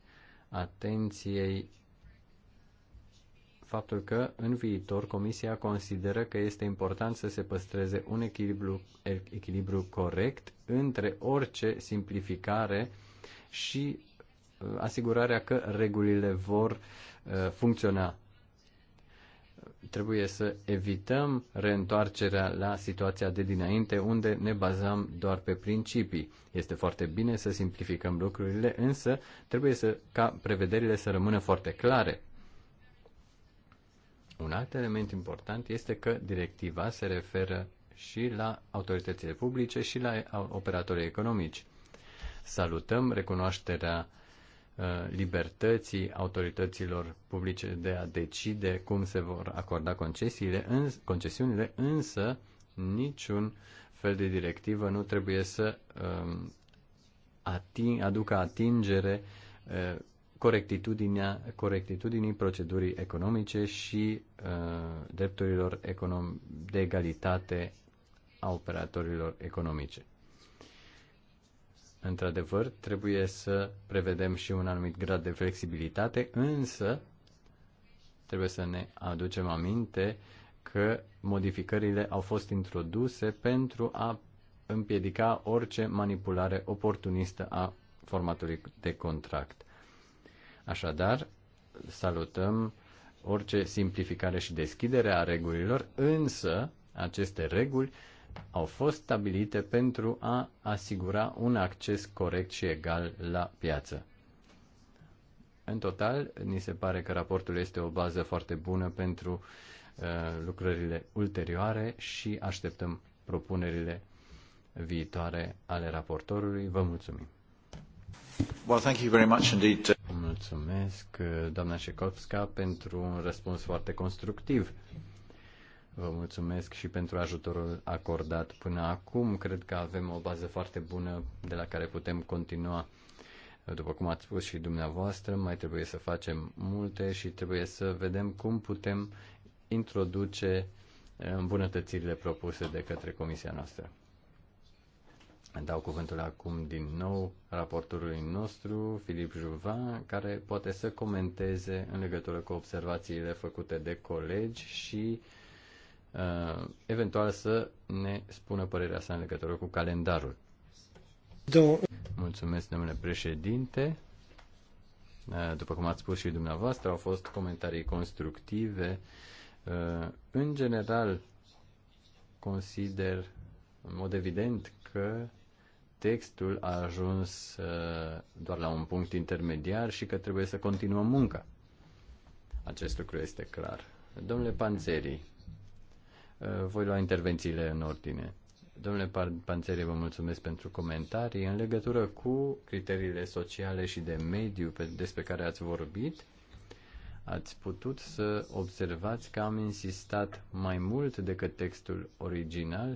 atenției faptul că în viitor Comisia consideră că este important să se păstreze un echilibru, echilibru corect între orice simplificare și uh, asigurarea că regulile vor uh, funcționa. Trebuie să evităm reîntoarcerea la situația de dinainte, unde ne bazam doar pe principii. Este foarte bine să simplificăm lucrurile, însă trebuie să, ca prevederile să rămână foarte clare. Un alt element important este că directiva se referă și la autoritățile publice și la operatorii economici. Salutăm recunoașterea uh, libertății autorităților publice de a decide cum se vor acorda concesiile, concesiunile, însă niciun fel de directivă nu trebuie să um, ating, aducă atingere uh, corectitudinea, corectitudinii procedurii economice și uh, drepturilor econom- de egalitate a operatorilor economice. Într-adevăr, trebuie să prevedem și un anumit grad de flexibilitate, însă trebuie să ne aducem aminte că modificările au fost introduse pentru a împiedica orice manipulare oportunistă a formatului de contract. Așadar, salutăm orice simplificare și deschidere a regulilor, însă aceste reguli au fost stabilite pentru a asigura un acces corect și egal la piață. În total, ni se pare că raportul este o bază foarte bună pentru uh, lucrările ulterioare și așteptăm propunerile viitoare ale raportorului. Vă mulțumim. Well, thank you very much indeed mulțumesc, uh, doamna Șecovska, pentru un răspuns foarte constructiv. Vă mulțumesc și pentru ajutorul acordat până acum. Cred că avem o bază foarte bună de la care putem continua. După cum ați spus și dumneavoastră, mai trebuie să facem multe și trebuie să vedem cum putem introduce uh, îmbunătățirile propuse de către comisia noastră. Dau cuvântul acum din nou raportorului nostru, Filip Juvan, care poate să comenteze în legătură cu observațiile făcute de colegi și uh, eventual să ne spună părerea sa în legătură cu calendarul. Două. Mulțumesc, domnule președinte. Uh, după cum ați spus și dumneavoastră, au fost comentarii constructive. Uh, în general, consider în mod evident că textul a ajuns uh, doar la un punct intermediar și că trebuie să continuăm munca. Acest lucru este clar. Domnule Panțerii, uh, voi lua intervențiile în ordine. Domnule Panțerii, vă mulțumesc pentru comentarii. În legătură cu criteriile sociale și de mediu despre care ați vorbit, ați putut să observați că am insistat mai mult decât textul original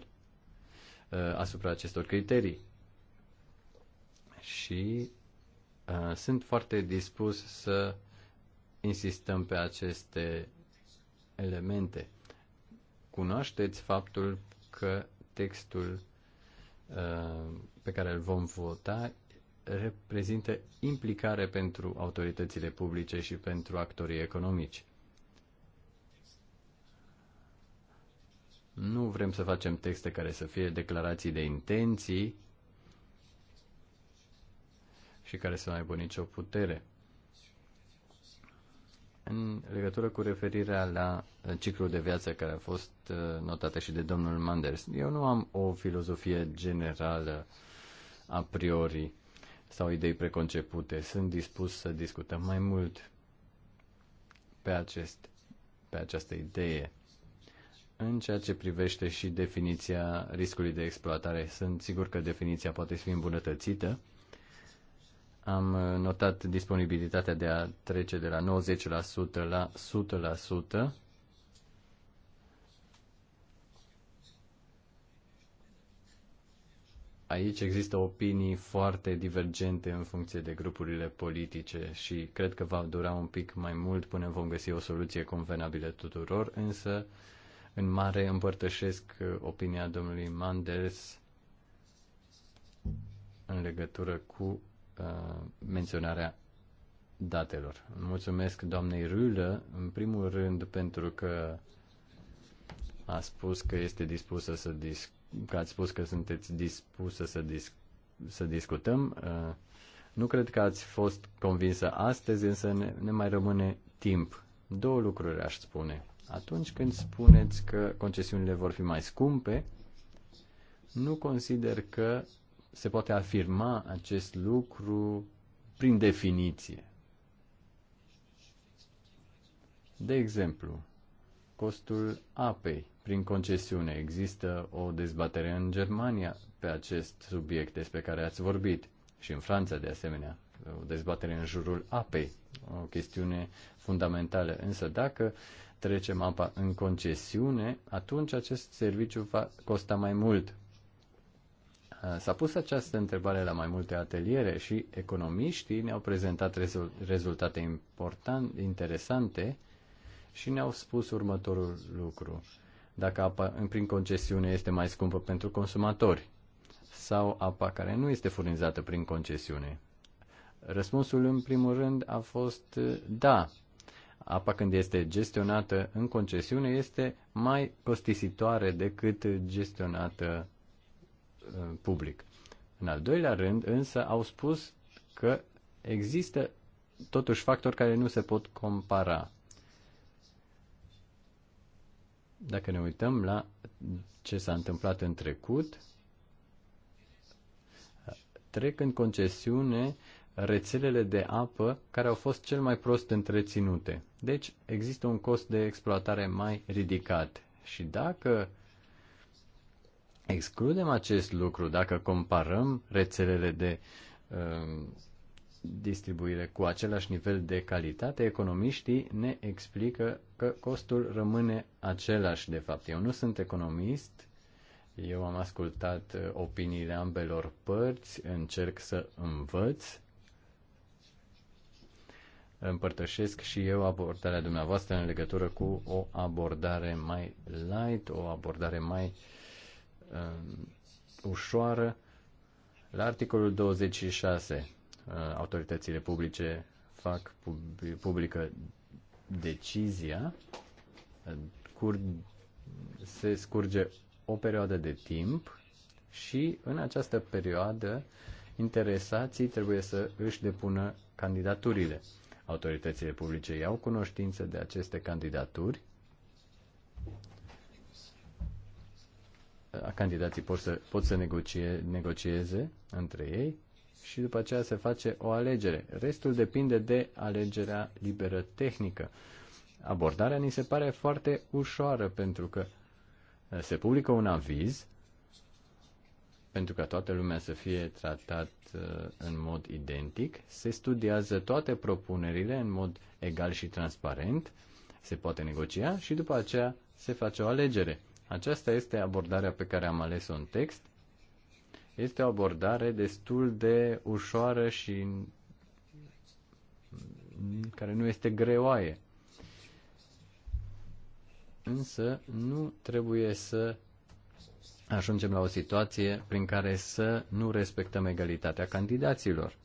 uh, asupra acestor criterii și uh, sunt foarte dispus să insistăm pe aceste elemente. Cunoașteți faptul că textul uh, pe care îl vom vota reprezintă implicare pentru autoritățile publice și pentru actorii economici. Nu vrem să facem texte care să fie declarații de intenții, și care să nu aibă nicio putere. În legătură cu referirea la uh, ciclul de viață care a fost uh, notată și de domnul Manders, eu nu am o filozofie generală a priori sau idei preconcepute. Sunt dispus să discutăm mai mult pe, acest, pe această idee. În ceea ce privește și definiția riscului de exploatare, sunt sigur că definiția poate fi îmbunătățită am uh, notat disponibilitatea de a trece de la 90% la 100%. Aici există opinii foarte divergente în funcție de grupurile politice și cred că va dura un pic mai mult până vom găsi o soluție convenabilă tuturor, însă în mare împărtășesc uh, opinia domnului Manders în legătură cu Uh, menționarea datelor. Mulțumesc doamnei Rulă, în primul rând, pentru că a spus că este dispusă să dis- că ați spus că sunteți dispusă să, dis- să discutăm. Uh, nu cred că ați fost convinsă astăzi, însă ne, ne mai rămâne timp. Două lucruri aș spune. Atunci când spuneți că concesiunile vor fi mai scumpe, nu consider că se poate afirma acest lucru prin definiție. De exemplu, costul apei prin concesiune. Există o dezbatere în Germania pe acest subiect despre care ați vorbit și în Franța de asemenea. O dezbatere în jurul apei, o chestiune fundamentală. Însă dacă trecem apa în concesiune, atunci acest serviciu va costa mai mult S-a pus această întrebare la mai multe ateliere și economiștii ne-au prezentat rezultate important, interesante și ne-au spus următorul lucru. Dacă apa prin concesiune este mai scumpă pentru consumatori sau apa care nu este furnizată prin concesiune. Răspunsul în primul rând a fost da. Apa când este gestionată în concesiune este mai costisitoare decât gestionată Uh, public. În al doilea rând, însă, au spus că există totuși factori care nu se pot compara. Dacă ne uităm la ce s-a întâmplat în trecut, trec în concesiune rețelele de apă care au fost cel mai prost întreținute. Deci există un cost de exploatare mai ridicat. Și dacă uh, excludem acest lucru dacă comparăm rețelele de uh, distribuire cu același nivel de calitate, economiștii ne explică că costul rămâne același de fapt. Eu nu sunt economist, eu am ascultat uh, opiniile ambelor părți, încerc să învăț, împărtășesc și eu abordarea dumneavoastră în legătură cu o abordare mai light, o abordare mai uh, Um, ușoară. La articolul 26, uh, autoritățile publice fac publică decizia, uh, cur, se scurge o perioadă de timp și în această perioadă interesații trebuie să își depună candidaturile. Autoritățile publice iau cunoștință de aceste candidaturi candidații pot să, pot să negocie, negocieze între ei și după aceea se face o alegere. Restul depinde de alegerea liberă tehnică. Abordarea ni se pare foarte ușoară pentru că uh, se publică un aviz pentru ca toată lumea să fie tratat uh, în mod identic, se studiază toate propunerile în mod egal și transparent, se poate negocia și după aceea se face o alegere. Aceasta este abordarea pe care am ales-o în text. Este o abordare destul de ușoară și care nu este greoaie. Însă nu trebuie să ajungem la o situație prin care să nu respectăm egalitatea candidaților.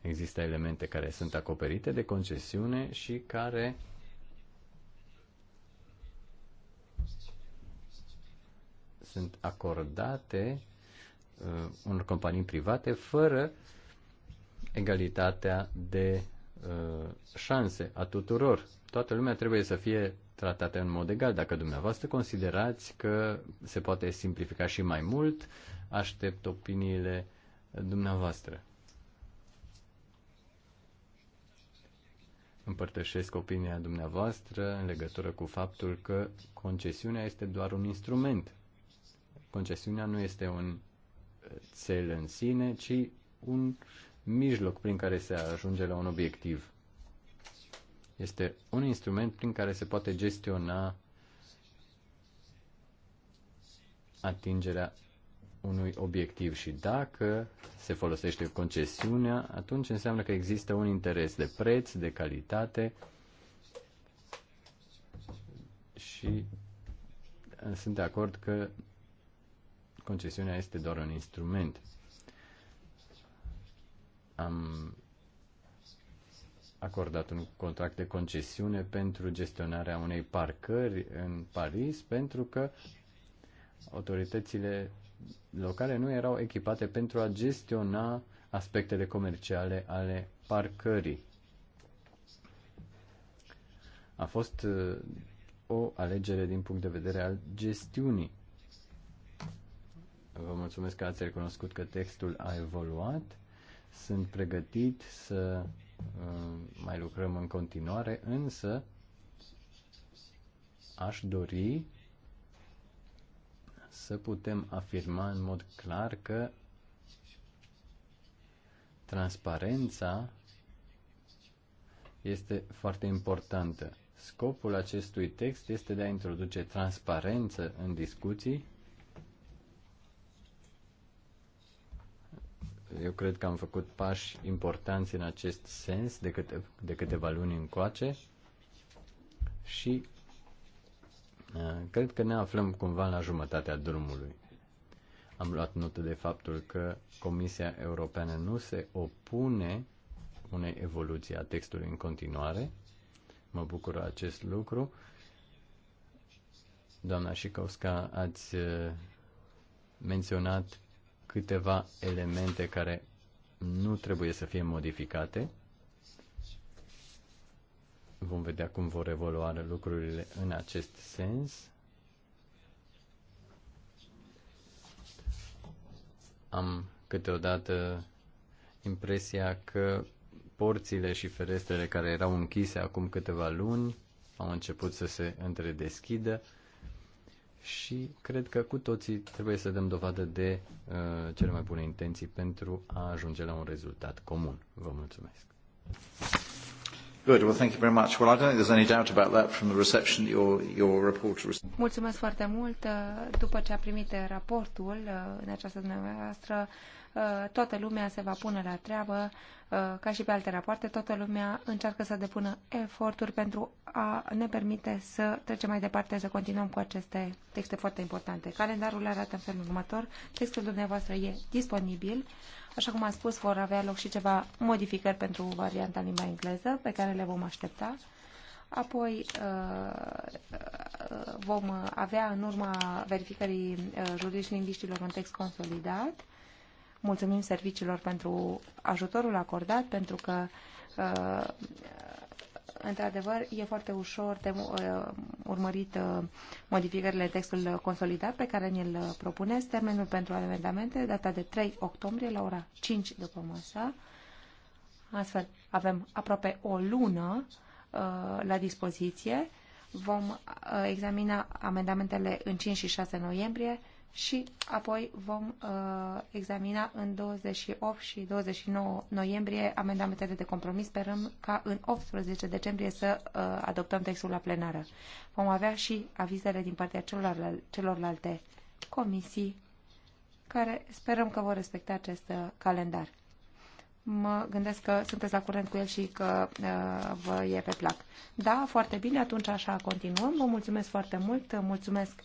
Există elemente care sunt acoperite de concesiune și care sunt acordate uh, unor companii private fără egalitatea de uh, șanse a tuturor. Toată lumea trebuie să fie tratată în mod egal. Dacă dumneavoastră considerați că se poate simplifica și mai mult, aștept opiniile dumneavoastră. Împărtășesc opinia dumneavoastră în legătură cu faptul că concesiunea este doar un instrument Concesiunea nu este un cel uh, în sine, ci un mijloc prin care se ajunge la un obiectiv. Este un instrument prin care se poate gestiona atingerea unui obiectiv și dacă se folosește concesiunea, atunci înseamnă că există un interes de preț, de calitate și uh, sunt de acord că concesiunea este doar un instrument. Am acordat un contract de concesiune pentru gestionarea unei parcări în Paris pentru că autoritățile locale nu erau echipate pentru a gestiona aspectele comerciale ale parcării. A fost uh, o alegere din punct de vedere al gestiunii. Vă mulțumesc că ați recunoscut că textul a evoluat. Sunt pregătit să uh, mai lucrăm în continuare, însă aș dori să putem afirma în mod clar că transparența este foarte importantă. Scopul acestui text este de a introduce transparență în discuții eu cred că am făcut pași importanți în acest sens de, câte, de câteva luni încoace și uh, cred că ne aflăm cumva la jumătatea drumului. Am luat notă de faptul că Comisia Europeană nu se opune unei evoluții a textului în continuare. Mă bucură acest lucru. Doamna Șicovska, ați uh, menționat câteva elemente care nu trebuie să fie modificate. Vom vedea cum vor evolua lucrurile în acest sens. Am câteodată impresia că porțile și ferestrele care erau închise acum câteva luni au început să se întredeschidă și cred că cu toții trebuie să dăm dovadă de uh, cele mai bune intenții pentru a ajunge la un rezultat comun. Vă mulțumesc. Good. Well, thank you very much. Well, I don't think there's any doubt about that from the reception that your, your report received. Mulțumesc foarte mult. După ce a primit raportul uh, în această dumneavoastră, Uh, toată lumea se va pune la treabă, uh, ca și pe alte rapoarte, toată lumea încearcă să depună eforturi pentru a ne permite să trecem mai departe, să continuăm cu aceste texte foarte importante. Calendarul arată în felul următor, textul dumneavoastră e disponibil, așa cum am spus, vor avea loc și ceva modificări pentru varianta limba engleză, pe care le vom aștepta. Apoi uh, vom avea în urma verificării lingviștilor un text consolidat, Mulțumim serviciilor pentru ajutorul acordat, pentru că uh, într-adevăr, e foarte ușor de uh, urmărit uh, modificările în textul consolidat pe care ni-l propuneți. Termenul pentru amendamente, data de 3 octombrie la ora 5 după masa. Astfel, avem aproape o lună la dispoziție. Vom examina amendamentele în 5 și 6 noiembrie și apoi vom uh, examina în 28 și 29 noiembrie amendamentele de compromis. Sperăm ca în 18 decembrie să uh, adoptăm textul la plenară. Vom avea și avizele din partea celorlal celorlalte comisii care sperăm că vor respecta acest uh, calendar. Mă gândesc că sunteți la curent cu el și că uh, vă e pe plac. Da, foarte bine, atunci așa continuăm. Vă mulțumesc foarte mult, mulțumesc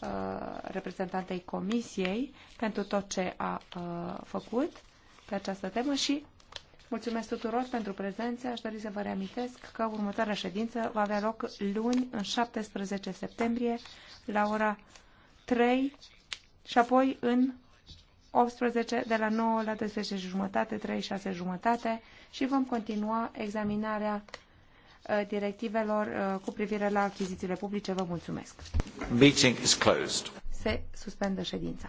Uh, reprezentantei Comisiei pentru tot ce a uh, făcut pe această temă și mulțumesc tuturor pentru prezență. Aș dori să vă reamintesc că următoarea ședință va avea loc luni, în 17 septembrie, la ora 3 și apoi în 18 de la 9 la 10 jumătate, 3, 6 jumătate și vom continua examinarea Uh, directivelor uh, cu privire la achizițiile publice. Vă mulțumesc. Meeting is closed. Se suspendă ședința.